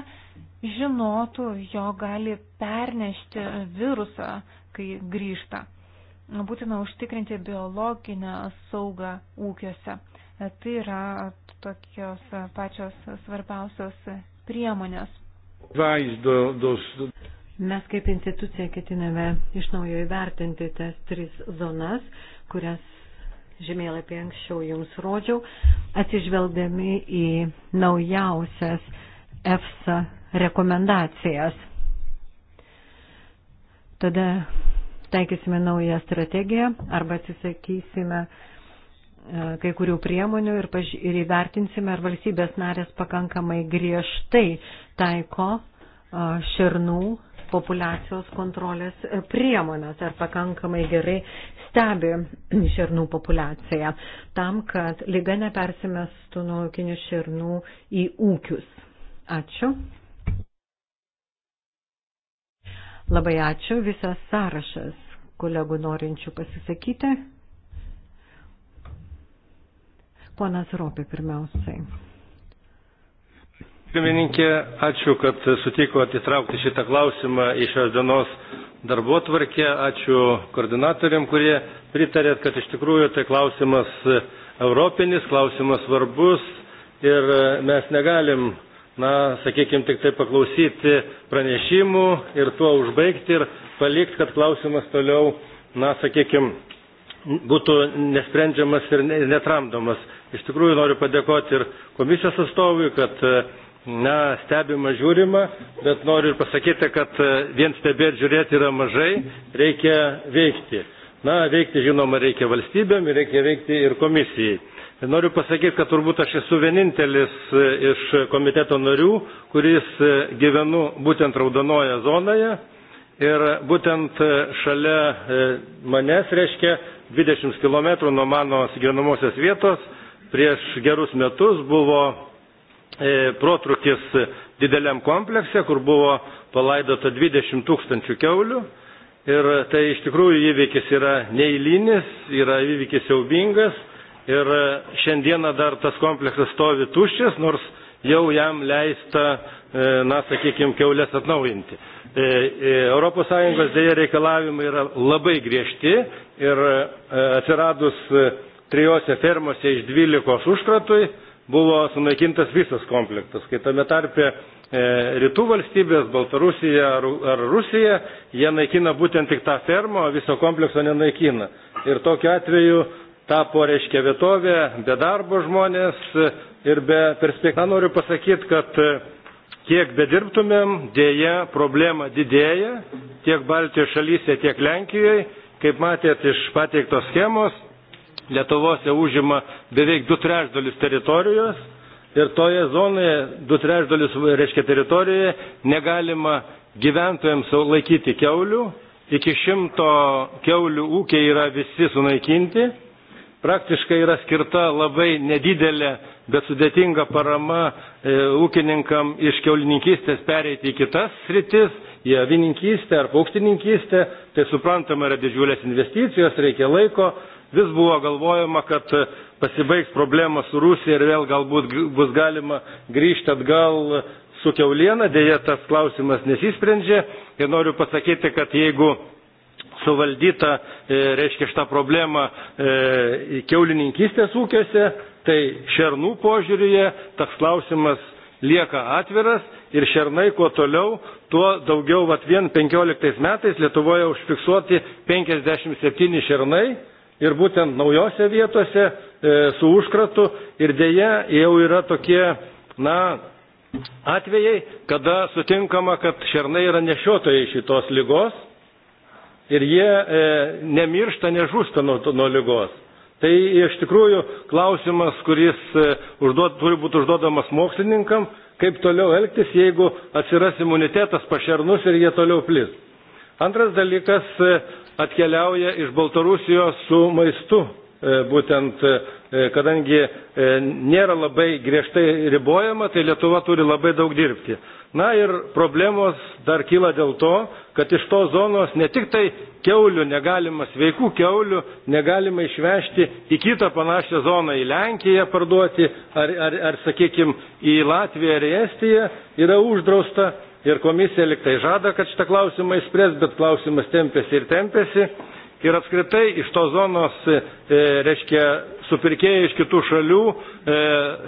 žinotų, jo gali pernešti virusą, kai grįžta. Būtina užtikrinti biologinę saugą ūkiuose. Tai yra tokios pačios svarbiausios priemonės. Mes kaip institucija ketiname iš naujo įvertinti tas tris zonas, kurias žemėlapį anksčiau jums rodžiau, atsižvelgdami į naujausias EFSA rekomendacijas. Tada taikysime naują strategiją arba atsisakysime e, kai kurių priemonių ir, paž... ir įvertinsime, ar valstybės narės pakankamai griežtai taiko e, šernų populacijos kontrolės e, priemonės ar pakankamai gerai stebi šernų populaciją tam, kad lyga nepersimestų naukinių šernų į ūkius. Ačiū. Labai ačiū. Visas sąrašas kolegų norinčių pasisakyti. Ponas Ropė pirmiausiai. Pirmininkė, ačiū, kad sutikote įtraukti šitą klausimą į šios dienos darbo tvarkę. Ačiū koordinatoriam, kurie pritarėt, kad iš tikrųjų tai klausimas europinis, klausimas svarbus ir mes negalim, na, sakykime, tik tai paklausyti pranešimų ir tuo užbaigti ir palikti, kad klausimas toliau, na, sakykime, būtų nesprendžiamas ir netramdomas. Iš tikrųjų noriu padėkoti ir komisijos atstovui, kad na, stebima, žiūrima, bet noriu ir pasakyti, kad e, vien stebėti, žiūrėti yra mažai, reikia veikti. Na, veikti žinoma reikia valstybėm ir reikia veikti ir komisijai. Noriu pasakyti, kad turbūt aš esu vienintelis e, iš komiteto narių, kuris e, gyvenu būtent raudonoje zonoje ir būtent šalia manęs, reiškia, 20 km nuo mano gyvenamosios vietos prieš gerus metus buvo E, protrukis dideliam komplekse, kur buvo palaidota 20 tūkstančių keulių. Ir tai iš tikrųjų įvykis yra neįlynis, yra įvykis siaubingas ir šiandieną dar tas kompleksas stovi tuščias, nors jau jam leista, e, na, sakykime, keulės atnaujinti. ES e, dėja reikalavimai yra labai griežti ir atsiradus trijose fermose iš dvylikos užkratui buvo sunaikintas visas komplektas, kai tame tarpe e, rytų valstybės, Baltarusija ar, ar Rusija, jie naikina būtent tik tą fermą, o viso komplekso nenaikina. Ir tokiu atveju tapo, reiškia, vietovė, be darbo žmonės e, ir be perspektyvų. Noriu pasakyti, kad e, kiek bedirbtumėm, dėja problema didėja tiek Baltijos šalyse, tiek Lenkijoje, kaip matėt iš pateiktos schemos Lietuvose užima beveik du trešdalius teritorijos ir toje zonoje, du trešdalius, reiškia teritorijoje, negalima gyventojams laikyti keulių, iki šimto keulių ūkiai yra visi sunaikinti, praktiškai yra skirta labai nedidelė, bet sudėtinga parama e, ūkininkam iš keulininkystės pereiti į kitas sritis, į avininkystę ar paukštininkystę, tai suprantama yra didžiulės investicijos, reikia laiko, vis buvo galvojama, kad e, pasibaigs problema su Rusija ir vėl galbūt bus galima grįžti atgal su keuliena, dėja tas klausimas nesisprendžia ir noriu pasakyti, kad jeigu suvaldyta, e, reiškia, šitą problemą e, keulininkistės ūkiuose, tai šernų požiūrėje tas klausimas lieka atviras ir šernai kuo toliau, tuo daugiau, vat vien 15 metais Lietuvoje užfiksuoti 57 šernai, ir būtent naujose vietose e, su užkratu ir dėja jau yra tokie, na, atvejai, kada sutinkama, kad šernai yra nešiotojai šitos lygos ir jie e, nemiršta, nežūsta nuo, nuo lygos. Tai iš tikrųjų klausimas, kuris e, užduot, turi būti užduodamas mokslininkam, kaip toliau elgtis, jeigu atsiras imunitetas pašernus ir jie toliau plis. Antras dalykas, e, atkeliauja iš Baltarusijos su maistu e, būtent e, e, kadangi nėra labai griežtai ribojama, tai Lietuva turi labai daug dirbti. Na ir problemos dar kyla dėl to, kad iš tos zonos ne tik tai keulių negalima, sveikų keulių negalima išvežti į kitą panašią zoną, į Lenkiją parduoti ar, ar, ar sakykime, į Latviją ar į Estiją yra uždrausta ir komisija liktai žada, kad šitą klausimą įspręs, bet klausimas tempėsi ir tempėsi. Ir apskritai iš tos zonos, e, reiškia, supirkėjai iš kitų šalių, e,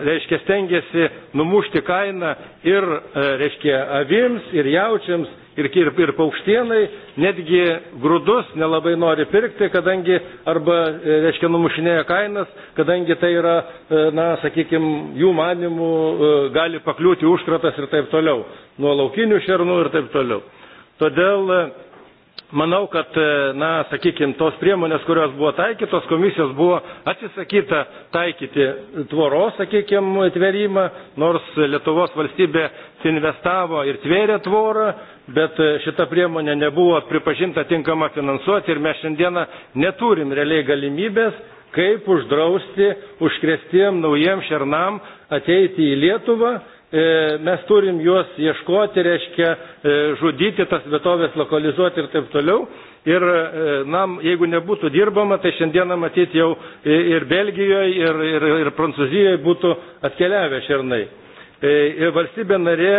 reiškia, stengiasi numušti kainą ir, e, reiškia, avims, ir jaučiams, ir, ir, ir paukštienai, netgi grūdus nelabai nori pirkti, kadangi arba, e, reiškia, numušinėja kainas, kadangi tai yra, e, na, sakykime, jų manimų e, gali pakliūti užkratas ir taip toliau, nuo laukinių šernų ir taip toliau. Todėl manau kad e, na sakykime tos priemonės kurios buvo taikytos komisijos buvo atsisakyta taikyti tvoros sakykime tvėrimą nors lietuvos valstybė investavo ir tvėrė tvorą bet šita priemonė nebuvo pripažinta tinkama finansuoti ir mes šiandieną neturim realiai galimybės kaip uždrausti užkrėstiem naujiem šernam ateiti į lietuvą E, mes turim juos ieškoti, reiškia e, žudyti tas vietovės, lokalizuoti ir taip toliau. Ir, e, na, jeigu nebūtų dirbama, tai šiandieną matyti jau ir Belgijoje, ir, ir, ir Prancūzijoje būtų atkeliavę šernai. Ir valstybė narė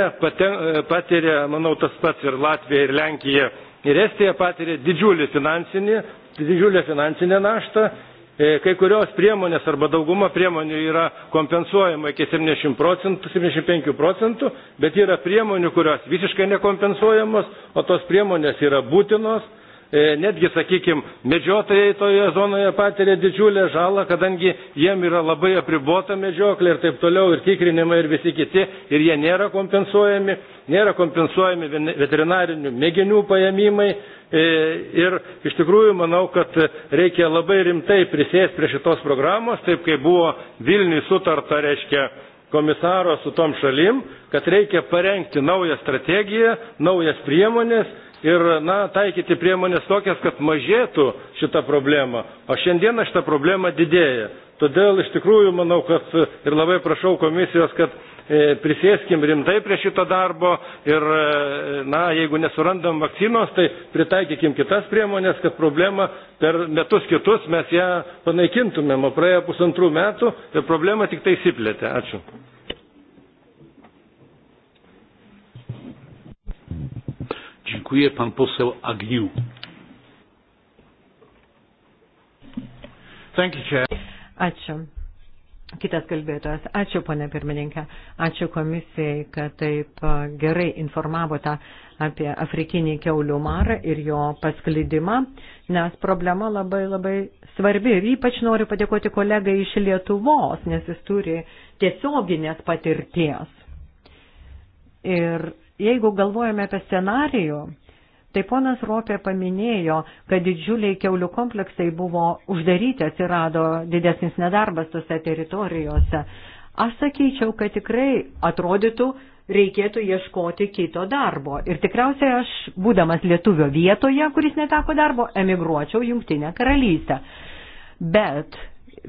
patiria, manau, tas pats ir Latvija, ir Lenkija, ir Estija patiria didžiulį finansinį, didžiulę finansinę naštą E, kai kurios priemonės arba dauguma priemonių yra kompensuojama iki 70 procentų, 75 procentų, bet yra priemonių, kurios visiškai nekompensuojamos, o tos priemonės yra būtinos. E, netgi, sakykime, medžiotojai toje zonoje patiria didžiulę žalą, kadangi jiem yra labai apribota medžioklė ir taip toliau, ir tikrinimai, ir visi kiti, ir jie nėra kompensuojami, nėra kompensuojami veterinarinių mėginių paėmimai, E, ir iš tikrųjų manau, kad reikia labai rimtai prisėsti prie šitos programos, taip kaip buvo Vilniui sutarta, reiškia, komisaro su tom šalim, kad reikia parengti naują strategiją, naujas priemonės ir na, taikyti priemonės tokias, kad mažėtų šita problema. O šiandieną šita problema didėja. Todėl iš tikrųjų manau, kad ir labai prašau komisijos, kad E, prisėskim rimtai prie šito darbo ir, e, na, jeigu nesurandam vakcinos, tai pritaikykim kitas priemonės, kad problemą per metus kitus mes ją panaikintumėm, o praėjo pusantrų metų ir problema tik tai siplėtė. Ačiū. Dziękuję. Pan poseł Agniu. Thank you, Chair. Ačiū. Kitas kalbėtojas. Ačiū, ponė pirmininkė. Ačiū komisijai, kad taip gerai informavote apie afrikinį keulių marą ir jo pasklidimą, nes problema labai labai svarbi. Ir ypač noriu padėkoti kolegai iš Lietuvos, nes jis turi tiesioginės patirties. Ir jeigu galvojame apie scenarijų, Tai ponas Ropė paminėjo, kad didžiuliai keulių kompleksai buvo uždaryti, atsirado didesnis nedarbas tose teritorijose. Aš sakyčiau, kad tikrai atrodytų, reikėtų ieškoti kito darbo. Ir tikriausiai aš, būdamas lietuvio vietoje, kuris neteko darbo, emigruočiau Jungtinę karalystę. Bet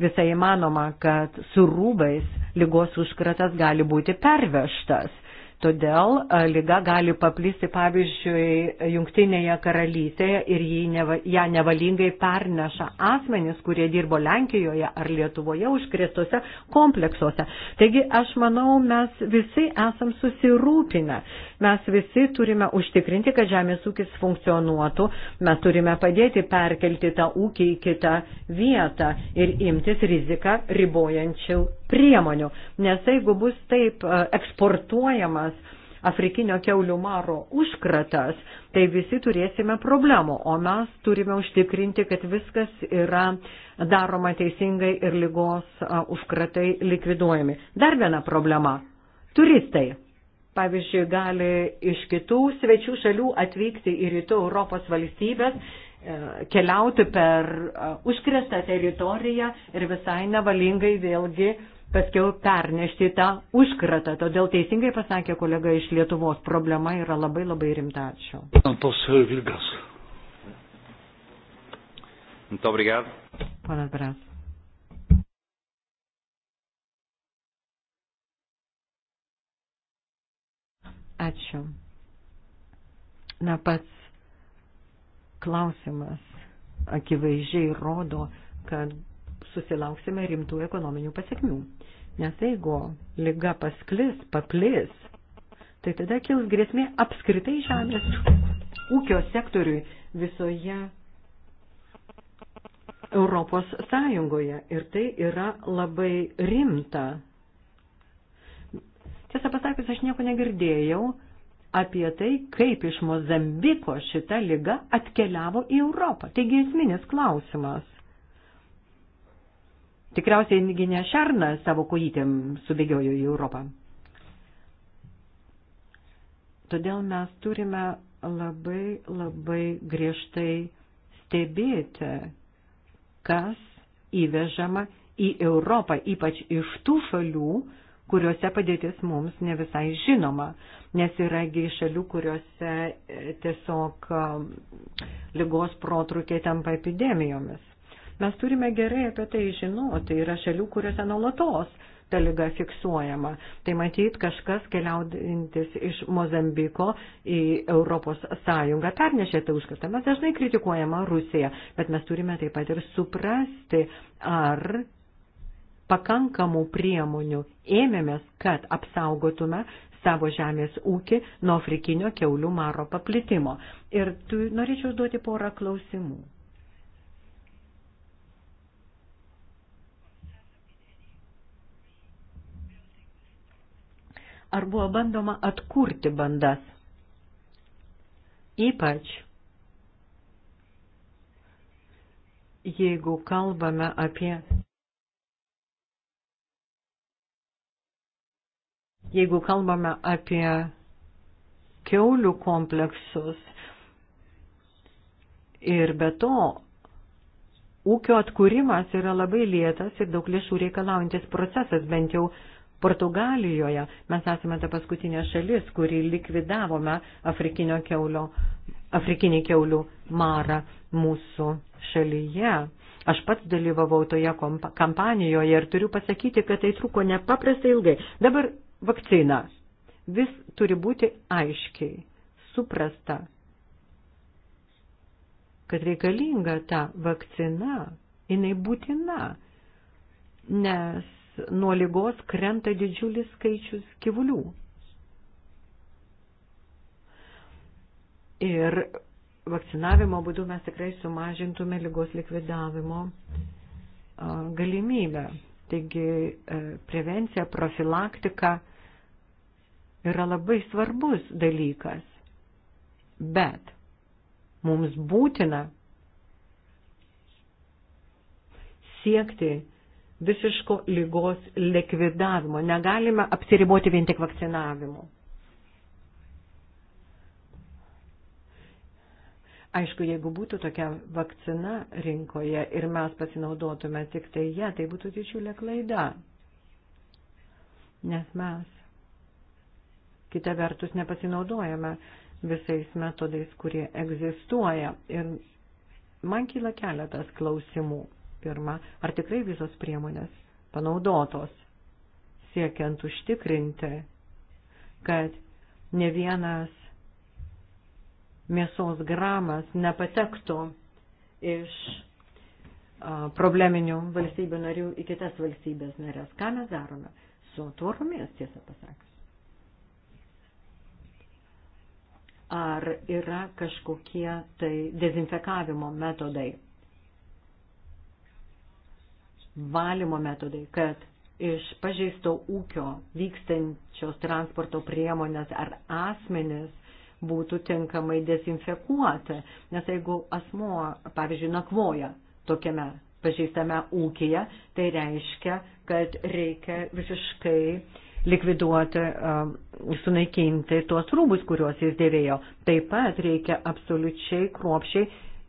visai įmanoma, kad su rūbais lygos užkratas gali būti pervežtas. Todėl e, lyga gali paplisti, pavyzdžiui, jungtinėje karalystėje ir neva, ją nevalingai perneša asmenys, kurie dirbo Lenkijoje ar Lietuvoje užkrėstose kompleksuose. Taigi, aš manau, mes visi esam susirūpinę mes visi turime užtikrinti, kad žemės ūkis funkcionuotų, mes turime padėti perkelti tą ūkį į kitą vietą ir imtis riziką ribojančių priemonių. Nes jeigu bus taip e, eksportuojamas Afrikinio keulių maro užkratas, tai visi turėsime problemų, o mes turime užtikrinti, kad viskas yra daroma teisingai ir lygos e, užkratai likviduojami. Dar viena problema - turistai pavyzdžiui, gali iš kitų svečių šalių atvykti į rytų Europos valstybės, e, keliauti per e, užkrestą teritoriją ir visai nevalingai vėlgi paskiau pernešti tą užkratą. Todėl teisingai pasakė kolega iš Lietuvos, problema yra labai labai rimta. Ačiū. Panas Bras. Ačiū. Na pats klausimas akivaizdžiai rodo, kad susilauksime rimtų ekonominių pasiekmių. Nes jeigu lyga pasklis, paplis, tai tada kils grėsmė apskritai žemės ūkio sektoriui visoje Europos Sąjungoje. Ir tai yra labai rimta Tiesą pasakius, aš nieko negirdėjau apie tai, kaip iš Mozambiko šita lyga atkeliavo į Europą. Taigi esminis klausimas. Tikriausiai ne šarna savo kojytėm subėgiojo į Europą. Todėl mes turime labai, labai griežtai stebėti, kas įvežama į Europą, ypač iš tų šalių, kuriuose padėtis mums ne visai žinoma, nes yragi šalių, kuriuose e, tiesiog e, lygos protrukiai tampa epidemijomis. Mes turime gerai apie tai žinoti, yra šalių, kuriuose nuolatos ta lyga fiksuojama. Tai matyt, kažkas keliaudantis iš Mozambiko į Europos Sąjungą pernešė tą užkratą. Mes dažnai kritikuojama Rusija, bet mes turime taip pat ir suprasti, ar pakankamų priemonių ėmėmės, kad apsaugotume savo žemės ūkį nuo afrikinio keulių maro paplitimo. Ir tu, norėčiau duoti porą klausimų. Ar buvo bandoma atkurti bandas? Ypač jeigu kalbame apie Jeigu kalbame apie keulių kompleksus ir be to ūkio atkūrimas yra labai lėtas ir daug lėšų reikalaujantis procesas, bent jau Portugalijoje mes esame ta paskutinė šalis, kuri likvidavome afrikinio keulio, afrikinį keulių marą mūsų šalyje. Aš pats dalyvavau toje kampanijoje ir turiu pasakyti, kad tai truko nepaprastai ilgai. Dabar vakciną. Vis turi būti aiškiai suprasta, kad reikalinga ta vakcina, jinai būtina, nes nuo lygos krenta didžiulis skaičius gyvulių. Ir vakcinavimo būdu mes tikrai sumažintume lygos likvidavimo galimybę. Taigi e, prevencija, profilaktika yra labai svarbus dalykas, bet mums būtina siekti visiško lygos likvidavimo. Negalime apsiriboti vien tik vakcinavimu. Aišku, jeigu būtų tokia vakcina rinkoje ir mes pasinaudotume tik tai ją, ja, tai būtų didžiulė klaida. Nes mes kita vertus nepasinaudojame visais metodais, kurie egzistuoja. Ir man kyla keletas klausimų. Pirma, ar tikrai visos priemonės panaudotos, siekiant užtikrinti, kad ne vienas mėsos gramas nepatektų iš probleminių valstybių narių į kitas valstybės narės. Ką mes darome su tvoromis, tiesą pasakius? ar yra kažkokie tai dezinfekavimo metodai, valymo metodai, kad iš pažeisto ūkio vykstančios transporto priemonės ar asmenis būtų tinkamai dezinfekuoti. Nes jeigu asmuo, pavyzdžiui, nakvoja tokiame pažeistame ūkija, tai reiškia, kad reikia visiškai likviduoti, sunaikinti tuos rūbus, kuriuos jis dėvėjo. Taip pat reikia absoliučiai kruopšiai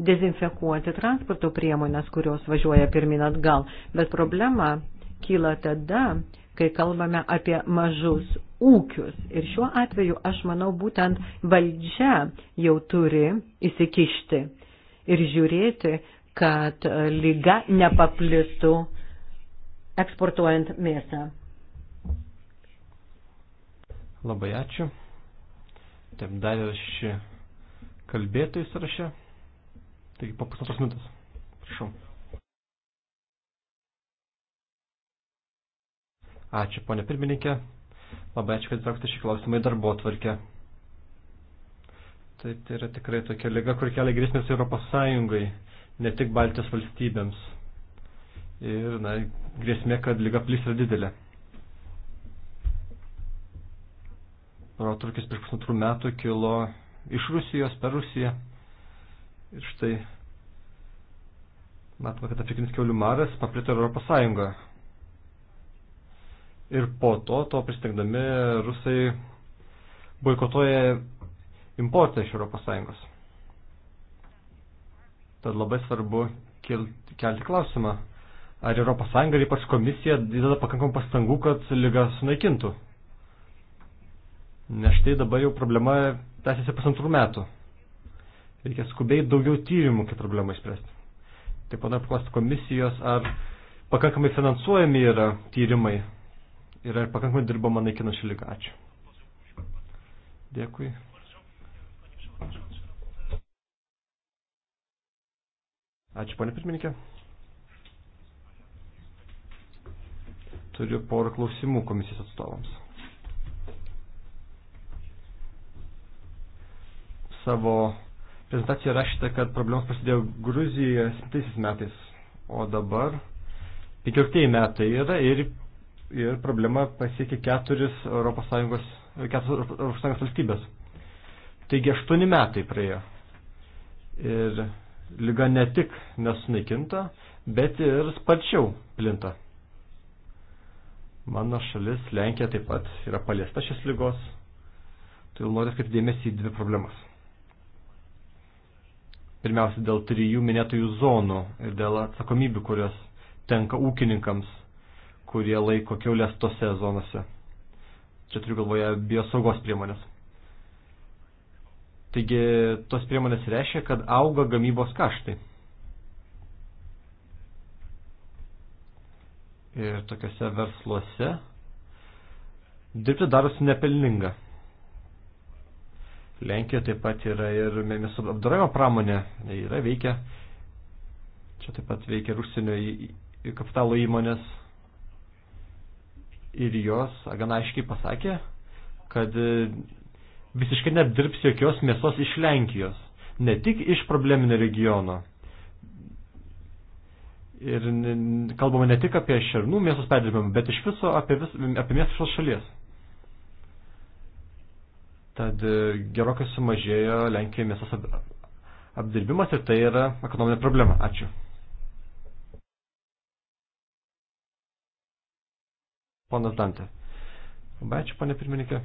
dezinfekuoti transporto priemonės, kurios važiuoja pirmin atgal. Bet problema kyla tada, kai kalbame apie mažus ūkius. Ir šiuo atveju, aš manau, būtent valdžia jau turi įsikišti ir žiūrėti, kad lyga nepaplistų eksportuojant mėsą. Labai ačiū. Taip, dar yra šeši kalbėtojai sąraše. Taigi po pusantros minutės. Prašau. Ačiū, ponė pirmininkė. Labai ačiū, kad įtraukite šį klausimą į darbo atvarkę. Tai, tai yra tikrai tokia lyga, kur kelia grėsmės Europos Sąjungai, ne tik Baltijos valstybėms. Ir, na, grėsmė, kad lyga plis yra didelė. protrukis prieš pusantrų metų kilo iš Rusijos per Rusiją. Ir štai matome, kad afrikinis keulių maras paplito Europos Sąjungą. Ir po to, to pristengdami, rusai boikotuoja importą iš Europos Sąjungos. Tad labai svarbu kelti klausimą, ar Europos Sąjunga ir ypač komisija įdeda pakankamai pastangų, kad lygą sunaikintų. Nes štai dabar jau problema tęsiasi pusantrų metų. Reikia skubiai daugiau tyrimų, kaip problemą išspręsti. Taip pat apklausti komisijos, ar pakankamai finansuojami yra tyrimai ir ar pakankamai dirbama naikinant šį lygą. Ačiū. Dėkui. Ačiū, ponė pirmininkė. Turiu porą klausimų komisijos atstovams. savo prezentacijoje rašėte, kad problemas prasidėjo Gruzijoje 7 metais, o dabar 15 metai yra ir, ir problema pasiekė keturis Europos Sąjungos, keturis Europos Sąjungos valstybės. Taigi 8 metai praėjo. Ir lyga ne tik nesunaikinta, bet ir sparčiau plinta. Mano šalis, Lenkija taip pat yra paliesta šis lygos. Tai noriu atkreipti dėmesį į dvi problemas. Pirmiausia, dėl trijų minėtųjų zonų ir dėl atsakomybių, kurios tenka ūkininkams, kurie laiko keulės tose zonose. Čia turiu galvoje biosaugos priemonės. Taigi, tos priemonės reiškia, kad auga gamybos kaštai. ir tokiuose versluose dirbti darosi nepelninga. Lenkijoje taip pat yra ir mėsų apdorojimo pramonė, yra veikia. Čia taip pat veikia ir užsienio kapitalo įmonės. Ir jos gana aiškiai pasakė, kad e, visiškai neapdirbs jokios mėsos iš Lenkijos, ne tik iš probleminio regiono. Ir kalbama ne tik apie šernų mėsos perdirbimą, bet iš viso apie, vis, apie mėsos šalies. Tad e, gerokai sumažėjo Lenkijoje mėsos apdirbimas ir tai yra ekonominė problema. Ačiū. Ponas Dantė. Labai ačiū, ponė pirmininkė.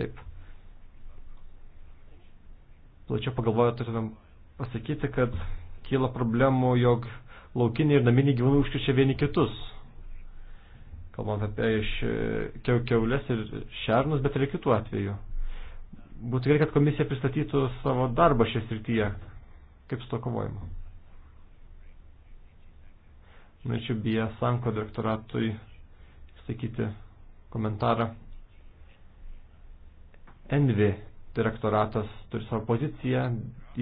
Taip. Plačiau pagalvoju, turėtumėm pasakyti, kad kyla problemų, jog laukiniai ir naminiai gyvūnai užkrečia vieni kitus kalbant apie iš keulės ir šernus, bet ir kitų atvejų. Būtų gerai, kad komisija pristatytų savo darbą šią srityje, kaip su to kovojimu. Norėčiau bija Sanko direktoratui sakyti komentarą. Envi direktoratas turi savo poziciją,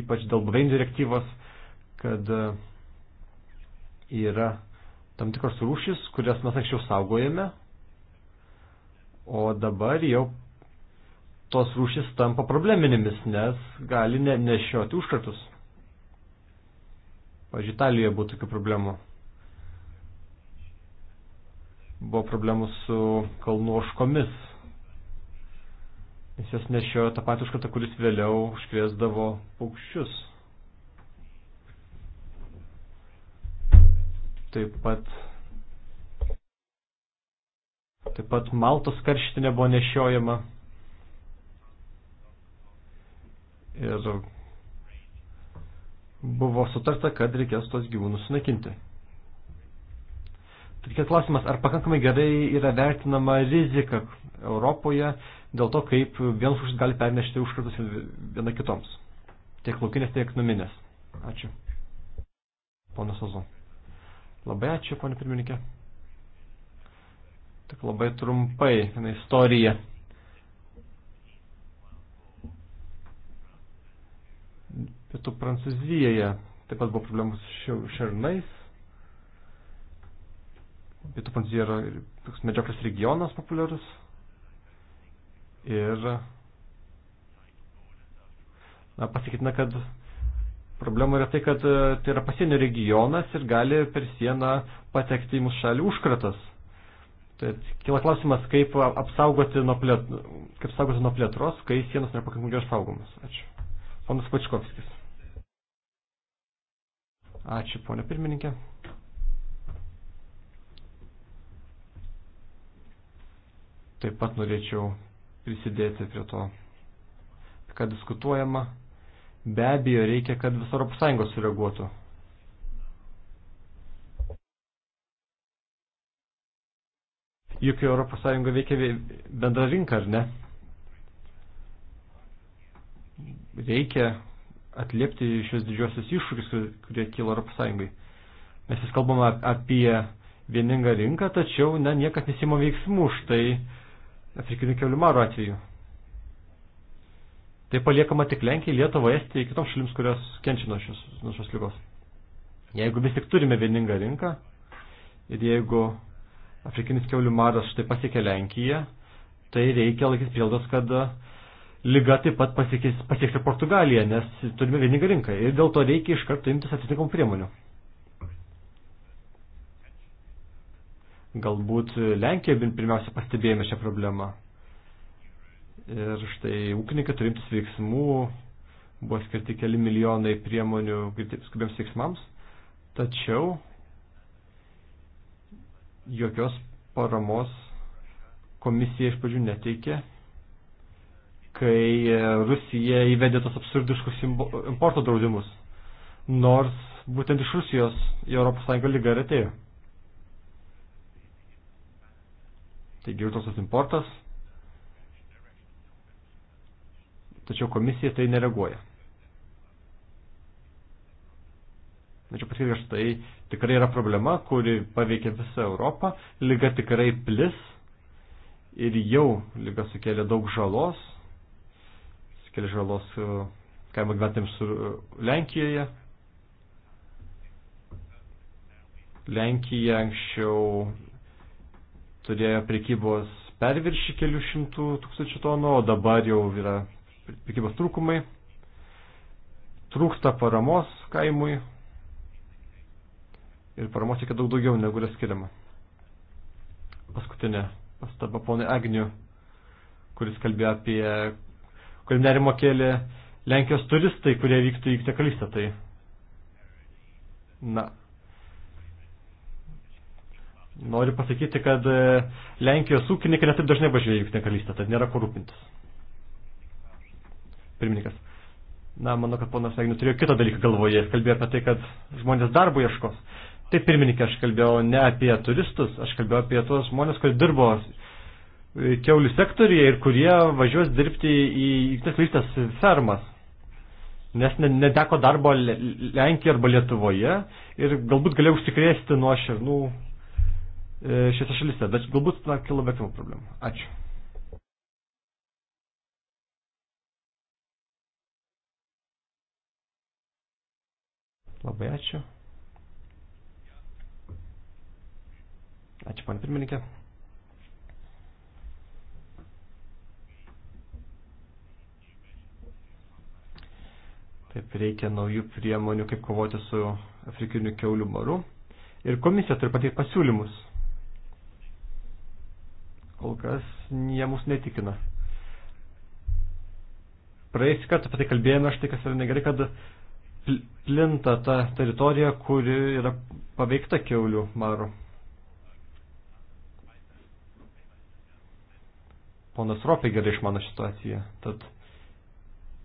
ypač dėl buveinių direktyvos, kad e, yra tam tikros rūšis, kurias mes anksčiau saugojame, o dabar jau tos rūšis tampa probleminėmis, nes gali ne, nešioti užkratus. Pavyzdžiui, Italijoje buvo tokių problemų. Buvo problemų su kalnų oškomis, nes jos nešiojo tą patį užkratą, kuris vėliau užkrėsdavo paukščius. Taip pat, taip pat Maltos karštinė buvo nešiojama. Ir buvo sutarta, kad reikės tos gyvūnus sunaikinti. Tokia klausimas, ar pakankamai gerai yra vertinama rizika Europoje dėl to, kaip vienas užsit gali pernešti užkratus viena kitoms. Tiek laukinės, tiek naminės. Ačiū. Ponas Ozon. Labai ačiū, ponė pirmininkė. Tik labai trumpai, viena istorija. Pietų Prancūzijoje taip pat buvo problemų su šernais. Pietų Prancūzija yra toks medžioklės regionas populiarus. Ir na, pasakytina, kad Problema yra tai, kad e, tai yra pasienio regionas ir gali per sieną patekti į mūsų šalį užkratas. Tai kila klausimas, kaip apsaugoti nuo, plėt, kaip saugoti nuo plėtros, kai sienos nėra pakankamai gerai saugomas. Ačiū. Ponas Pačkovskis. Ačiū, ponė pirmininkė. Taip pat norėčiau prisidėti prie to, ką diskutuojama Be abejo, reikia, kad viso Europos Sąjungos sureaguotų. Juk Europos Sąjunga veikia bendra rinka, ar ne? Reikia atliepti šios didžiosios iššūkius, kurie kyla Europos Sąjungai. Mes vis kalbame apie vieningą rinką, tačiau na, niekas nesimo veiksmų štai Afrikinio keulių maro atveju. Tai paliekama tik Lenkijai, Lietuvai, Estijai, kitoms šalims, kurios kenčia nuo šios, nuo šios lygos. Jeigu vis tik turime vieningą rinką ir jeigu afrikinis keulių maras štai pasiekia Lenkiją, tai reikia laikytis prieldos, kad lyga taip pat pasieks, pasieks ir Portugaliją, nes turime vieningą rinką ir dėl to reikia iš karto imtis atitinkamų priemonių. Galbūt Lenkijoje pirmiausia pastebėjome šią problemą. Ir štai ūkininkai turintis veiksmų buvo skirti keli milijonai priemonių skubiems veiksmams, tačiau jokios paramos komisija iš pradžių neteikė, kai Rusija įvedė tos absurdiškus importo draudimus, nors būtent iš Rusijos į ES lygą ir atėjo. Taigi ir tos importas tačiau komisija tai nereaguoja. Tačiau pasakyti, kad tai tikrai yra problema, kuri paveikia visą Europą, lyga tikrai plis ir jau lyga sukėlė daug žalos, sukėlė žalos e, kaimo gyventojams e, Lenkijoje. Lenkija anksčiau turėjo prekybos perviršį kelių šimtų tūkstančių tonų, o dabar jau yra prekybos trūkumai, trūksta paramos kaimui ir paramos reikia daug daugiau negu yra skiriama. Paskutinė pastaba ponai Agniu, kuris kalbėjo apie, kurį nerimo kėlė Lenkijos turistai, kurie vyktų į Ktekalystę. Tai, na, Noriu pasakyti, kad e, Lenkijos ūkininkai netaip dažnai važiuoja į Jungtinę karalystę, tad nėra kur rūpintis pirmininkas. Na, manau, kad ponas Agnių turėjo kitą dalyką galvoje. Kalbėjo apie tai, kad žmonės darbo ieškos. Taip, pirmininkė, aš kalbėjau ne apie turistus, aš kalbėjau apie tuos žmonės, kurie dirbo keulių sektoriuje ir kurie važiuos dirbti į Jungtinės lystės fermas. Nes neteko darbo Lenkijoje arba Lietuvoje ir galbūt galėjau užsikrėsti nuo šernų e, šiose šalyse. Bet galbūt na, kilo be problemų. Ačiū. Labai ačiū. Ačiū, pan pirmininkė. Taip reikia naujų priemonių, kaip kovoti su afrikiniu keulių maru. Ir komisija turi pateikti pasiūlymus. Kol kas jie mūsų netikina. Praėjusį kartą apie tai kalbėjome, štai kas yra negerai, kad plinta ta teritorija, kuri yra paveikta keulių maro. Ponas Ropė gerai išmano situaciją. Tad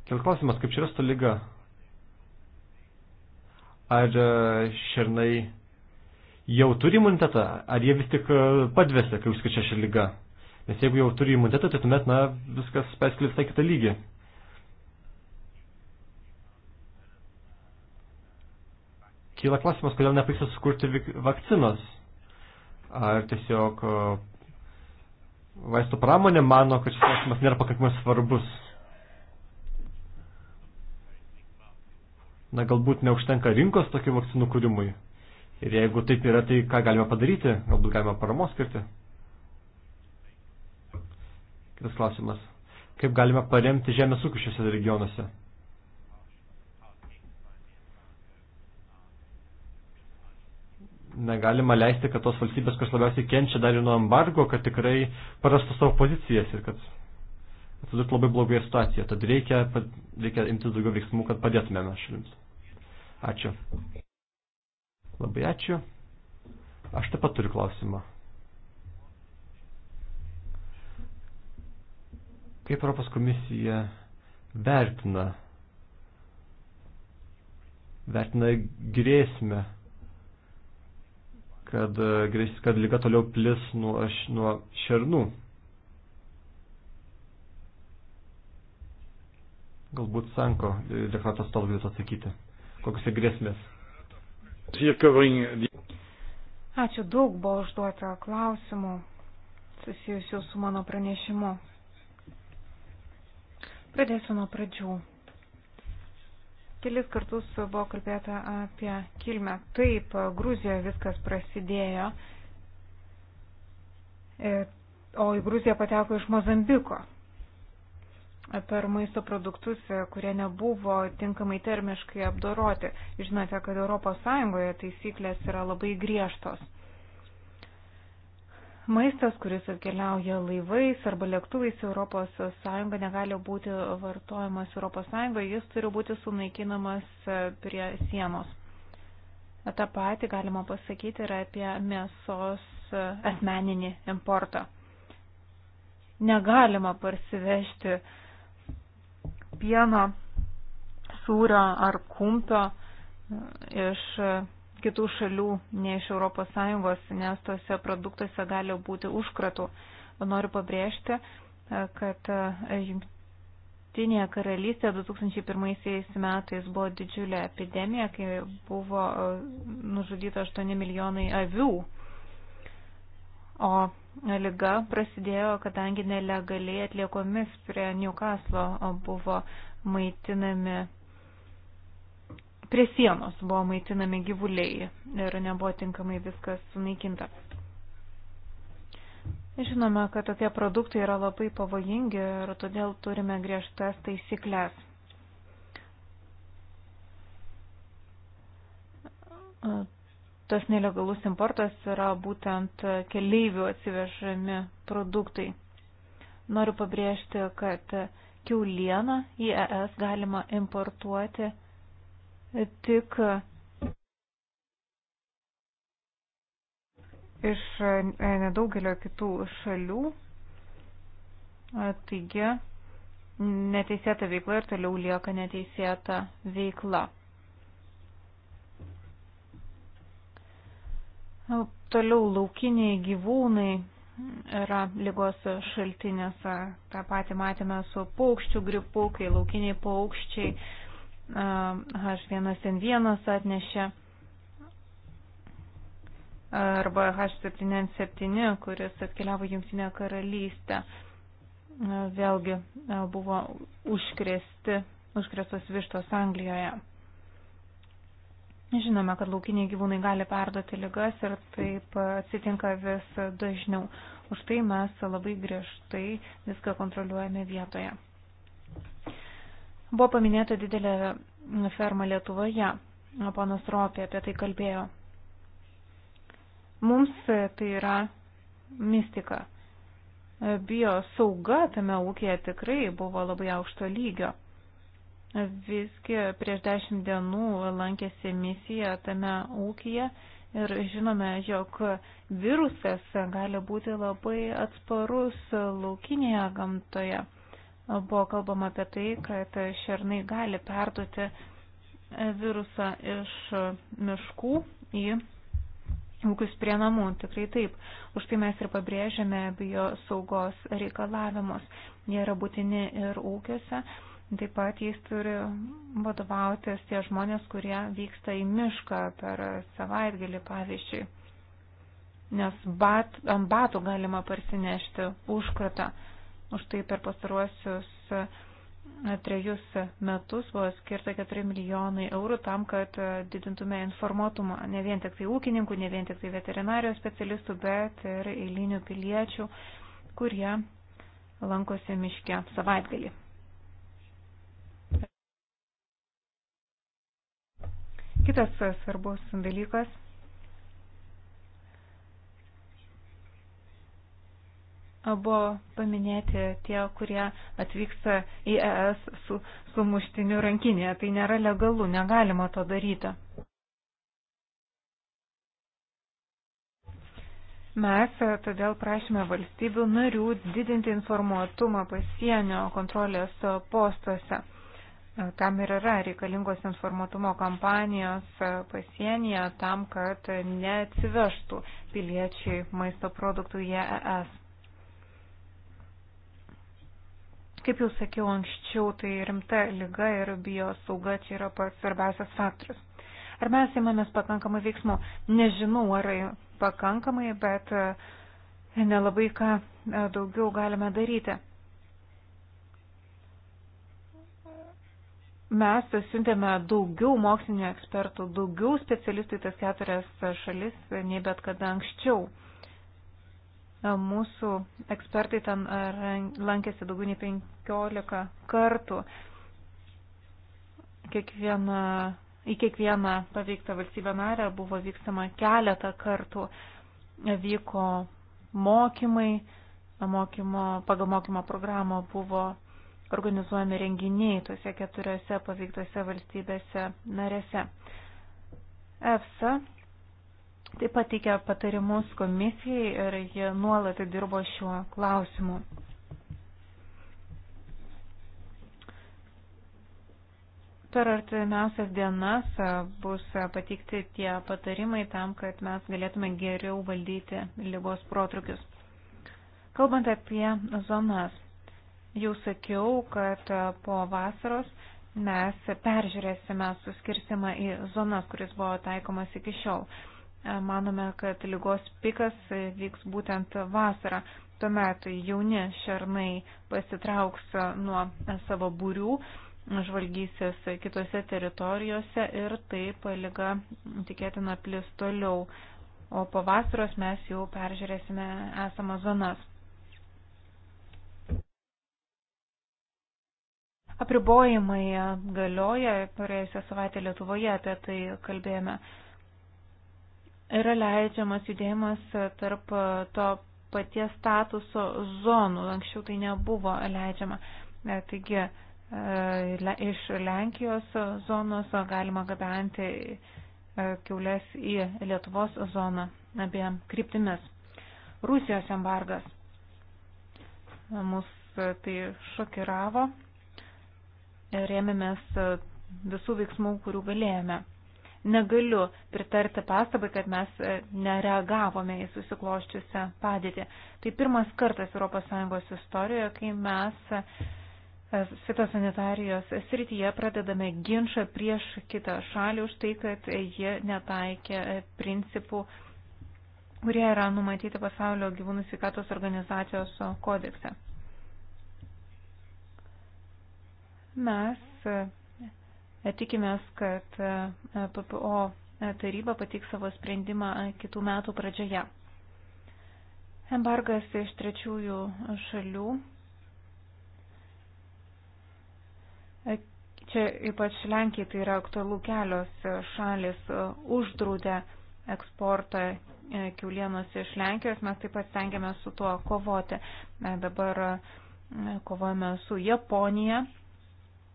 kėl klausimas, kaip čia yra su lyga? Ar e, šernai jau turi imunitetą, ar jie vis tik e, padvesia, kai užskričia šią lygą? Nes jeigu jau turi imunitetą, tai tuomet, na, viskas perskilia visai kitą lygį. kyla klausimas, kodėl nepavyksta sukurti vakcinos. Ar tiesiog vaistų pramonė mano, kad šis klausimas nėra pakankamai svarbus. Na, galbūt neužtenka rinkos tokių vakcinų kūrimui. Ir jeigu taip yra, tai ką galime padaryti? Galbūt galime paramos skirti. Kitas klausimas. Kaip galime paremti žemės ūkį šiuose regionuose? negalima leisti, kad tos valstybės, kurios labiausiai kenčia dar ir nuo embargo, kad tikrai prarastų savo pozicijas ir kad atsidurtų labai blogoje situacijoje. Tad reikia, reikia imtis daugiau veiksmų, kad padėtumėme šalims. Ačiū. Labai ačiū. Aš taip pat turiu klausimą. Kaip Europos komisija vertina, vertina grėsmę kad, e, kad lyga toliau plis nuo, nuo šernų. Galbūt Sanko dekratos tolgis atsakyti. Kokios grėsmės? Ačiū daug buvo užduota klausimų susijusių su mano pranešimu. Pradėsiu nuo pradžių. Kelis kartus buvo kalbėta apie kilmę. Taip, Gruzijoje viskas prasidėjo, e, o į Gruziją pateko iš Mozambiko e, per maisto produktus, e, kurie nebuvo tinkamai termiškai apdoroti. Žinote, kad ES taisyklės yra labai griežtos maistas, kuris atkeliauja laivais arba lėktuvais Europos Sąjunga, negali būti vartojamas Europos Sąjungoje, jis turi būti sunaikinamas prie sienos. Ta pati galima pasakyti ir apie mėsos asmeninį importą. Negalima parsivežti pieno, sūrio ar kumpio iš kitų šalių, ne iš ES, nes tuose produktuose gali būti užkratų. Noriu pabrėžti, e, kad e, Jungtinėje karalystėje 2001 metais buvo didžiulė epidemija, kai buvo e, nužudyta 8 milijonai avių. O lyga prasidėjo, kadangi nelegaliai atliekomis prie Newcastle buvo maitinami prie sienos buvo maitinami gyvuliai ir nebuvo tinkamai viskas sunaikinta. Žinome, kad tokie produktai yra labai pavojingi ir todėl turime griežtas taisyklės. Tas nelegalus importas yra būtent keleivių atsivežami produktai. Noriu pabrėžti, kad kiaulieną į ES galima importuoti tik iš e, nedaugelio kitų šalių. E, taigi, neteisėta veikla ir toliau lieka neteisėta veikla. E, toliau laukiniai gyvūnai yra lygos šaltinis. Ta pati matėme su paukščių gripu, kai laukiniai paukščiai H1N1 atnešė arba H7N7, kuris atkeliavo Junktinę karalystę. Vėlgi e, buvo užkrėsti, užkrėstos vištos Anglijoje. Žinome, kad laukiniai gyvūnai gali perduoti ligas ir taip atsitinka vis dažniau. Už tai mes labai griežtai viską kontroliuojame vietoje. Buvo paminėta didelė ferma Lietuvoje, ponas Ropė apie tai kalbėjo. Mums tai yra mistika. Bio sauga tame ūkėje tikrai buvo labai aukšto lygio. Visgi prieš dešimt dienų lankėsi misija tame ūkėje ir žinome, jog virusas gali būti labai atsparus laukinėje gamtoje. Buvo kalbama apie tai, kad šernai gali perduoti virusą iš miškų į ūkius prie namų, tikrai taip. Už tai mes ir pabrėžiame bio saugos reikalavimus. Jie yra būtini ir ūkiuose. Taip pat jais turi vadovautis tie žmonės, kurie vyksta į mišką per savaitgalį, pavyzdžiui. Nes bat, ant batų galima parsinešti užkratą. Už tai per pastaruosius e, trejus metus buvo skirta 4 milijonai eurų tam, kad e, didintume informuotumą ne vien tik tai ūkininkų, ne vien tik tai veterinarijos specialistų, bet ir eilinių piliečių, kurie lankosi miške savaitgalį. Kitas svarbus dalykas buvo paminėti tie, kurie atvyksta į ES su, su muštiniu rankinėje. Tai nėra legalu, negalima to daryti. Mes e, todėl prašome valstybių narių didinti informuotumą pasienio kontrolės e, postuose. E, tam ir yra reikalingos informuotumo kampanijos pasienyje tam, kad neatsivežtų piliečiai maisto produktų į ES. Kaip jau sakiau anksčiau, tai rimta lyga ir biosauga čia yra pats svarbiausias faktorius. Ar mes įmamės pakankamai veiksmų? Nežinau, ar pakankamai, bet e, nelabai ką e, daugiau galime daryti. mes siuntėme daugiau mokslinių ekspertų, daugiau specialistų į tas keturias šalis nei bet kada anksčiau. Mūsų ekspertai ten lankėsi daugiau nei 15 kartų. Kiekviena, į kiekvieną paveiktą valstybę narę buvo vykstama keletą kartų. Vyko mokymai, mokymo, pagal mokymo programą buvo organizuojami renginiai tose keturiose paveiktose valstybėse narėse. EFSA taip pat teikia patarimus komisijai ir jie nuolat dirbo šiuo klausimu. Per artimiausias dienas bus pateikti tie patarimai tam, kad mes galėtume geriau valdyti lygos protrukius. Kalbant apie zonas, jau sakiau, kad po vasaros mes peržiūrėsime suskirsimą į zonas, kuris buvo taikomas iki šiol. E, manome, kad lygos pikas vyks būtent vasarą. Tuomet jauni šernai pasitrauks nuo savo būrių, žvalgysis kitose teritorijose ir taip lyga tikėtina plis toliau. O po vasaros mes jau peržiūrėsime esamas zonas. Apribojimai galioja, praėjusią savaitę Lietuvoje apie tai kalbėjome yra leidžiamas judėjimas e, tarp e, to paties statuso zonų. Anksčiau tai nebuvo leidžiama. E, taigi iš Lenkijos zonos galima gabenti kiaulės į Lietuvos zoną abiem kryptimis. Rusijos embargas. Mus tai šokiravo. Rėmėmės visų veiksmų, kurių galėjome. Negaliu pritarti pastabai, kad mes e, nereagavome į susikloščiusią padėtį. Tai pirmas kartas ES istorijoje, kai mes e, fitosanitarijos srityje pradedame ginčą prieš kitą šalį už tai, kad jie netaikė e, principų kurie yra numatyti pasaulio gyvūnų sveikatos organizacijos kodekse. Mes Tikimės, kad e, PPO taryba pateiks savo sprendimą e, kitų metų pradžioje. Embargas iš trečiųjų šalių. E, čia ypač Lenkijai tai yra aktualu kelios šalis uždraudė eksportą kiaulienos iš Lenkijos. Mes taip pat stengiamės su tuo kovoti. Dabar kovojame su Japonija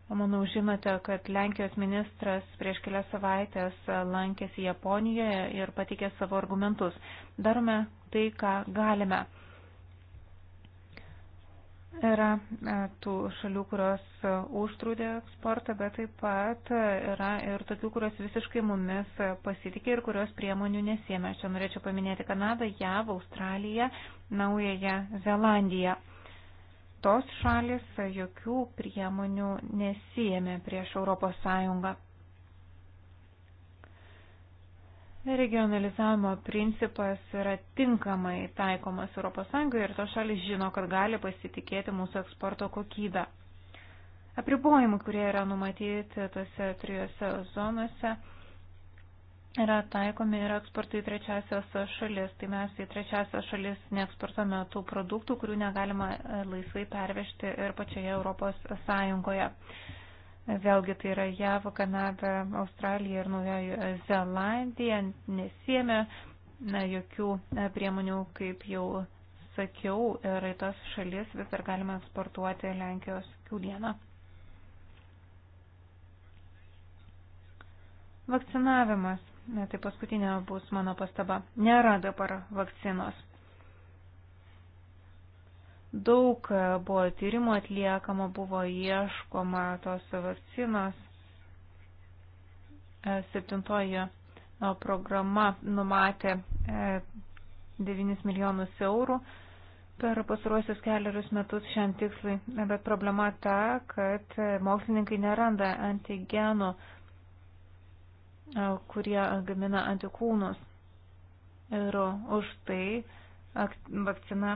Manau, žinote, kad Lenkijos ministras prieš kelias savaitės lankėsi Japonijoje ir patikė savo argumentus. Darome tai, ką galime. Yra e, tų šalių, kurios e, užtrūdė eksportą, bet taip pat e, yra ir tokių, kurios visiškai mumis pasitikė ir kurios priemonių nesėmė. Čia norėčiau paminėti Kanadą, JAV, Australiją, Naująją Zelandiją tos šalis jokių priemonių nesijėmė prieš Europos Sąjungą. Regionalizavimo principas yra tinkamai taikomas ES ir to šalis žino, kad gali pasitikėti mūsų eksporto kokybę. Apribojimai, kurie yra numatyti tose trijose zonose, yra taikomi ir eksportai trečiasios šalis. Tai mes į trečiasios šalis neeksportuojame tų produktų, kurių negalima e, laisvai pervežti ir pačioje Europos Sąjungoje. Vėlgi tai yra JAV, Kanada, Australija ir Naujoji Zelandija nesėmė jokių e, priemonių, kaip jau sakiau, ir į tas šalis vis dar galima eksportuoti Lenkijos kiaulieną. Vakcinavimas. Tai paskutinė bus mano pastaba. Nėra dabar vakcinos. Daug buvo tyrimų atliekama, buvo ieškoma tos vakcinos. E, septintoji e, programa numatė 9 e, milijonus eurų per pasiruosius keliarius metus šiam tikslui, bet problema ta, kad mokslininkai neranda antigenų kurie gamina antikūnus. Ir už tai vakcina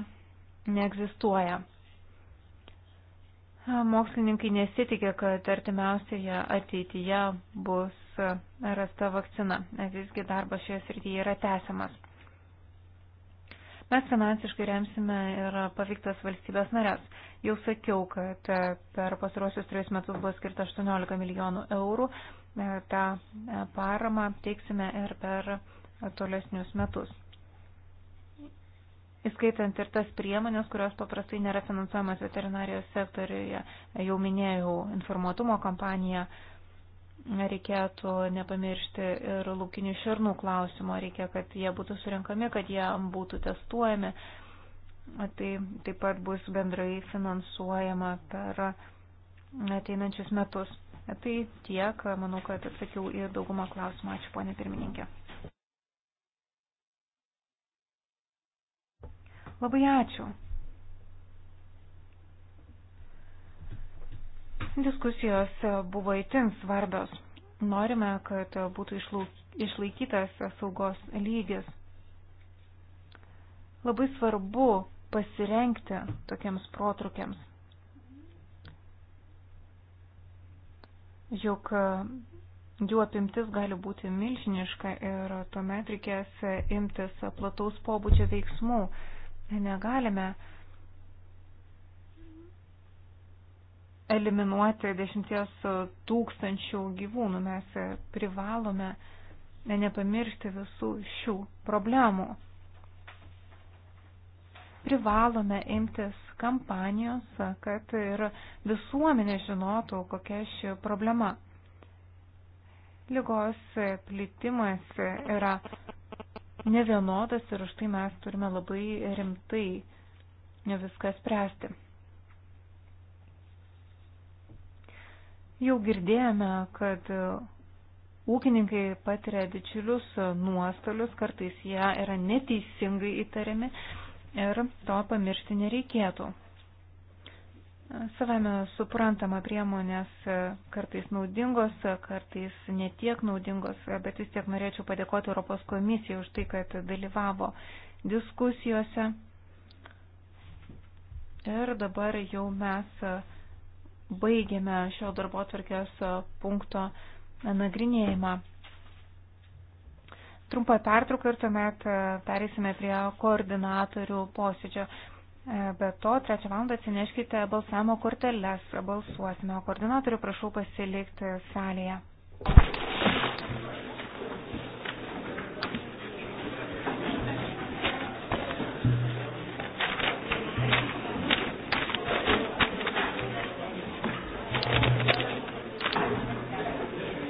neegzistuoja. Mokslininkai nesitikė, kad artimiausioje ateityje bus rasta vakcina. Visgi darbas šioje srityje yra tęsiamas. Mes finansiškai remsime ir pavyktas valstybės narės. Jau sakiau, kad per pasiruosius trejus metus buvo skirta 18 milijonų eurų tą paramą teiksime ir per tolesnius metus. Įskaitant ir tas priemonės, kurios paprastai nėra finansuojamas veterinarijos sektoriuje, jau minėjau informuotumo kampaniją, reikėtų nepamiršti ir laukinių šernų klausimo, reikia, kad jie būtų surinkami, kad jie būtų testuojami. Tai taip pat bus bendrai finansuojama per ateinančius metus. Tai tiek, manau, kad atsakiau į daugumą klausimų. Ačiū, ponė pirmininkė. Labai ačiū. Diskusijos buvo itin svarbios. Norime, kad būtų išlaikytas saugos lygis. Labai svarbu pasirenkti tokiems protrukiams. juk e, jų apimtis gali būti milžiniška ir tuomet reikės imtis plataus pobūdžio veiksmų. Negalime eliminuoti dešimties tūkstančių gyvūnų, mes privalome nepamiršti visų šių problemų privalome imtis kampanijos, kad ir visuomenė žinotų, kokia ši problema. Lygos plitimas yra nevienodas ir už tai mes turime labai rimtai viską spręsti. Jau girdėjome, kad ūkininkai patiria didžiulius nuostolius, kartais jie yra neteisingai įtariami ir to pamiršti nereikėtų. Savame suprantama priemonės kartais naudingos, kartais netiek naudingos, bet vis tiek norėčiau padėkoti Europos komisijai už tai, kad dalyvavo diskusijose. Ir dabar jau mes baigėme šio darbo tvarkės punkto nagrinėjimą trumpą pertrauką ir tuomet e, pereisime prie koordinatorių posėdžio. E, be to, trečią valandą atsineškite balsavimo korteles, balsuosime, o koordinatorių prašau pasilikti salėje.